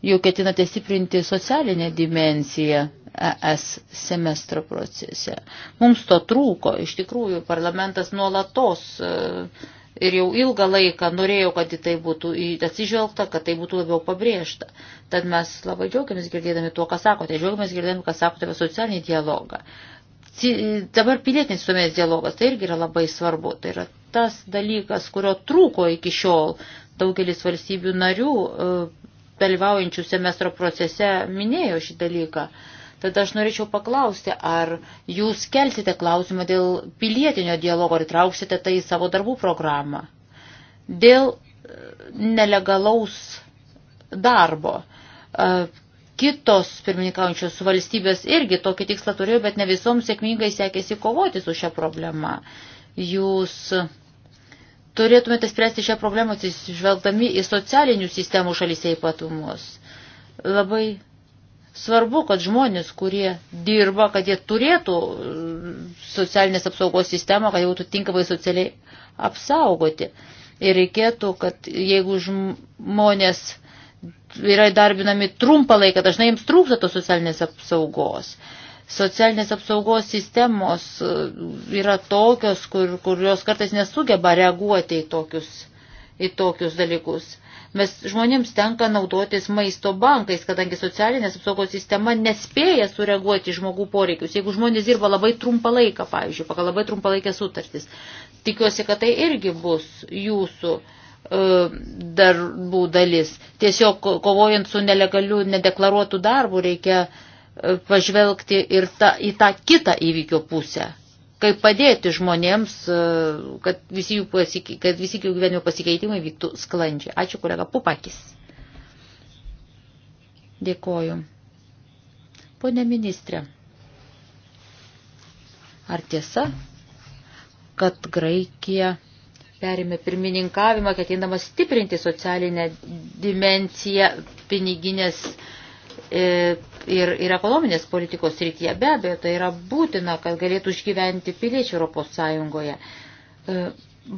jau ketinate stiprinti socialinę dimensiją ES semestro procese. Mums to trūko, iš tikrųjų, parlamentas nuolatos e, ir jau ilgą laiką norėjau, kad į tai būtų atsižvelgta, kad tai būtų labiau pabrėžta. Tad mes labai džiaugiamės girdėdami tuo, ką sakote, džiaugiamės girdėdami, ką sakote apie socialinį dialogą dabar pilietinis visuomenės dialogas tai irgi yra labai svarbu. Tai yra tas dalykas, kurio trūko iki šiol daugelis valstybių narių e, dalyvaujančių semestro procese minėjo šį dalyką. Tad aš norėčiau paklausti, ar jūs kelsite klausimą dėl pilietinio dialogo ir trauksite tai į savo darbų programą. Dėl e, nelegalaus darbo. E, kitos pirmininkaujančios valstybės irgi tokį tikslą turėjo, bet ne visoms sėkmingai sekėsi kovoti su šia problema. Jūs turėtumėte spręsti šią problemą atsižvelgdami į socialinių sistemų šalyse ypatumus. Labai svarbu, kad žmonės, kurie dirba, kad jie turėtų mm, socialinės apsaugos sistemą, kad jie būtų tinkamai socialiai apsaugoti. Ir reikėtų, kad jeigu žmonės yra įdarbinami trumpą laiką, dažnai jiems trūksta tos socialinės apsaugos. Uh, socialinės apsaugos sistemos e, yra tokios, kur, kurios kartais nesugeba reaguoti į tokius, į tokius dalykus. Mes žmonėms tenka naudotis maisto bankais, kadangi socialinės apsaugos sistema nespėja sureaguoti žmogų poreikius. Jeigu žmonės dirba labai trumpą laiką, pavyzdžiui, pagal labai trumpalaikės sutartis, tikiuosi, kad tai irgi bus jūsų e, darbų dalis. Tiesiog kovojant su nelegaliu, nedeklaruotu darbu reikia uh, pažvelgti ir ta, į tą kitą įvykio pusę, kaip padėti žmonėms, e, kad visi jų, pasike, kad visi jų gyvenimo pasikeitimai vyktų sklandžiai. Ačiū, kolega Pupakis. Dėkoju. Pone ministrė, ar tiesa, kad Graikija perėmė pirmininkavimą, ketindama stiprinti socialinę dimenciją piniginės uh, E, ir, ir ekonominės politikos rytyje. Be abejo, tai yra būtina, kad galėtų išgyventi piliečiai Europos Sąjungoje. E,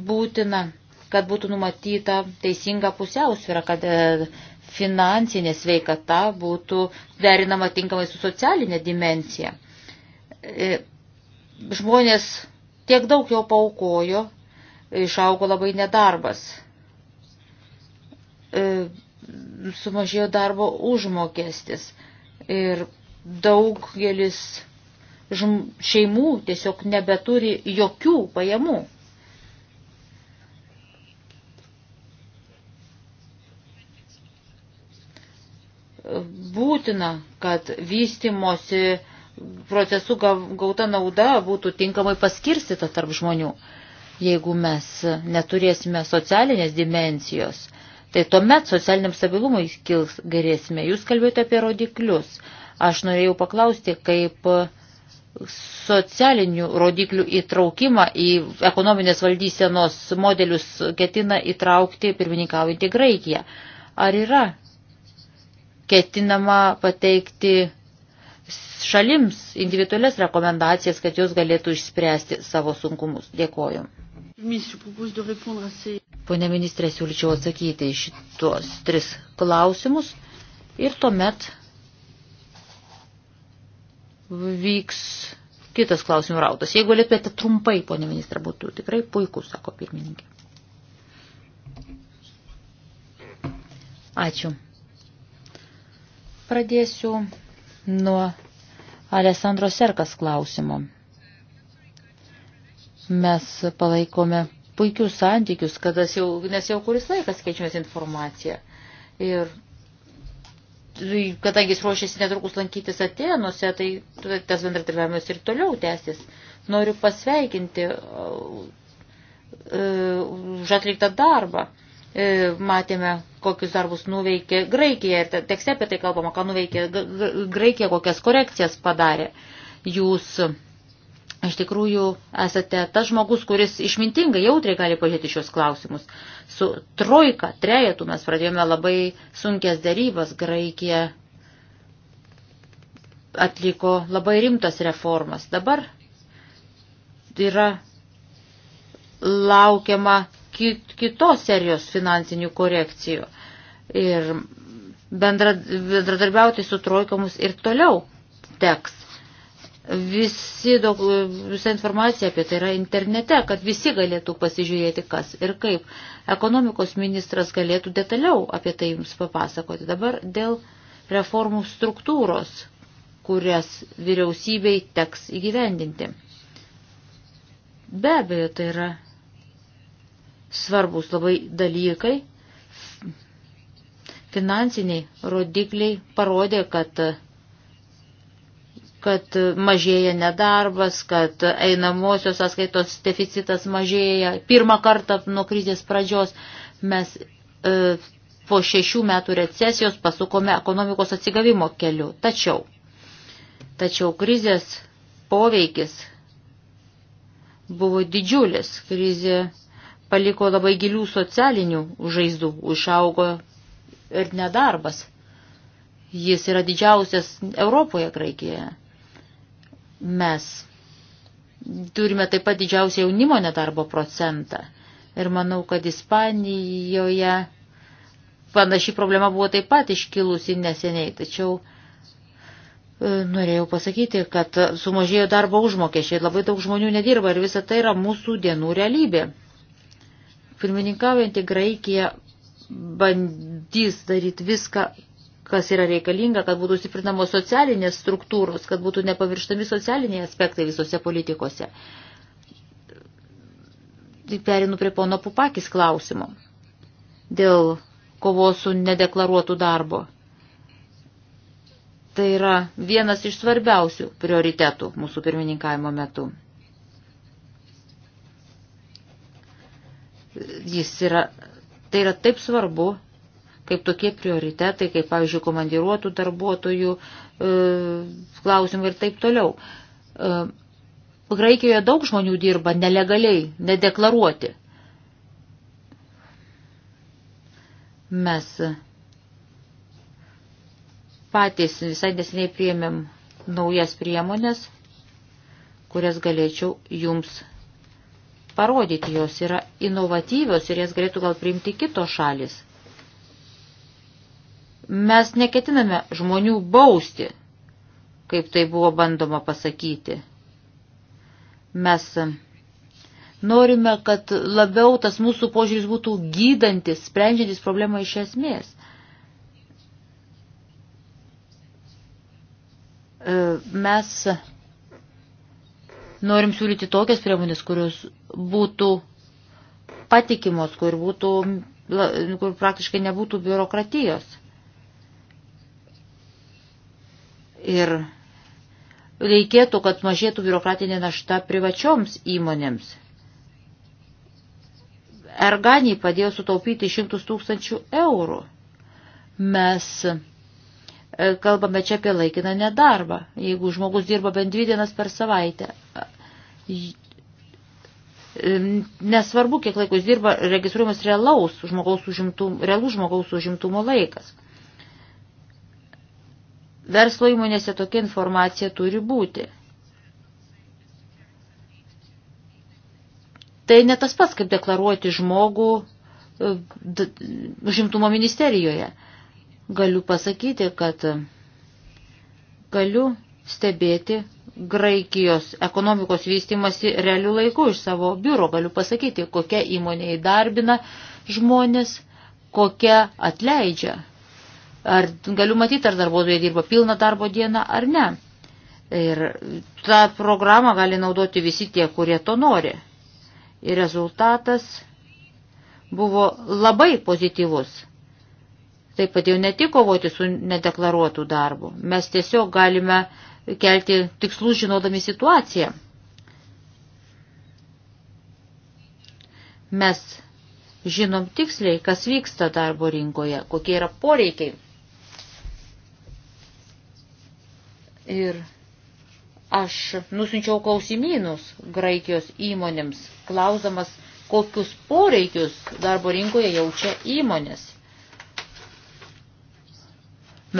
būtina, kad būtų numatyta teisinga pusiausvyrą, kad e, finansinė sveikata būtų derinama tinkamai su socialinė dimencija. Žmonės tiek daug jau paukojo, išaugo labai nedarbas sumažėjo darbo užmokestis ir daugelis šeimų tiesiog nebeturi jokių pajamų. Būtina, kad vystimosi procesų gauta nauda būtų tinkamai paskirstyta tarp žmonių. Jeigu mes neturėsime socialinės dimensijos, tai tuomet socialiniam stabilumui kils grėsmė. Jūs kalbėjote apie rodiklius. Aš norėjau paklausti, kaip socialinių rodiklių įtraukimą į ekonominės valdysenos modelius ketina įtraukti pirmininkaujantį Graikiją. Ar yra ketinama pateikti šalims individualias rekomendacijas, kad jos galėtų išspręsti savo sunkumus? Dėkoju. Pone ministrė, siūlyčiau atsakyti į šitos tris klausimus ir tuomet vyks kitas klausimų rautas. Jeigu liepėte trumpai, ponė ministra, būtų tikrai puiku, sako pirmininkė. Ačiū. Pradėsiu nuo Alessandro Serkas klausimo. Mes palaikome puikius santykius, jau, nes jau kuris laikas keičiamės informaciją. Ir kadangi jis ruošiasi netrukus lankytis Atenuose, tai tas bendradarbiavimas ir toliau tęsis. Noriu pasveikinti uh, už atliktą darbą. Uh, matėme, kokius darbus nuveikė Graikija ir tekste apie tai kalbama, ką nuveikė Graikija, kokias korekcijas padarė. Jūs iš tikrųjų esate tas žmogus, kuris išmintingai jautriai gali pažiūrėti šios klausimus. Su trojka, trejetu mes pradėjome labai sunkės dėrybas. Graikija atliko labai rimtas reformas. Dabar yra laukiama kitos serijos finansinių korekcijų. Ir bendradarbiauti su trojkomus ir toliau teks Visi, daug, visa informacija apie tai yra internete, kad visi galėtų pasižiūrėti kas ir kaip. Ekonomikos ministras galėtų detaliau apie tai jums papasakoti. Dabar dėl reformų struktūros, kurias vyriausybei teks įgyvendinti. Be abejo, tai yra svarbus labai dalykai. Finansiniai rodikliai parodė, kad kad mažėja nedarbas, kad einamosios sąskaitos deficitas mažėja. Pirmą kartą nuo krizės pradžios mes e, po šešių metų recesijos pasukome ekonomikos atsigavimo keliu. Tačiau, tačiau krizės poveikis buvo didžiulis. Krizė paliko labai gilių socialinių žaizdų, užaugo ir nedarbas. Jis yra didžiausias Europoje, Graikijoje. Mes turime taip pat didžiausią jaunimo nedarbo procentą. Ir manau, kad Ispanijoje panaši problema buvo taip pat iškilusi neseniai. Tačiau e, Norėjau pasakyti, kad sumažėjo darbo užmokesčiai, labai daug žmonių nedirba ir visa tai yra mūsų dienų realybė. Pirmininkaujantį Graikiją bandys daryti viską, kas yra reikalinga, kad būtų stiprinamos socialinės struktūros, kad būtų nepamirštami socialiniai aspektai visose politikose. Perinu prie pono Pupakis klausimo dėl kovos su nedeklaruotų darbo. Tai yra vienas iš svarbiausių prioritetų mūsų pirmininkavimo metu. Jis yra, tai yra taip svarbu, kaip tokie prioritetai, kaip, pavyzdžiui, komandiruotų darbuotojų e, klausimai ir taip toliau. E, Graikijoje daug žmonių dirba nelegaliai, nedeklaruoti. Mes patys visai nesiniai priėmėm naujas priemonės, kurias galėčiau jums parodyti. Jos yra inovatyvios ir jas galėtų gal priimti kitos šalis. Mes neketiname žmonių bausti, kaip tai buvo bandoma pasakyti. Mes norime, kad labiau tas mūsų požiūris būtų gydantis, sprendžiantis problemą iš esmės. E, mes norim siūlyti tokias priemonės, kurios būtų patikimos, kur, būtų, kur praktiškai nebūtų biurokratijos. Ir reikėtų, kad mažėtų biurokratinė našta privačioms įmonėms. Erganiai padėjo sutaupyti šimtus tūkstančių eurų. Mes e, kalbame čia apie laikiną nedarbą, jeigu žmogus dirba bent dvi dienas per savaitę. E, e, nesvarbu, kiek laiko jis dirba, registruojamas realaus žmogaus užimtum, realus žmogaus užimtumo laikas. Verslo įmonėse tokia informacija turi būti. Tai ne tas pats, kaip deklaruoti žmogų e, užimtumo ministerijoje. Galiu pasakyti, kad galiu stebėti Graikijos ekonomikos vystimasi realių laikų iš savo biuro. Galiu pasakyti, kokia įmonė įdarbina žmonės, kokia atleidžia Ar galiu matyti, ar darbuotojai dirba pilną darbo dieną ar ne. Ir tą programą gali naudoti visi tie, kurie to nori. Ir rezultatas buvo labai pozityvus. Taip pat jau ne tik kovoti su nedeklaruotų darbu, mes tiesiog galime kelti tikslus žinodami situaciją. Mes žinom tiksliai, kas vyksta darbo rinkoje, kokie yra poreikiai. Ir aš nusinčiau klausimynus Graikijos įmonėms, klausamas, kokius poreikius darbo rinkoje jaučia įmonės.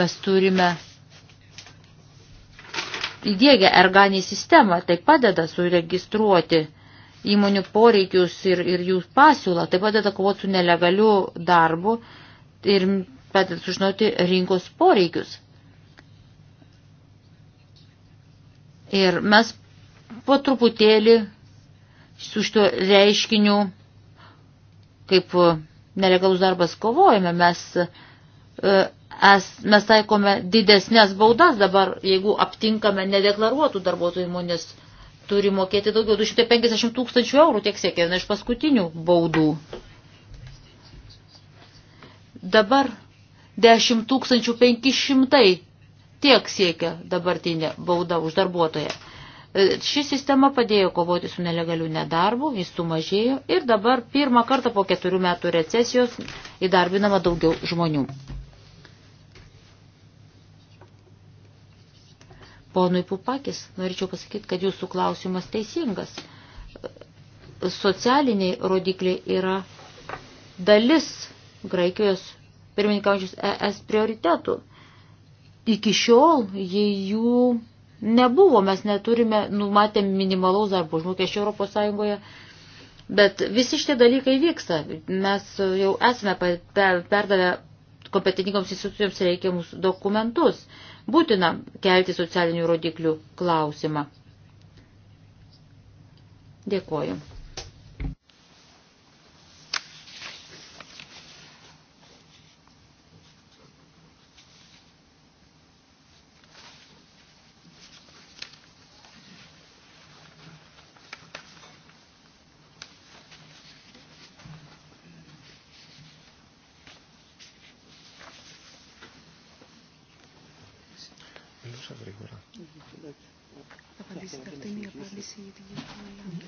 Mes turime įdėgę erganį sistemą, tai padeda suregistruoti įmonių poreikius ir, ir jų pasiūlą, tai padeda kovoti su nelegaliu darbu ir padeda sužinoti rinkos poreikius. Ir mes po truputėlį su šituo reiškiniu, kaip e, nelegalus darbas kovojame, mes, e, es, mes taikome didesnės baudas dabar, jeigu aptinkame nedeklaruotų darbuotojų įmonės, turi mokėti daugiau 250 tūkstančių eurų, tiek siekia viena iš paskutinių baudų. Dabar 10 500 Tiek siekia dabartinė bauda už darbuotoją. E, Ši sistema padėjo kovoti su nelegaliu nedarbu, jis sumažėjo ir dabar pirmą kartą po keturių metų recesijos įdarbinama daugiau žmonių. Ponui Pupakis, norėčiau pasakyti, kad jūsų klausimas teisingas. E, socialiniai rodikliai yra dalis Graikijos pirmininkaujančius ES prioritetų iki šiol jei jų nebuvo, mes neturime, numatę minimalaus darbo užmokesčio Europos Sąjungoje, bet visi šitie dalykai vyksta. Mes jau esame perdavę kompetentingoms institucijoms reikiamus dokumentus. Būtina kelti socialinių rodiklių klausimą. Dėkuoju.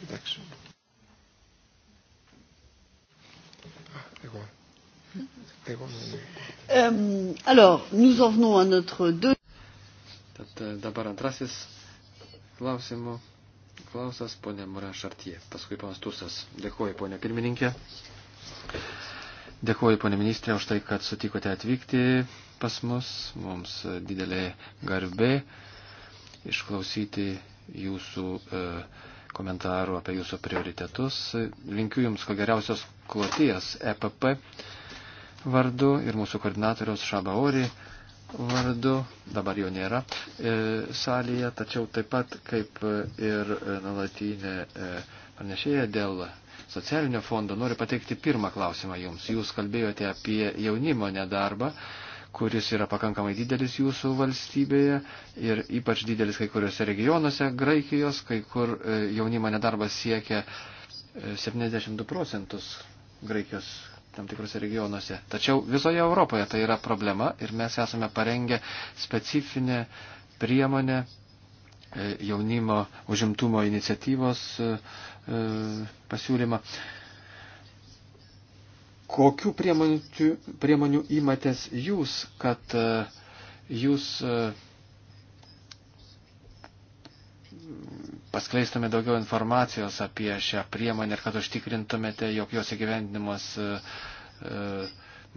Εντάξει. Εγώ. Εγώ. Euh, alors, nous en venons à notre deux. Tad euh, dabar antrasis klausimo. Klausas ponė Mura Šartie, paskui panas Tusas. Dėkuoju ponė pirmininkė. Dėkuoju ponė ministrė už tai, kad sutikote atvykti pas mus. Mums didelė garbė išklausyti jūsų e, komentarų, apie jūsų prioritetus. Linkiu Jums ko geriausios kloties EPP vardu ir mūsų koordinatoriaus Šabaori vardu, dabar jo nėra e, salėje, tačiau taip pat kaip ir e, nuolatinė e, pranešėja dėl socialinio fondo, noriu pateikti pirmą klausimą jums. Jūs kalbėjote apie jaunimo nedarbą kuris yra pakankamai didelis jūsų valstybėje ir ypač didelis kai kuriuose regionuose Graikijos, kai kur e, jaunimo nedarbas siekia 72 e, procentus Graikijos tam tikrose regionuose. Tačiau visoje Europoje tai yra problema ir mes esame parengę specifinę priemonę e, jaunimo užimtumo iniciatyvos pasiūlymą kokių priemonių, priemonių įmatės jūs, kad e, jūs e, paskleistume daugiau informacijos apie šią priemonę ir kad užtikrintumėte, jog jos įgyvendinimas e,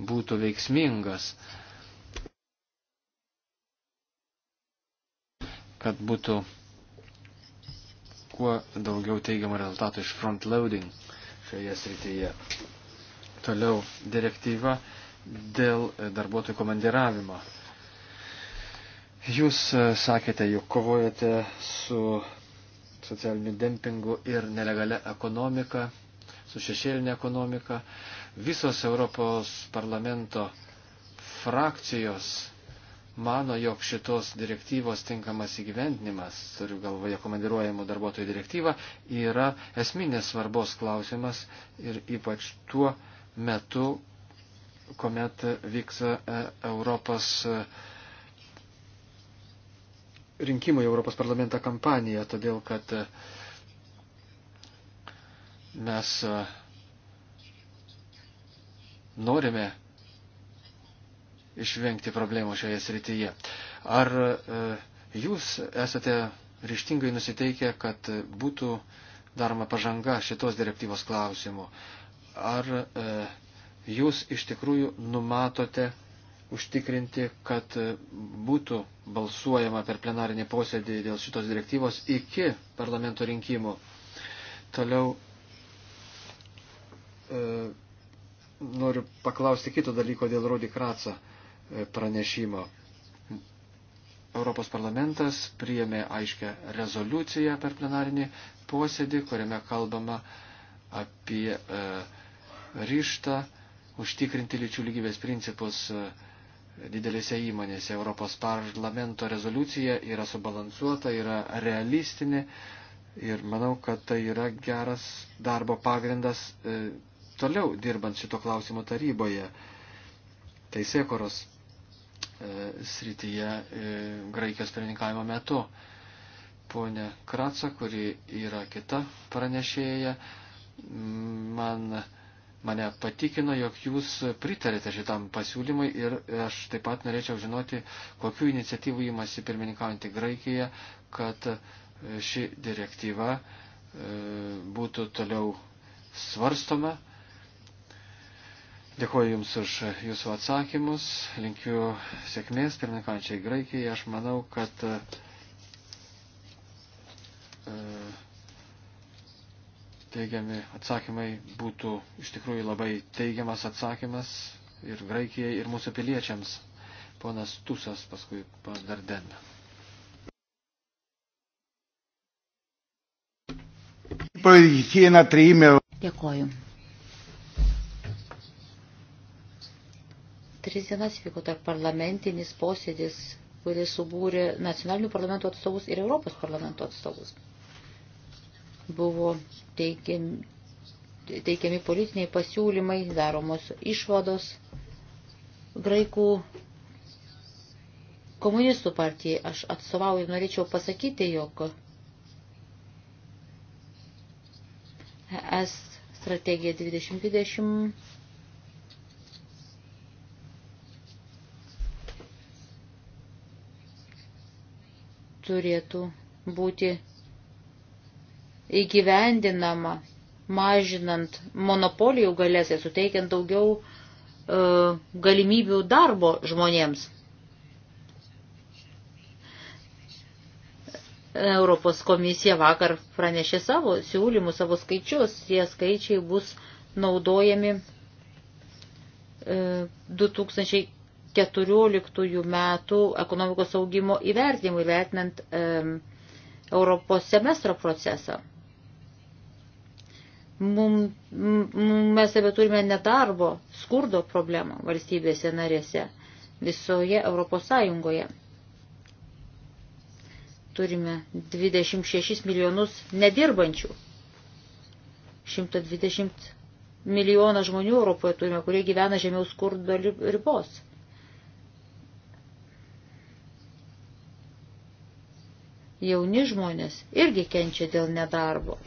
būtų veiksmingas, kad būtų kuo daugiau teigiamų rezultatų iš frontloading šioje srityje. Toliau direktyva dėl darbuotojų komandiravimo. Jūs e, sakėte, jog kovojate su socialiniu dempingu ir nelegalia ekonomika, su šešėlinė ekonomika. Visos Europos parlamento frakcijos mano, jog šitos direktyvos tinkamas įgyvendinimas, turiu galvoje komandiruojamų darbuotojų direktyvą, yra esminės svarbos klausimas ir ypač tuo metu, kuomet vyks e, Europos e, rinkimų į Europos parlamentą kampaniją, todėl kad e, mes norime išvengti problemų šioje srityje. Ar jūs esate ryštingai nusiteikę, kad būtų daroma pažanga šitos direktyvos klausimu? ar e, jūs iš tikrųjų numatote užtikrinti, kad e, būtų balsuojama per plenarinį posėdį dėl šitos direktyvos iki parlamento rinkimų. Toliau e, noriu paklausti kito dalyko dėl Rodi Kratsa e, pranešimo. Europos parlamentas priėmė aiškę rezoliuciją per plenarinį posėdį, kuriame kalbama apie e, ryštą užtikrinti lyčių lygybės principus e, didelėse įmonėse. Europos parlamento rezoliucija yra subalansuota, yra realistinė ir manau, kad tai yra geras darbo pagrindas e, toliau dirbant šito klausimo taryboje. Teisėkoros e, srityje Graikijos pirmininkavimo metu. Pone Kratsa, kuri yra kita pranešėja, man mane patikino, jog jūs pritarėte šitam pasiūlymui ir aš taip pat norėčiau žinoti, kokiu iniciatyvu įmasi pirmininkaujantį Graikiją, kad ši direktyva e, būtų toliau svarstoma. Dėkuoju Jums už Jūsų atsakymus, linkiu sėkmės pirmininkančiai Graikijai. Aš manau, kad uh, teigiami atsakymai būtų iš tikrųjų labai teigiamas atsakymas ir Graikijai, ir mūsų piliečiams. Ponas Tusas, paskui pas Darden. Dėkoju. Tris dienas vyko tarp parlamentinis posėdis, kuris subūrė nacionalinių parlamento atstovus ir Europos parlamento atstovus. Buvo teikiami, teikiami politiniai pasiūlymai, daromos išvados graikų komunistų partijai. Aš atstovauju, norėčiau pasakyti, jog ES strategija 2020 turėtų būti įgyvendinama, mažinant monopolijų galės ir suteikiant daugiau e, galimybių darbo žmonėms. Europos komisija vakar pranešė savo siūlymus, savo skaičius. Tie skaičiai bus naudojami 2014 e, metų ekonomikos augimo įvertinimui, vertinant e, Europos semestro procesą mum, mum, mes nebeturime nedarbo, skurdo problemą valstybėse narėse, visoje Europos Sąjungoje. Turime 26 milijonus nedirbančių. 120 milijoną žmonių Europoje turime, kurie gyvena žemiau skurdo ribos. Jauni žmonės irgi kenčia dėl nedarbo.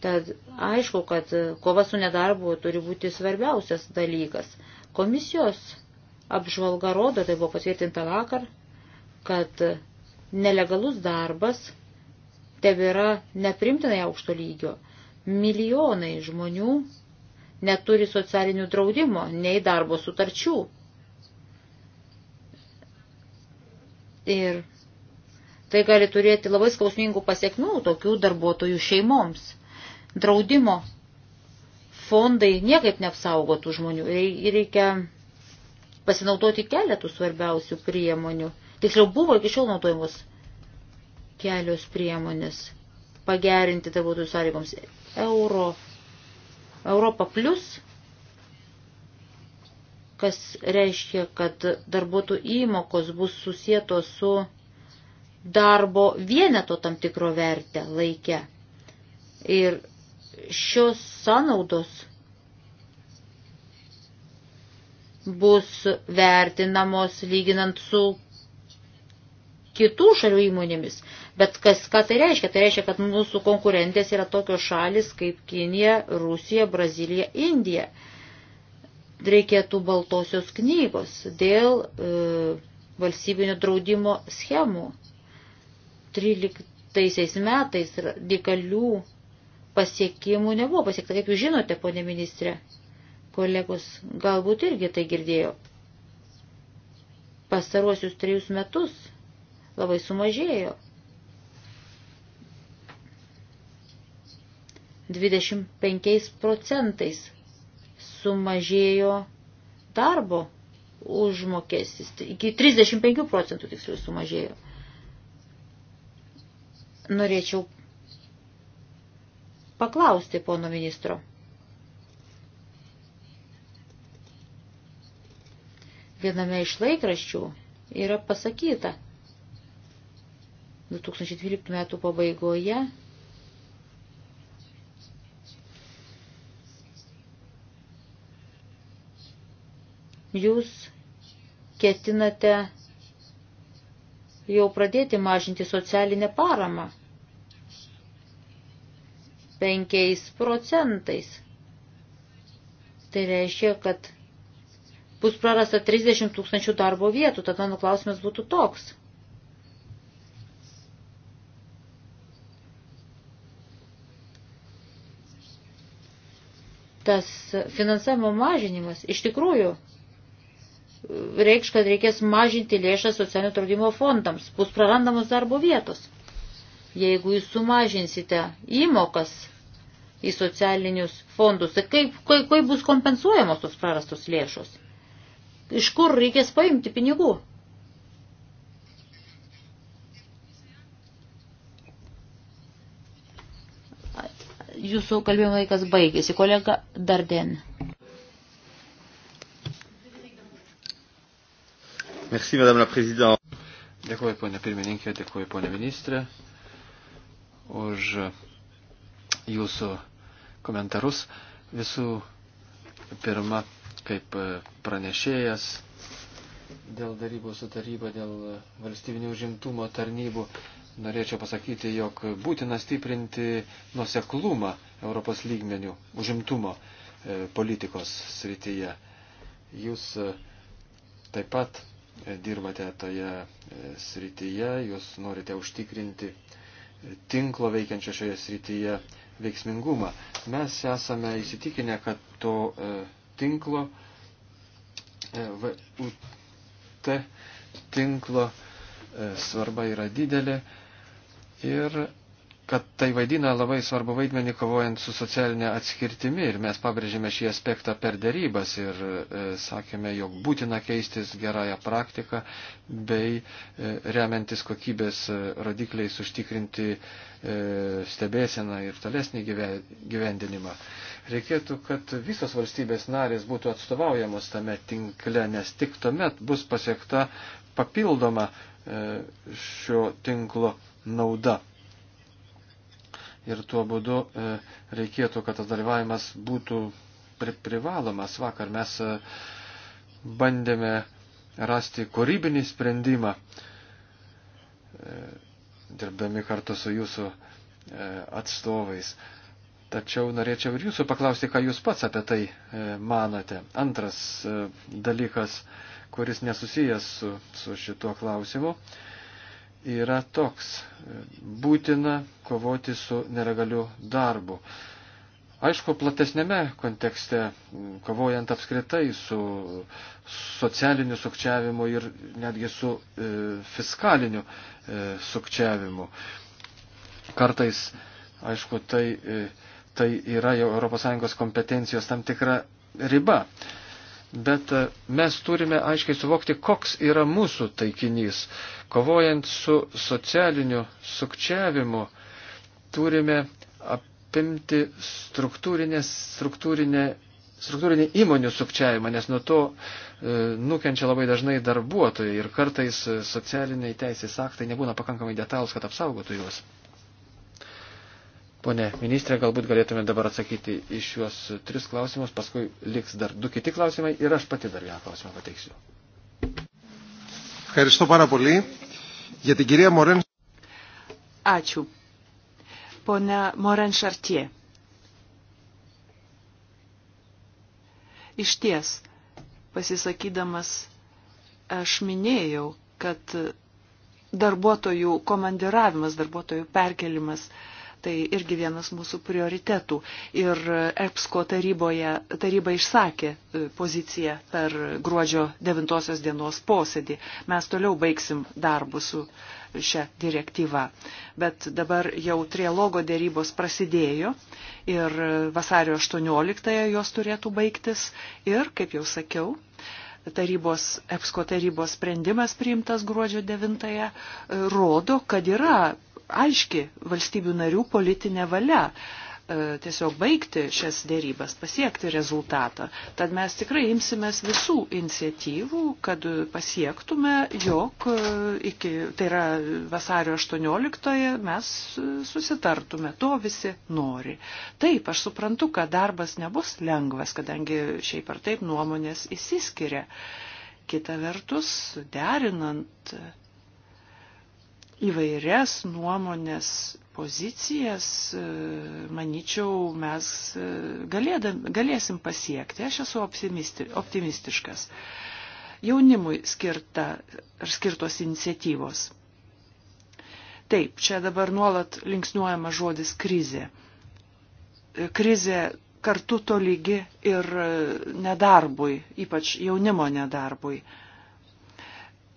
Tad aišku, kad kova su nedarbu turi būti svarbiausias dalykas. Komisijos apžvalga rodo, tai buvo patvirtinta vakar, kad nelegalus darbas tebėra neprimtinai aukšto lygio. Milijonai žmonių neturi socialinių draudimo, nei darbo sutarčių. Ir tai gali turėti labai skausmingų pasiekmių tokių darbuotojų šeimoms. Draudimo fondai niekaip neapsaugotų žmonių. Reikia pasinaudoti keletų svarbiausių priemonių. Tiksliau buvo iki šiol naudojamos kelios priemonės pagerinti darbuotojų sąlygoms. Euro, Europa plus, kas reiškia, kad darbuotojų įmokos bus susietos su darbo vieneto tam tikro vertę laikę. Ir šios sąnaudos bus vertinamos lyginant su kitų šalių įmonėmis. Bet kas, ką tai reiškia? Tai reiškia, kad mūsų konkurentės yra tokios šalis kaip Kinija, Rusija, Brazilija, Indija. Reikėtų baltosios knygos dėl e, valstybinio draudimo schemų. 13 metais radikalių pasiekimų nebuvo pasiekta, kaip jūs žinote, ponė ministrė. Kolegos galbūt irgi tai girdėjo. Pastaruosius trejus metus labai sumažėjo. 25 procentais sumažėjo darbo užmokestis, iki 35 procentų tiksliau sumažėjo. Norėčiau paklausti pono ministro. Viename iš laikraščių yra pasakyta 2012 metų pabaigoje jūs ketinate jau pradėti mažinti socialinę paramą. 5 procentais. Tai reiškia, kad bus prarasta 30 tūkstančių darbo vietų, tad mano klausimas būtų toks. Tas finansavimo mažinimas iš tikrųjų uh, reikš, kad reikės mažinti lėšas socialinio draudimo fondams, bus prarandamos darbo vietos jeigu jūs sumažinsite įmokas į socialinius fondus, tai kaip, kaip, kaip bus kompensuojamos tos prarastos lėšos? Iš kur reikės paimti pinigų? Jūsų kalbėjimo laikas baigėsi. Kolega Darden. Merci, Madame la Présidente. Dėkuoju, ponė pirmininkė, dėkuoju, ponė ministrė už jūsų komentarus. Visų pirma, kaip pranešėjas dėl darybų su taryba, dėl valstybinių žimtumo tarnybų, norėčiau pasakyti, jog būtina stiprinti nuseklumą Europos lygmenių užimtumo e, politikos srityje. Jūs e, taip pat e, dirbate toje srityje, jūs norite užtikrinti tinklo veikiančio šioje srityje veiksmingumą. Mes esame įsitikinę, kad to e, tinklo, e, VUT tinklo e, svarba yra didelė ir kad tai vaidina labai svarbu vaidmenį kovojant su socialinė atskirtimi ir mes pabrėžėme šį aspektą per dėrybas ir e, sakėme, jog būtina keistis gerąją praktiką bei e, remiantis kokybės e, rodikliais užtikrinti e, stebėseną ir tolesnį gyvendinimą. Reikėtų, kad visos valstybės narės būtų atstovaujamos tame tinkle, nes tik tuomet bus pasiekta papildoma e, šio tinklo nauda ir tuo būdu e, reikėtų, kad tas dalyvavimas būtų privalomas. Vakar mes e, bandėme rasti kūrybinį sprendimą, e, dirbdami kartu su jūsų atstovais. Tačiau norėčiau ir jūsų paklausti, ką jūs pats apie tai manote. Antras dalykas, kuris nesusijęs su, su šituo klausimu, yra toks. Būtina kovoti su nelegaliu darbu. Aišku, platesnėme kontekste, kovojant apskritai su socialiniu sukčiavimu ir netgi su e, fiskaliniu e, sukčiavimu. Kartais, aišku, tai, e, tai yra jau ES kompetencijos tam tikra riba. Bet e, mes turime aiškiai suvokti, koks yra mūsų taikinys. E, Kovojant su socialiniu sukčiavimu turime apimti struktūrinę įmonių sukčiavimą, nes nuo to e, nukenčia labai dažnai darbuotojai ir kartais socialiniai teisės aktai nebūna pakankamai detalus, kad apsaugotų juos. Pone ministrė, galbūt galėtume dabar atsakyti iš juos tris klausimus, paskui liks dar du kiti klausimai ir aš pati dar vieną klausimą pateiksiu. Ευχαριστώ πάρα πολύ. Για την κυρία Μορέν. Ačiū. Pone Moren Šartie. Iš ties, pasisakydamas, aš minėjau, kad darbuotojų komandiravimas, darbuotojų perkelimas uh, Tai irgi vienas mūsų prioritetų. Ir EPSCO taryboje, taryba išsakė e, poziciją per gruodžio 9 dienos posėdį. Mes toliau baigsim darbus su šią direktyvą. Bet dabar jau trialogo dėrybos prasidėjo ir vasario 18-ąją jos turėtų baigtis. Ir, kaip jau sakiau, tarybos, EPSCO tarybos sprendimas priimtas gruodžio 9-ąją e, rodo, kad yra aiški valstybių narių politinė valia e, tiesiog baigti šias dėrybas, pasiekti rezultatą. Tad mes tikrai imsimės visų iniciatyvų, kad pasiektume, jog e, iki, tai yra vasario 18-ąją, mes susitartume, to visi nori. Taip, aš suprantu, kad darbas nebus lengvas, kadangi šiaip ar taip nuomonės įsiskiria. Kita vertus, derinant įvairias nuomonės pozicijas, e, manyčiau, mes e, galėdam, galėsim pasiekti. Aš esu optimisti, optimistiškas. Jaunimui skirta, ar skirtos iniciatyvos. Taip, čia dabar nuolat linksniuojama žodis krizė. E, krizė kartu tolygi ir nedarbui, ypač jaunimo nedarbui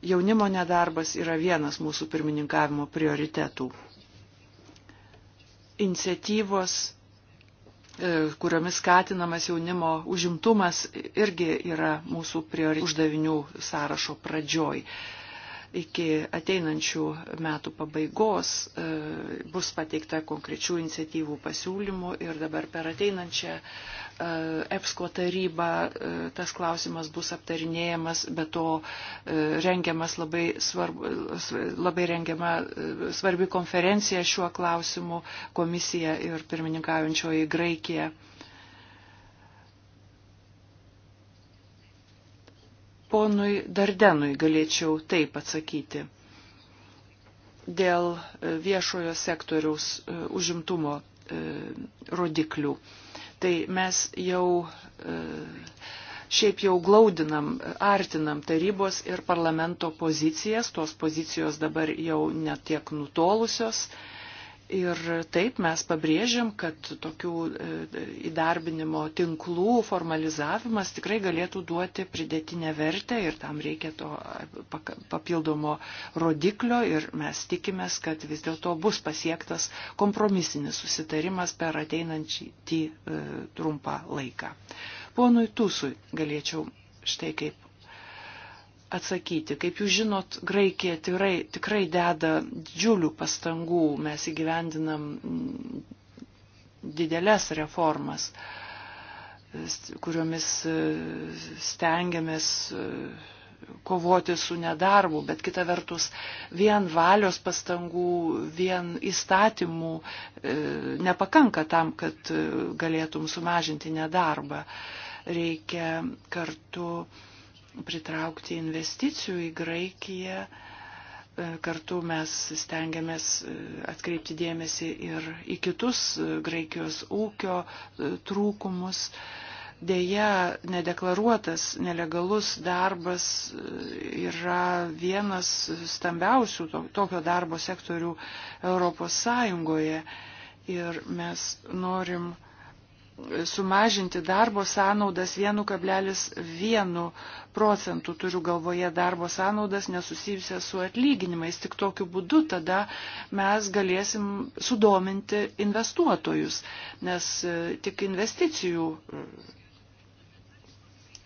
jaunimo nedarbas yra vienas mūsų pirmininkavimo prioritetų. Iniciatyvos, e, kuriomis skatinamas jaunimo užimtumas, irgi yra mūsų priori... uždavinių sąrašo pradžioj. Iki ateinančių metų pabaigos e, bus pateikta konkrečių iniciatyvų pasiūlymų ir dabar per ateinančią E, EPSCO taryba e, tas klausimas bus aptarinėjamas, bet to e, rengiamas labai, svarb, labai rengiama svarbi konferencija šiuo klausimu komisija ir pirmininkaujančioji Graikija. Ponui Dardenui galėčiau taip atsakyti dėl viešojo sektoriaus užimtumo rodiklių tai mes jau e, šiaip jau glaudinam, artinam tarybos ir parlamento pozicijas, tos pozicijos dabar jau netiek nutolusios Ir taip mes pabrėžiam, kad tokių e, įdarbinimo tinklų formalizavimas tikrai galėtų duoti pridėtinę vertę ir tam reikia to e, papildomo rodiklio ir mes tikimės, kad vis dėlto bus pasiektas kompromisinis susitarimas per ateinantį e, trumpą laiką. Ponui Tusui galėčiau štai kaip atsakyti. Kaip jūs žinot, Graikija tikrai, tikrai deda didžiulių pastangų, mes įgyvendinam mm, didelės reformas, kuriomis e, stengiamės e, kovoti su nedarbu, bet kita vertus vien valios pastangų, vien įstatymų e, nepakanka tam, kad e, galėtum sumažinti nedarbą. Reikia kartu e, pritraukti investicijų į Graikiją. E, kartu mes stengiamės e, atkreipti dėmesį ir į kitus e, Graikijos ūkio trūkumus. Deja, nedeklaruotas nelegalus darbas yra vienas stambiausių tokio darbo sektorių Europos Sąjungoje. Ir mes norim sumažinti darbo sąnaudas 1,1 procentų, turiu galvoje darbo sąnaudas nesusijusias su atlyginimais. Tik tokiu būdu tada mes galėsim sudominti investuotojus, nes e, tik investicijų mm,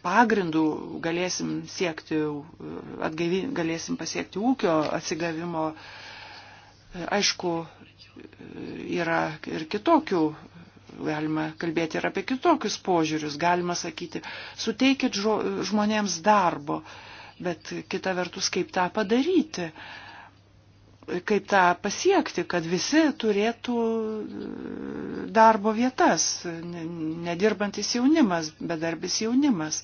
pagrindų galėsim, siekti, e, atgaivi, galėsim pasiekti ūkio atsigavimo. E, aišku, yra ir kitokių Galima kalbėti ir apie kitokius požiūrius, galima sakyti, suteikit žmonėms darbo, bet kita vertus, kaip tą padaryti, kaip tą pasiekti, kad visi turėtų e, darbo vietas, nedirbantis jaunimas, bedarbis jaunimas.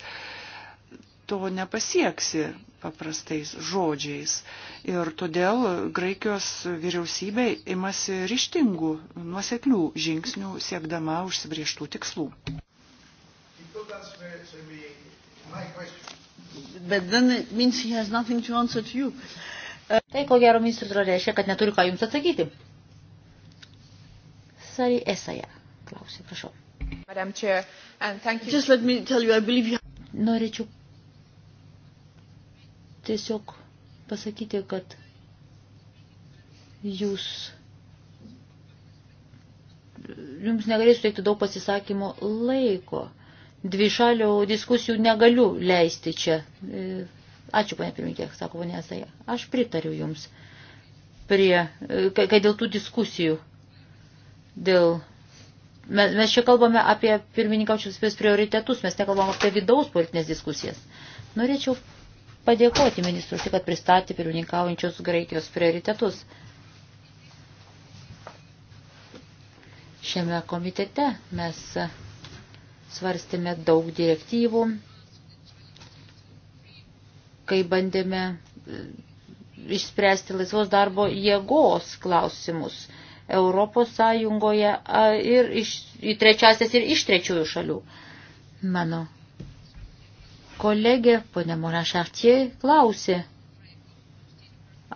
To nepasieksi, paprastais žodžiais. Ir todėl Graikijos vyriausybė imasi ryštingų, nuoseklių žingsnių siekdama užsibrieštų tikslų. Uh, tai ko gero ministras reiškia, kad neturi ką jums atsakyti. Sari Esaja, klausiu, prašau. Madam Chair, and thank you. Just let me tell you, I believe you... Norėčiau tiesiog pasakyti, kad jūs jums negalės suteikti daug pasisakymo laiko. Dvišalių diskusijų negaliu leisti čia. E, ačiū, ponė pirmininkė, sako ponė Asaja. Aš pritariu jums, prie, e, kad dėl tų diskusijų, dėl mes, mes čia kalbame apie pirmininkaučius prioritetus, mes nekalbam apie vidaus politinės diskusijas. Norėčiau padėkoti ministrui, kad pristatė pirmininkaujančios Graikijos prioritetus. Šiame komitete mes svarstėme daug direktyvų, kai bandėme e, išspręsti laisvos darbo jėgos klausimus Europos Sąjungoje ir iš, į trečiasias ir iš trečiųjų šalių. Mano Kolegė ponė Mona Šartie klausė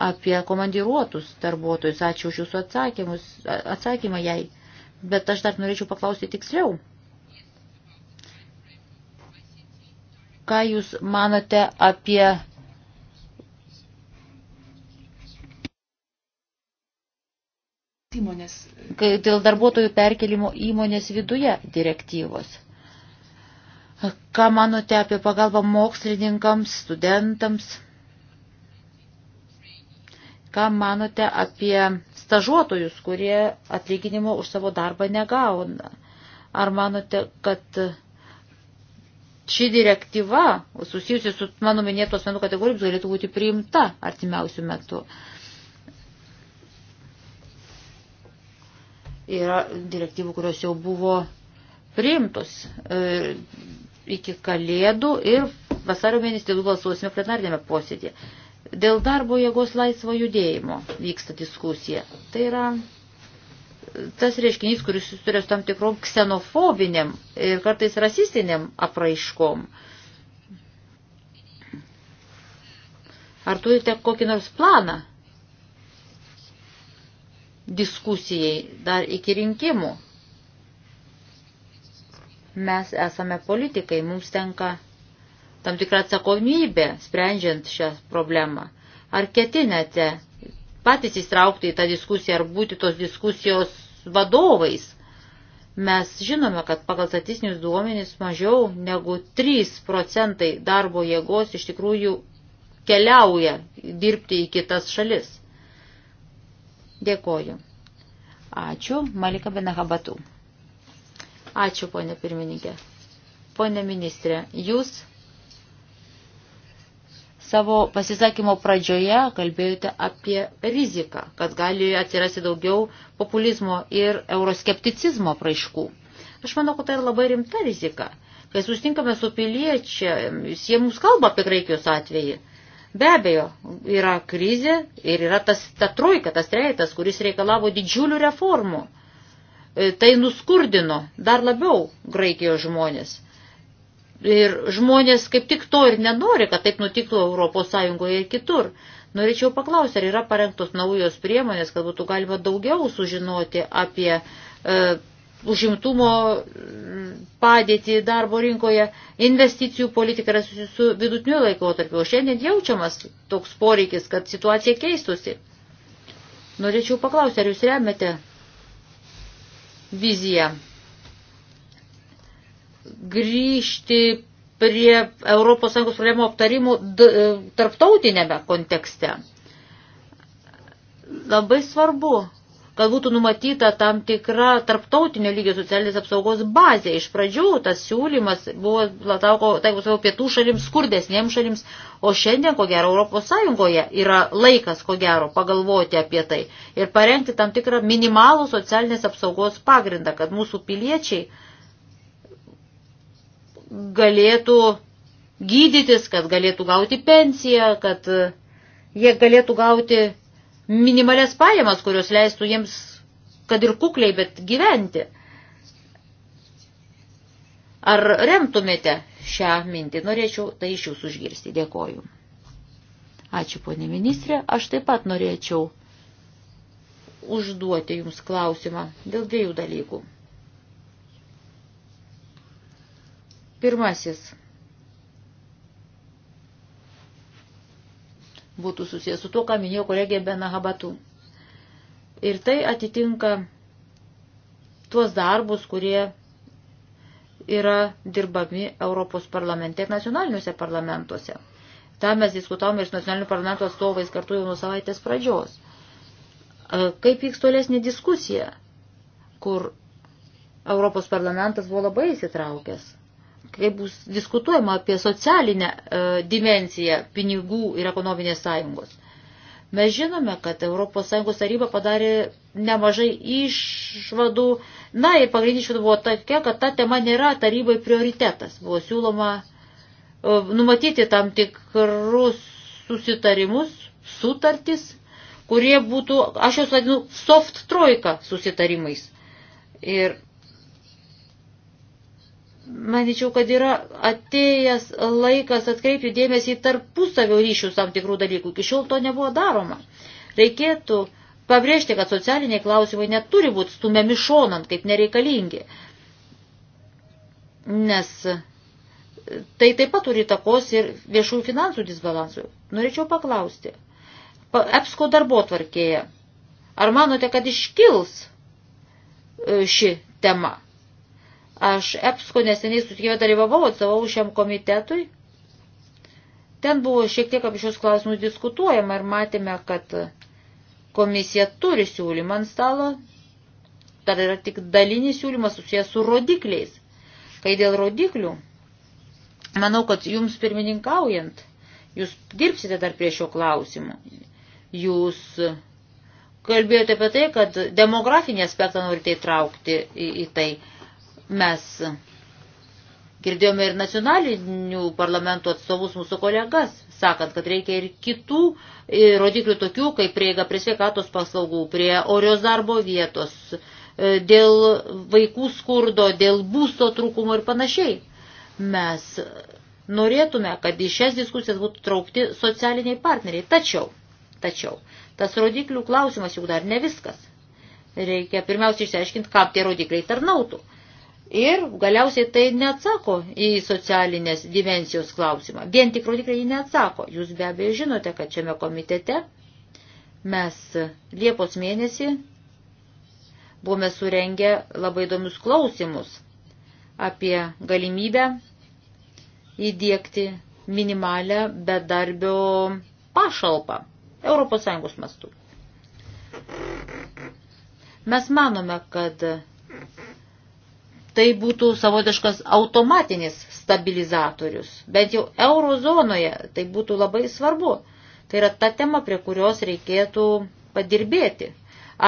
apie komandiruotus darbuotojus. Ačiū už jūsų atsakymus, atsakymą jai. Bet aš dar norėčiau paklausti tiksliau. Ką jūs manote apie įmonės. E, dėl darbuotojų perkelimo įmonės viduje direktyvos. Ką manote apie pagalbą mokslininkams, studentams? Ką manote apie stažuotojus, kurie atlyginimo už savo darbą negauna? Ar manote, kad ši direktyva, susijusi su mano minėtos asmenų kategorijomis, galėtų būti priimta artimiausių metų. Yra direktyvų, kurios jau buvo priimtos e, iki kalėdų ir vasario mėnesį dėl balsuosime plenarnėme posėdėje. Dėl darbo jėgos laisvo judėjimo vyksta diskusija. Tai yra e, tas reiškinys, kuris turės tam tikrom ksenofobiniam ir kartais rasistiniam apraiškom. Ar turite kokį nors planą diskusijai dar iki rinkimų? Mes esame politikai, mums tenka tam tikrą atsakomybę sprendžiant šią problemą. Ar ketinate patys įstraukti į tą diskusiją ar būti tos diskusijos vadovais? Mes žinome, kad pagal statistinius duomenys mažiau negu 3 procentai darbo jėgos iš tikrųjų keliauja dirbti į kitas šalis. Dėkoju. Ačiū. Malika Benahabatų. Ačiū, ponė pirmininkė. Pone ministrė, jūs savo pasisakymo pradžioje kalbėjote apie riziką, kad gali atsirasti daugiau populizmo ir euroskepticizmo praiškų. Aš manau, kad tai yra labai rimta rizika. Kai sustinkame su piliečiais, jie mums kalba apie Graikijos atvejį. Be abejo, yra krizė ir yra tas, ta trojka, tas treitas, kuris reikalavo didžiulių reformų. E, tai nuskurdino dar labiau Graikijos žmonės. Ir žmonės kaip tik to ir nenori, kad taip nutiktų Europos Sąjungoje ir kitur. Norėčiau paklausti, ar yra parengtos naujos priemonės, kad būtų galima daugiau sužinoti apie e, užimtumo padėtį darbo rinkoje, investicijų politika yra susijusi su vidutiniu laikotarpiu, o šiandien jaučiamas toks poreikis, kad situacija keistusi. Norėčiau paklausti, ar jūs remiate viziją. Grįžti prie ES problemų aptarimų e, tarptautinėme kontekste. Labai svarbu kad būtų numatyta tam tikra tarptautinio lygio socialinės apsaugos bazė. Iš pradžių tas siūlymas buvo, latauko, taip savo pietų šalims, skurdesniems šalims, o šiandien, ko gero, Europos Sąjungoje yra laikas, ko gero, pagalvoti apie tai ir parengti tam tikrą minimalų socialinės apsaugos pagrindą, kad mūsų piliečiai galėtų gydytis, kad galėtų gauti pensiją, kad jie galėtų gauti minimalės pajamas, kurios leistų jiems, kad ir kukliai, bet gyventi. Ar remtumėte šią mintį? Norėčiau tai iš jūsų užgirsti. Dėkoju. Ačiū, ponė ministrė. Aš taip pat norėčiau užduoti jums klausimą dėl dviejų dalykų. Pirmasis – būtų susijęs su tuo, ką minėjo kolegė Benahabatu. Ir tai atitinka tuos darbus, kurie yra dirbami Europos parlamente ir nacionaliniuose parlamentuose. Ta mes diskutavome ir su nacionaliniu parlamento atstovais kartu jau nuo savaitės pradžios. Kaip vyks tolesnė diskusija, kur Europos parlamentas buvo labai įsitraukęs kai bus diskutuojama apie socialinę e, dimenciją pinigų ir ekonominės sąjungos. Mes žinome, kad ES taryba padarė nemažai išvadų. Na ir pagrindinė išvada buvo tokia, kad ta tema nėra tarybai prioritetas. Buvo siūloma e, numatyti tam tikrus susitarimus, sutartis, kurie būtų, aš juos vadinu, soft trojka susitarimais. Ir Manyčiau, kad yra atėjęs laikas atkreipti dėmesį į tarpusavio ryšius tam tikrų dalykų. Iki šiol to nebuvo daroma. Reikėtų pabrėžti, kad socialiniai klausimai neturi būti stumiami šonant kaip nereikalingi. Nes tai taip pat turi takos ir viešųjų finansų disbalansui. Norėčiau paklausti. EPSCO darbo tvarkėje. Ar manote, kad iškils e, ši tema? Aš EPSCO neseniai sutikėjau dalyvavau, atsavau šiam komitetui. Ten buvo šiek tiek apie šios klausimus diskutuojama ir matėme, kad komisija turi siūlymą ant stalo. Tai yra tik dalinis siūlymas susijęs su rodikliais. Kai dėl rodiklių, manau, kad jums pirmininkaujant, jūs dirbsite dar prie šio klausimų. Jūs kalbėjote apie tai, kad demografinį aspektą norite įtraukti į, į tai. Mes girdėjome ir nacionalinių parlamentų atstovus mūsų kolegas, sakant, kad reikia ir kitų e, rodiklių tokių, kaip prieiga prie sveikatos paslaugų, prie orios darbo vietos, e, dėl vaikų skurdo, dėl būsto trūkumo ir panašiai. Mes norėtume, kad į šias diskusijas būtų traukti socialiniai partneriai. Tačiau, tačiau, tas rodiklių klausimas juk dar ne viskas. Reikia pirmiausia išsiaiškinti, kam tie rodikliai tarnautų. Ir galiausiai tai neatsako į socialinės dimensijos klausimą. Vien tik rodikliai jį neatsako. Jūs be abejo žinote, kad šiame komitete mes Liepos mėnesį buvome surengę labai įdomius klausimus apie galimybę įdėkti minimalę bedarbio pašalpą ES mastu. Mes manome, kad tai būtų savotiškas automatinis stabilizatorius. Bent jau eurozonoje tai būtų labai svarbu. Tai yra ta tema, prie kurios reikėtų padirbėti.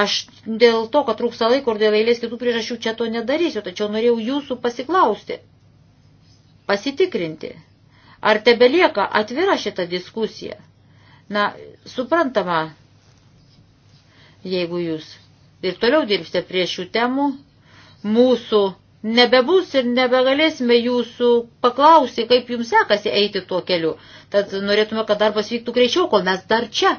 Aš dėl to, kad trūksta laiko ir dėl eilės kitų priežasčių čia to nedarysiu, tačiau norėjau jūsų pasiklausti, pasitikrinti, ar tebelieka atvira šita diskusija. Na, suprantama, jeigu jūs ir toliau dirbsite prie šių temų, mūsų nebebus ir nebegalėsime jūsų paklausti, kaip jums sekasi eiti tuo keliu. Tad norėtume, kad darbas vyktų greičiau, kol mes dar čia.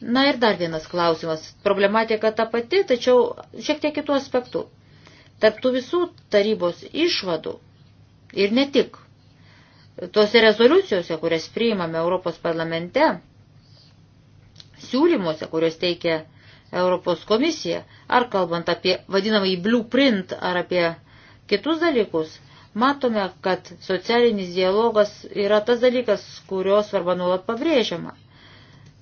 Na ir dar vienas klausimas. Problematika ta pati, tačiau šiek tiek kitų aspektų. Tarptų visų tarybos išvadų ir ne tik. Tose rezoliucijose, kurias priimame Europos parlamente, siūlymuose, kuriuos teikia Europos komisija, Ar kalbant apie vadinamąjį blueprint ar apie kitus dalykus, matome, kad socialinis dialogas yra tas dalykas, kurio svarba nuolat pabrėžiama.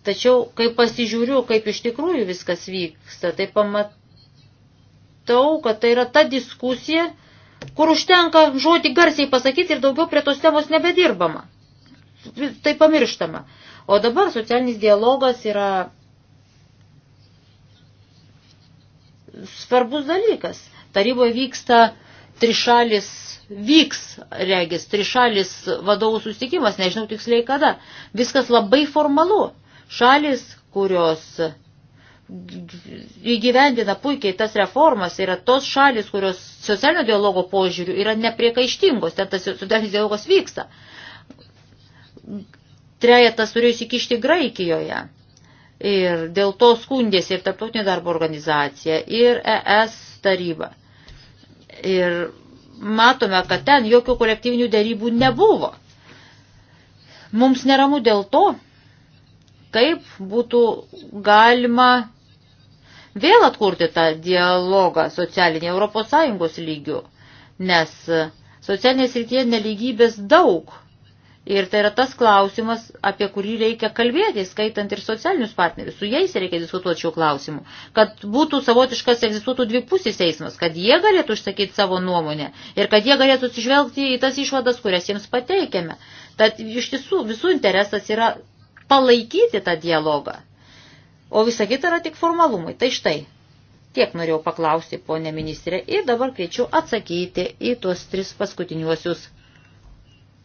Tačiau, kai pasižiūriu, kaip iš tikrųjų viskas vyksta, tai pamatau, kad tai yra ta diskusija, kur užtenka žodį garsiai pasakyti ir daugiau prie tos temos nebedirbama. Tai pamirštama. O dabar socialinis dialogas yra svarbus dalykas. Taryboje vyksta trišalis, vyks, regis, trišalis vadovų susitikimas, nežinau tiksliai kada. Viskas labai formalu. Šalis, kurios įgyvendina puikiai tas reformas, yra tos šalis, kurios socialinio dialogo požiūrių yra nepriekaištingos, ten tas socialinis dialogas vyksta. Trejetas turėjo įsikišti Graikijoje Ir dėl to skundėsi ir Tarptautinė darbo organizacija, ir ES taryba. Ir matome, kad ten jokių kolektyvinių dėrybų nebuvo. Mums neramu dėl to, kaip būtų galima vėl atkurti tą dialogą socialinį Europos Sąjungos lygių, nes socialinės rytie neligybės daug Ir tai yra tas klausimas, apie kurį reikia kalbėti, skaitant ir socialinius partnerius. Su jais reikia diskutuoti šiuo klausimu. Kad būtų savotiškas egzistuotų dvipusis eismas, kad jie galėtų išsakyti savo nuomonę ir kad jie galėtų atsižvelgti į tas išvadas, kurias jiems pateikėme. Tad iš tiesų visų interesas yra palaikyti tą dialogą. O visa kita yra tik formalumai. Tai štai. Tiek norėjau paklausti, ponė ministrė, ir dabar kviečiu atsakyti į tuos tris paskutiniuosius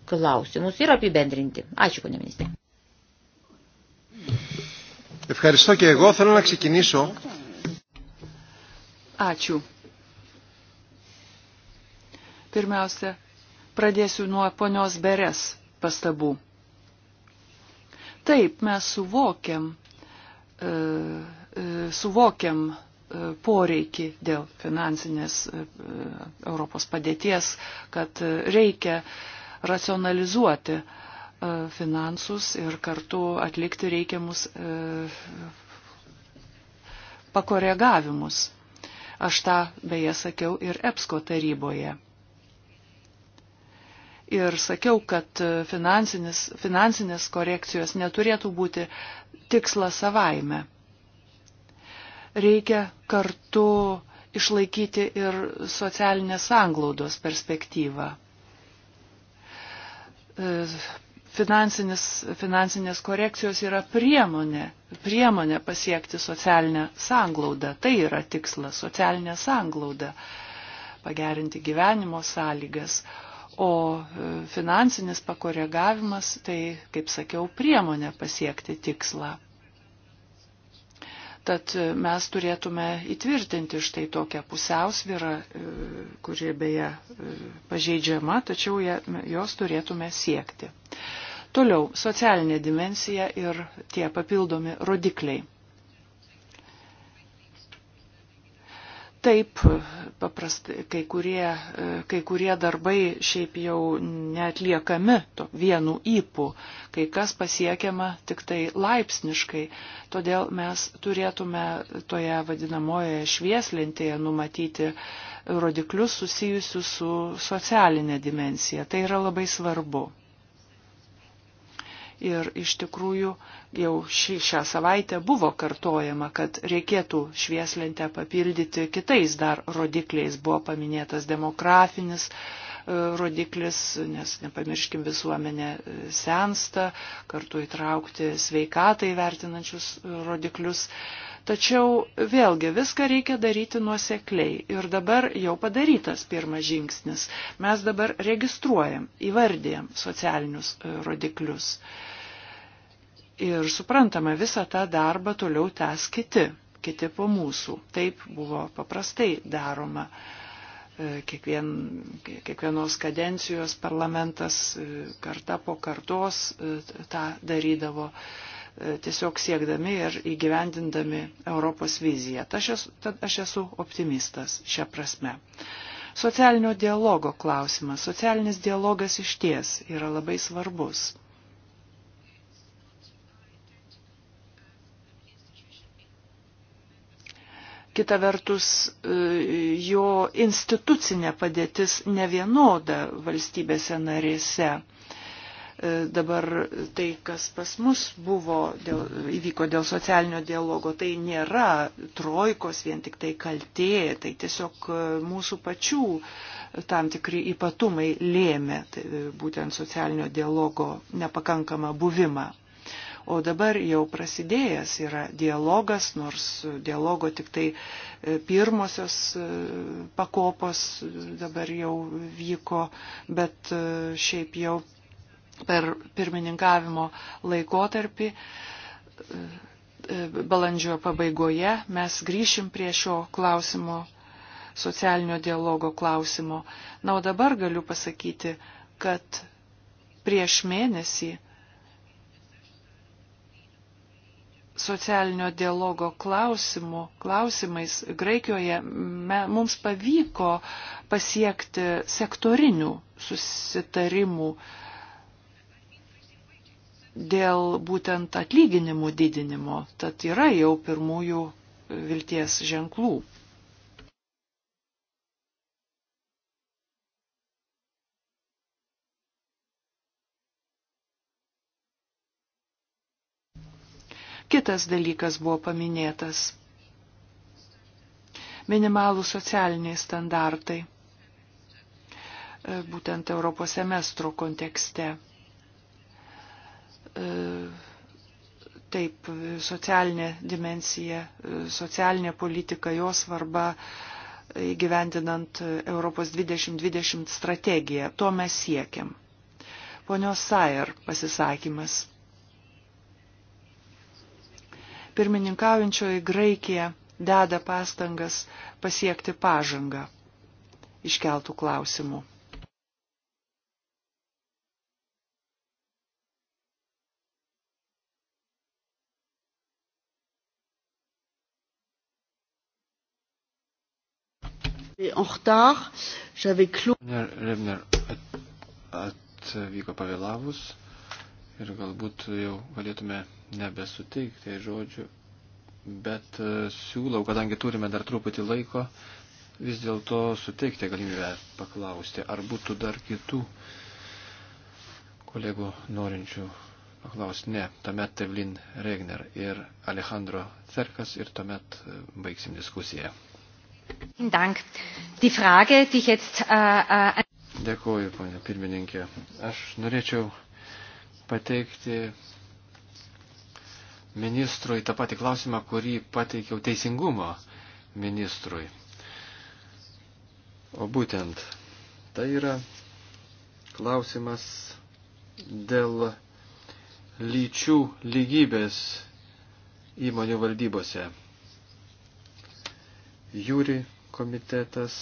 klausimus ir apibendrinti. Ačiū, ponė ministrė. Ευχαριστώ και εγώ. Θέλω να ξεκινήσω. Ačiū. Pirmiausia, pradėsiu nuo ponios Beres pastabų. Taip, mes suvokiam, e, e, suvokiam e, poreikį dėl finansinės Europos padėties, kad reikia racionalizuoti e, finansus ir kartu atlikti reikiamus e, pakoregavimus. Aš tą beje sakiau ir EPSCO taryboje. Ir sakiau, kad finansinės korekcijos neturėtų būti tikslas savaime. Reikia kartu išlaikyti ir socialinės anglaudos perspektyvą. E, finansinis, finansinės korekcijos yra priemonė, priemonė pasiekti socialinę sanglaudą. Tai yra tikslas - socialinė sanglauda - pagerinti gyvenimo sąlygas. O e, finansinis pakoregavimas - tai, kaip sakiau, priemonė pasiekti tikslą. Tad mes turėtume įtvirtinti štai tokią pusiausvyrą, e, kuri beje e, pažeidžiama, tačiau jos turėtume siekti. Toliau, socialinė dimensija ir tie papildomi rodikliai. Taip, paprastai kai kurie, e, kai kurie darbai šiaip jau netliekami to vienu įpū, kai kas pasiekiama tik tai laipsniškai. Todėl mes turėtume toje vadinamoje švieslintėje numatyti rodiklius susijusius su socialinė dimensija. Tai yra labai svarbu. Ir iš tikrųjų jau šį, šią savaitę buvo kartojama, kad reikėtų švieslentę papildyti kitais dar rodikliais. Buvo paminėtas demografinis e, rodiklis, nes nepamirškim visuomenė e, sensta, kartu įtraukti sveikatai vertinančius e, rodiklius. Tačiau vėlgi viską reikia daryti nuosekliai ir dabar jau padarytas pirmas žingsnis. Mes dabar registruojam, įvardėjam socialinius rodiklius. Uh, Ir suprantama, visą tą darbą toliau tęs kiti, kiti po mūsų. Taip buvo paprastai daroma. E, kiekvien, kiekvienos kadencijos parlamentas e, karta po kartos e, tą darydavo tiesiog siekdami ir įgyvendindami Europos viziją. Aš esu, tad aš esu optimistas šią prasme. Socialinio dialogo klausimas. Socialinis dialogas iš ties yra labai svarbus. kita vertus e, jo institucinė padėtis nevienoda valstybėse narėse. E, dabar tai, kas pas mus buvo, dėl, įvyko dėl socialinio dialogo, tai nėra trojkos vien tik tai kaltė, tai tiesiog e, mūsų pačių tam tikri ypatumai lėmė tai būtent socialinio dialogo nepakankamą buvimą. O dabar jau prasidėjęs yra dialogas, nors dialogo tik tai e, pirmosios e, pakopos dabar jau vyko, bet e, šiaip jau per pirmininkavimo laikotarpį balandžio pabaigoje mes grįšim prie šio klausimo, socialinio dialogo klausimo. Na, o dabar galiu pasakyti, kad prieš mėnesį socialinio dialogo klausimų, klausimais Graikijoje me, mums pavyko pasiekti sektorinių susitarimų dėl būtent atlyginimų didinimo. Tad yra jau pirmųjų vilties ženklų. kitas dalykas buvo paminėtas - minimalų socialiniai standartai, e, būtent Europos semestro kontekste. E, Taip, socialinė dimensija, e, socialinė politika, jos svarba įgyvendinant Europos 2020 strategiją. To mes siekiam. Ponios Sair pasisakymas pirmininkaujančioji Graikija deda pastangas pasiekti pažangą iškeltų klausimų. en retard. J'avais clos. Rebner atvyko pavėlavus ir galbūt jau galėtume nebesuteikti žodžių, bet e, siūlau, kadangi turime dar truputį laiko, vis dėlto suteikti galimybę paklausti, ar būtų dar kitų kolegų norinčių paklausti. Ne, tuomet Tevlin Regner ir Alejandro Cerkas ir tuomet e, baigsim diskusiją. Äh, äh, Dėkuoju, ponė pirmininkė. Aš norėčiau pateikti ministrui tą patį klausimą, kurį pateikiau teisingumo ministrui. O būtent, tai yra klausimas dėl lyčių lygybės įmonių valdybose. Jūri komitetas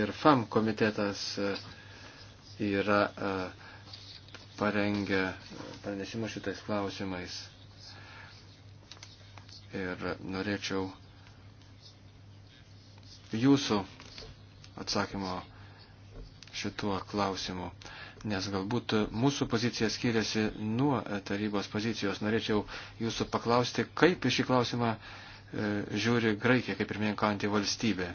ir FAM komitetas yra uh, parengę pranešimą šitais klausimais. Ir norėčiau jūsų atsakymo šituo klausimu, nes galbūt mūsų pozicija skiriasi nuo tarybos pozicijos. Norėčiau jūsų paklausti, kaip į šį klausimą e, žiūri Graikija, kaip ir minkaujantį valstybę.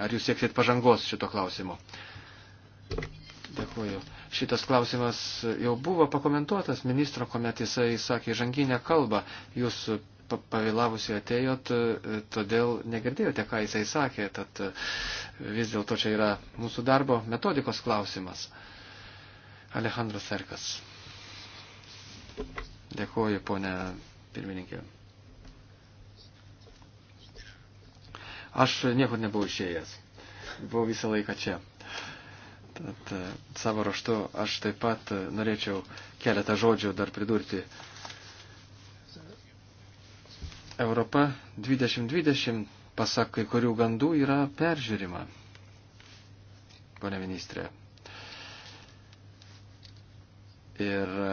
Ar jūs sieksit pažangos šito klausimu? Dėkuoju. Šitas klausimas jau buvo pakomentuotas ministro, kuomet jisai sakė žanginę kalbą. Jūs pavėlavusi atėjot, e, todėl negirdėjote, ką jisai sakė. Tad e, vis dėlto čia yra mūsų darbo metodikos klausimas. Alejandras Serkas. Dėkuoju, ponė pirmininkė. Aš niekur nebuvau išėjęs. Buvau visą laiką čia. Tad e, savo raštu aš taip pat e, norėčiau keletą žodžių dar pridurti. Europa 2020, pasak kai kurių gandų, yra peržiūrima, ponė ministrė. Ir e,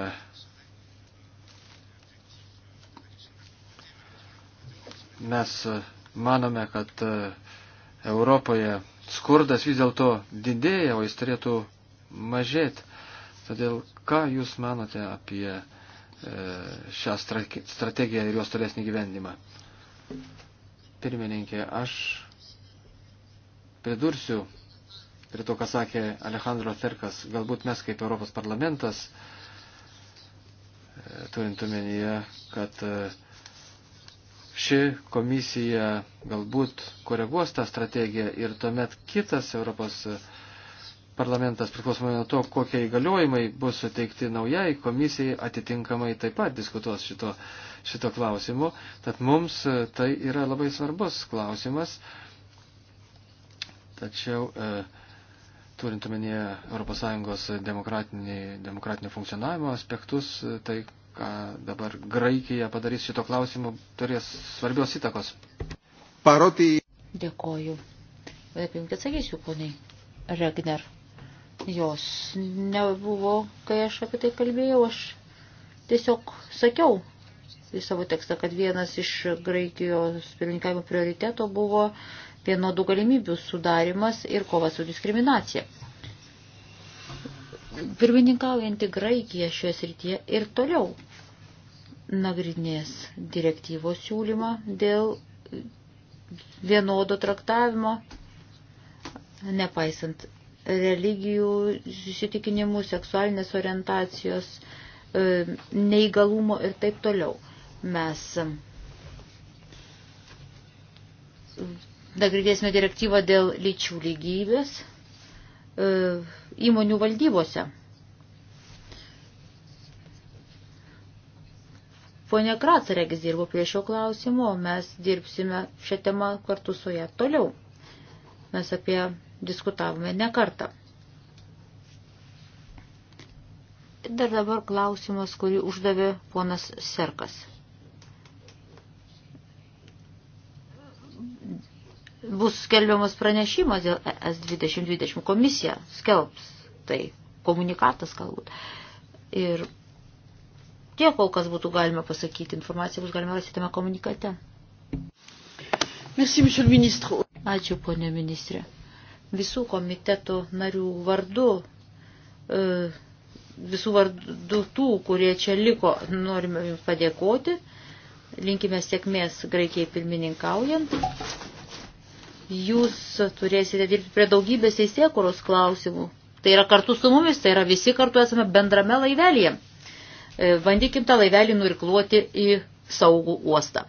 mes manome, kad Europoje skurdas vis dėlto didėja, o jis turėtų mažėti. Todėl ką Jūs manote apie e, šią strategiją ir jos tolesnį gyvendimą? Pirmininkė, aš pridursiu prie to, ką sakė Alejandro Cerkas. Galbūt mes kaip Europos parlamentas, e, turint omenyje, kad e, ši komisija galbūt koreguos tą strategiją ir tuomet kitas Europos parlamentas, priklausomai nuo to, kokie įgaliojimai bus suteikti naujai komisijai, atitinkamai taip pat diskutuos šito, šito klausimu. Tad mums tai yra labai svarbus klausimas. Tačiau e, turint omenyje ES demokratinį, demokratinį funkcionavimo aspektus, e, tai ką dabar Graikija padarys šito klausimu, turės svarbios įtakos. Paroti. Dėkoju. Apimkit, sakysiu, poniai Regner. Jos nebuvo, kai aš apie tai kalbėjau, aš tiesiog sakiau į savo tekstą, kad vienas iš Graikijos pirmininkavimo prioriteto buvo vienodų galimybių sudarimas ir kova su diskriminacija. Pirmininkaujantį Graikiją šioje srityje ir toliau nagrinės direktyvos siūlymą dėl vienodo traktavimo, nepaisant religijų susitikinimų, seksualinės orientacijos, e, neįgalumo ir taip toliau. Mes nagrinėsime direktyvą dėl lyčių lygybės E, įmonių valdybose. Pone Kratz regis dirbo prie šio klausimo, mes dirbsime šią temą kartu su ją toliau. Mes apie diskutavome ne kartą. Dar dabar klausimas, kurį uždavė ponas Serkas. bus skelbiamas pranešimas dėl ES 2020 komisija skelbs, tai komunikatas galbūt. Ir tiek kol kas būtų galima pasakyti, informaciją bus galima rasti tame komunikate. Merci, monsieur le ministre. Ačiū, ponė ministrė. Visų komiteto narių vardu, e, visų vardu tų, kurie čia liko, norime jums padėkoti. Linkime sėkmės Graikijai pirmininkaujant jūs turėsite dirbti prie daugybės teisėkuros klausimų. Tai yra kartu su mumis, tai yra visi kartu esame bendrame laivelėje. E, bandykim tą laivelį nurkluoti į saugų uostą.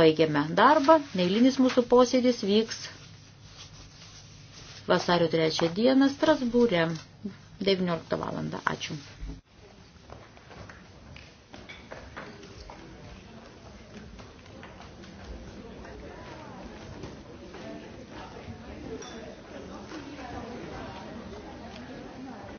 Baigiame darbą, neįlinis mūsų posėdis vyks vasario 3 dieną Strasbūrė 19 valandą. Ačiū.